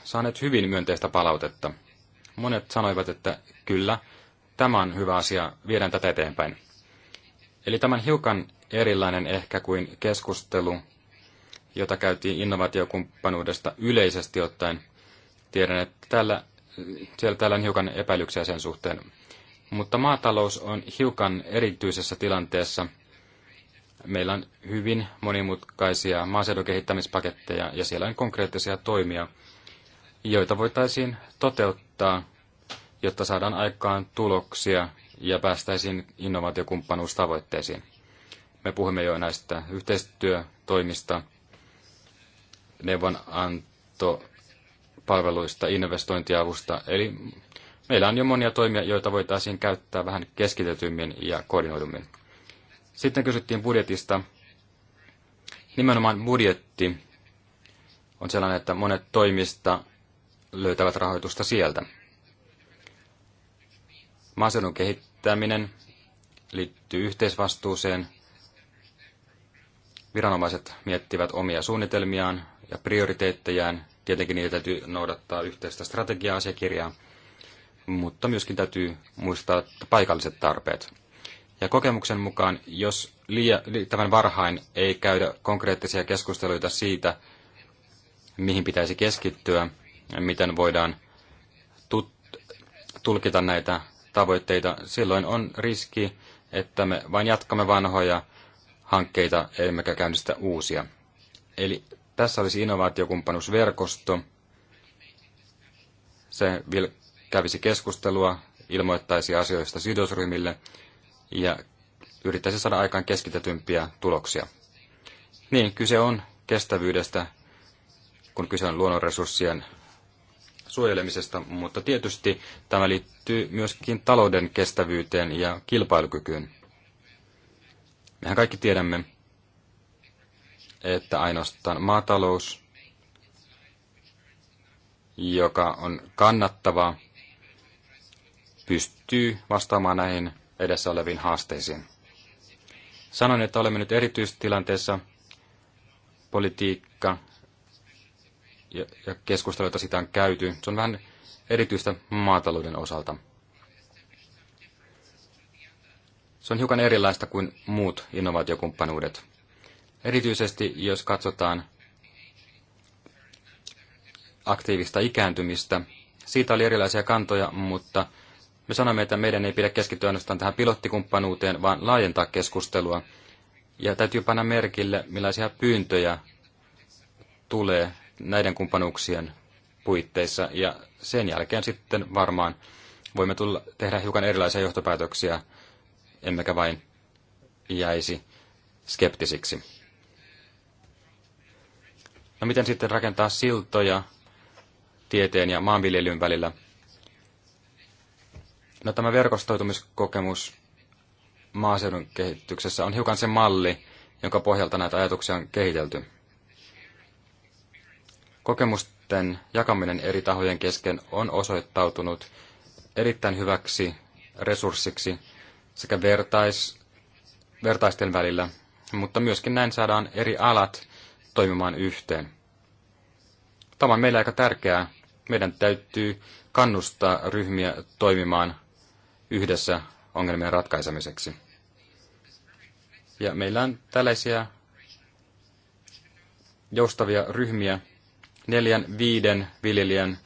saaneet hyvin myönteistä palautetta. Monet sanoivat, että kyllä, tämä on hyvä asia, viedään tätä eteenpäin. Eli tämän hiukan erilainen ehkä kuin keskustelu, jota käytiin innovaatiokumppanuudesta yleisesti ottaen. Tiedän, että täällä, siellä täällä on hiukan epäilyksiä sen suhteen, mutta maatalous on hiukan erityisessä tilanteessa. Meillä on hyvin monimutkaisia maaseudun kehittämispaketteja ja siellä on konkreettisia toimia, joita voitaisiin toteuttaa, jotta saadaan aikaan tuloksia ja päästäisiin innovaatiokumppanuustavoitteisiin. Me puhumme jo näistä yhteistyötoimista, neuvonanto investointiavusta. Eli meillä on jo monia toimia, joita voitaisiin käyttää vähän keskitetymmin ja koordinoidummin. Sitten kysyttiin budjetista. Nimenomaan budjetti on sellainen, että monet toimista löytävät rahoitusta sieltä. Maaseudun kehittäminen liittyy yhteisvastuuseen. Viranomaiset miettivät omia suunnitelmiaan ja prioriteettejään, Tietenkin niitä täytyy noudattaa yhteistä strategiaa – mutta myöskin täytyy muistaa paikalliset tarpeet. Ja kokemuksen mukaan, jos liittävän varhain ei käydä konkreettisia keskusteluita siitä, mihin pitäisi keskittyä, ja miten voidaan tut- tulkita näitä tavoitteita, silloin on riski, että me vain jatkamme vanhoja hankkeita, emmekä käynnistä uusia. Eli tässä olisi innovaatiokumppanuusverkosto. Se kävisi keskustelua, ilmoittaisi asioista sidosryhmille ja yrittäisi saada aikaan keskitetympiä tuloksia. Niin, kyse on kestävyydestä, kun kyse on luonnonresurssien suojelemisesta, mutta tietysti tämä liittyy myöskin talouden kestävyyteen ja kilpailukykyyn. Mehän kaikki tiedämme, että ainoastaan maatalous, joka on kannattavaa, pystyy vastaamaan näihin edessä oleviin haasteisiin. Sanoin, että olemme nyt erityistilanteessa politiikka ja, ja jota sitä on käyty. Se on vähän erityistä maatalouden osalta. Se on hiukan erilaista kuin muut innovaatiokumppanuudet. Erityisesti jos katsotaan aktiivista ikääntymistä, siitä oli erilaisia kantoja, mutta me sanomme, että meidän ei pidä keskittyä ainoastaan tähän pilottikumppanuuteen, vaan laajentaa keskustelua. Ja täytyy panna merkille, millaisia pyyntöjä tulee näiden kumppanuuksien puitteissa. Ja sen jälkeen sitten varmaan voimme tulla, tehdä hiukan erilaisia johtopäätöksiä, emmekä vain jäisi skeptisiksi. No miten sitten rakentaa siltoja tieteen ja maanviljelyn välillä – No tämä verkostoitumiskokemus maaseudun kehityksessä on hiukan se malli, jonka pohjalta näitä ajatuksia on kehitelty. Kokemusten jakaminen eri tahojen kesken on osoittautunut erittäin hyväksi resurssiksi sekä vertais, vertaisten välillä, mutta myöskin näin saadaan eri alat toimimaan yhteen. Tämä on meille aika tärkeää. Meidän täytyy kannustaa ryhmiä toimimaan yhdessä ongelmien ratkaisemiseksi. Ja meillä on tällaisia joustavia ryhmiä, neljän, viiden viljelijän,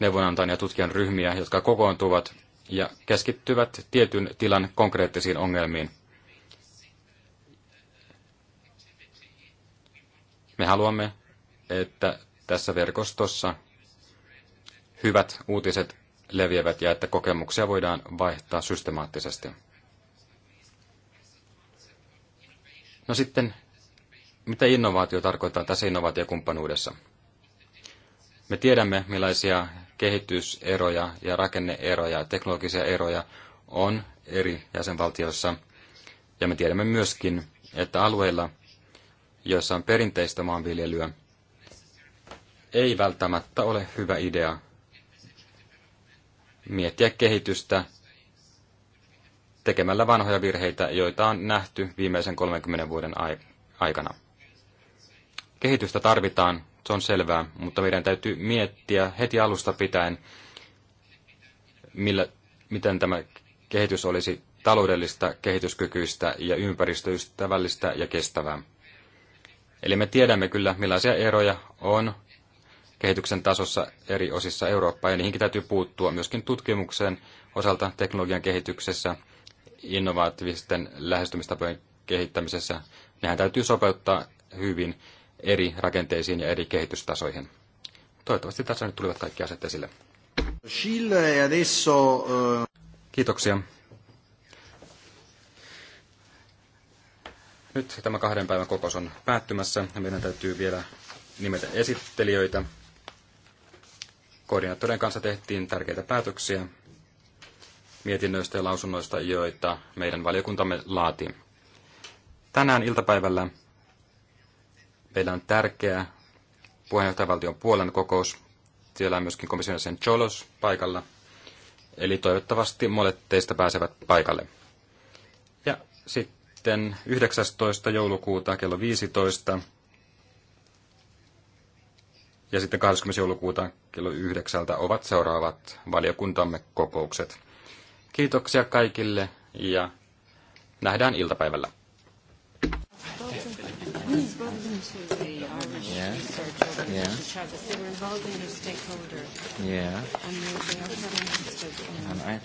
neuvonantajan ja tutkijan ryhmiä, jotka kokoontuvat ja keskittyvät tietyn tilan konkreettisiin ongelmiin. Me haluamme, että tässä verkostossa hyvät uutiset leviävät ja että kokemuksia voidaan vaihtaa systemaattisesti. No sitten, mitä innovaatio tarkoittaa tässä innovaatiokumppanuudessa? Me tiedämme, millaisia kehityseroja ja rakenneeroja ja teknologisia eroja on eri jäsenvaltioissa. Ja me tiedämme myöskin, että alueilla, joissa on perinteistä maanviljelyä, ei välttämättä ole hyvä idea miettiä kehitystä tekemällä vanhoja virheitä, joita on nähty viimeisen 30 vuoden aikana. Kehitystä tarvitaan, se on selvää, mutta meidän täytyy miettiä heti alusta pitäen, millä, miten tämä kehitys olisi taloudellista, kehityskykyistä ja ympäristöystävällistä ja kestävää. Eli me tiedämme kyllä, millaisia eroja on kehityksen tasossa eri osissa Eurooppaa, ja niihinkin täytyy puuttua myöskin tutkimuksen osalta teknologian kehityksessä, innovatiivisten lähestymistapojen kehittämisessä. Nehän täytyy sopeuttaa hyvin eri rakenteisiin ja eri kehitystasoihin. Toivottavasti tässä nyt tulivat kaikki asiat esille. Chile eh, Kiitoksia. Nyt tämä kahden päivän kokous on päättymässä ja meidän täytyy vielä nimetä esittelijöitä. Koordinaattorien kanssa tehtiin tärkeitä päätöksiä mietinnöistä ja lausunnoista, joita meidän valiokuntamme laati. Tänään iltapäivällä meillä on tärkeä puheenjohtajavaltion puolen kokous. Siellä on myöskin komission jäsen Cholos paikalla. Eli toivottavasti monet teistä pääsevät paikalle. Ja sitten 19. joulukuuta kello 15 ja sitten 20. joulukuuta kello yhdeksältä ovat seuraavat valiokuntamme kokoukset. Kiitoksia kaikille ja nähdään iltapäivällä. Yeah. Yeah. Yeah.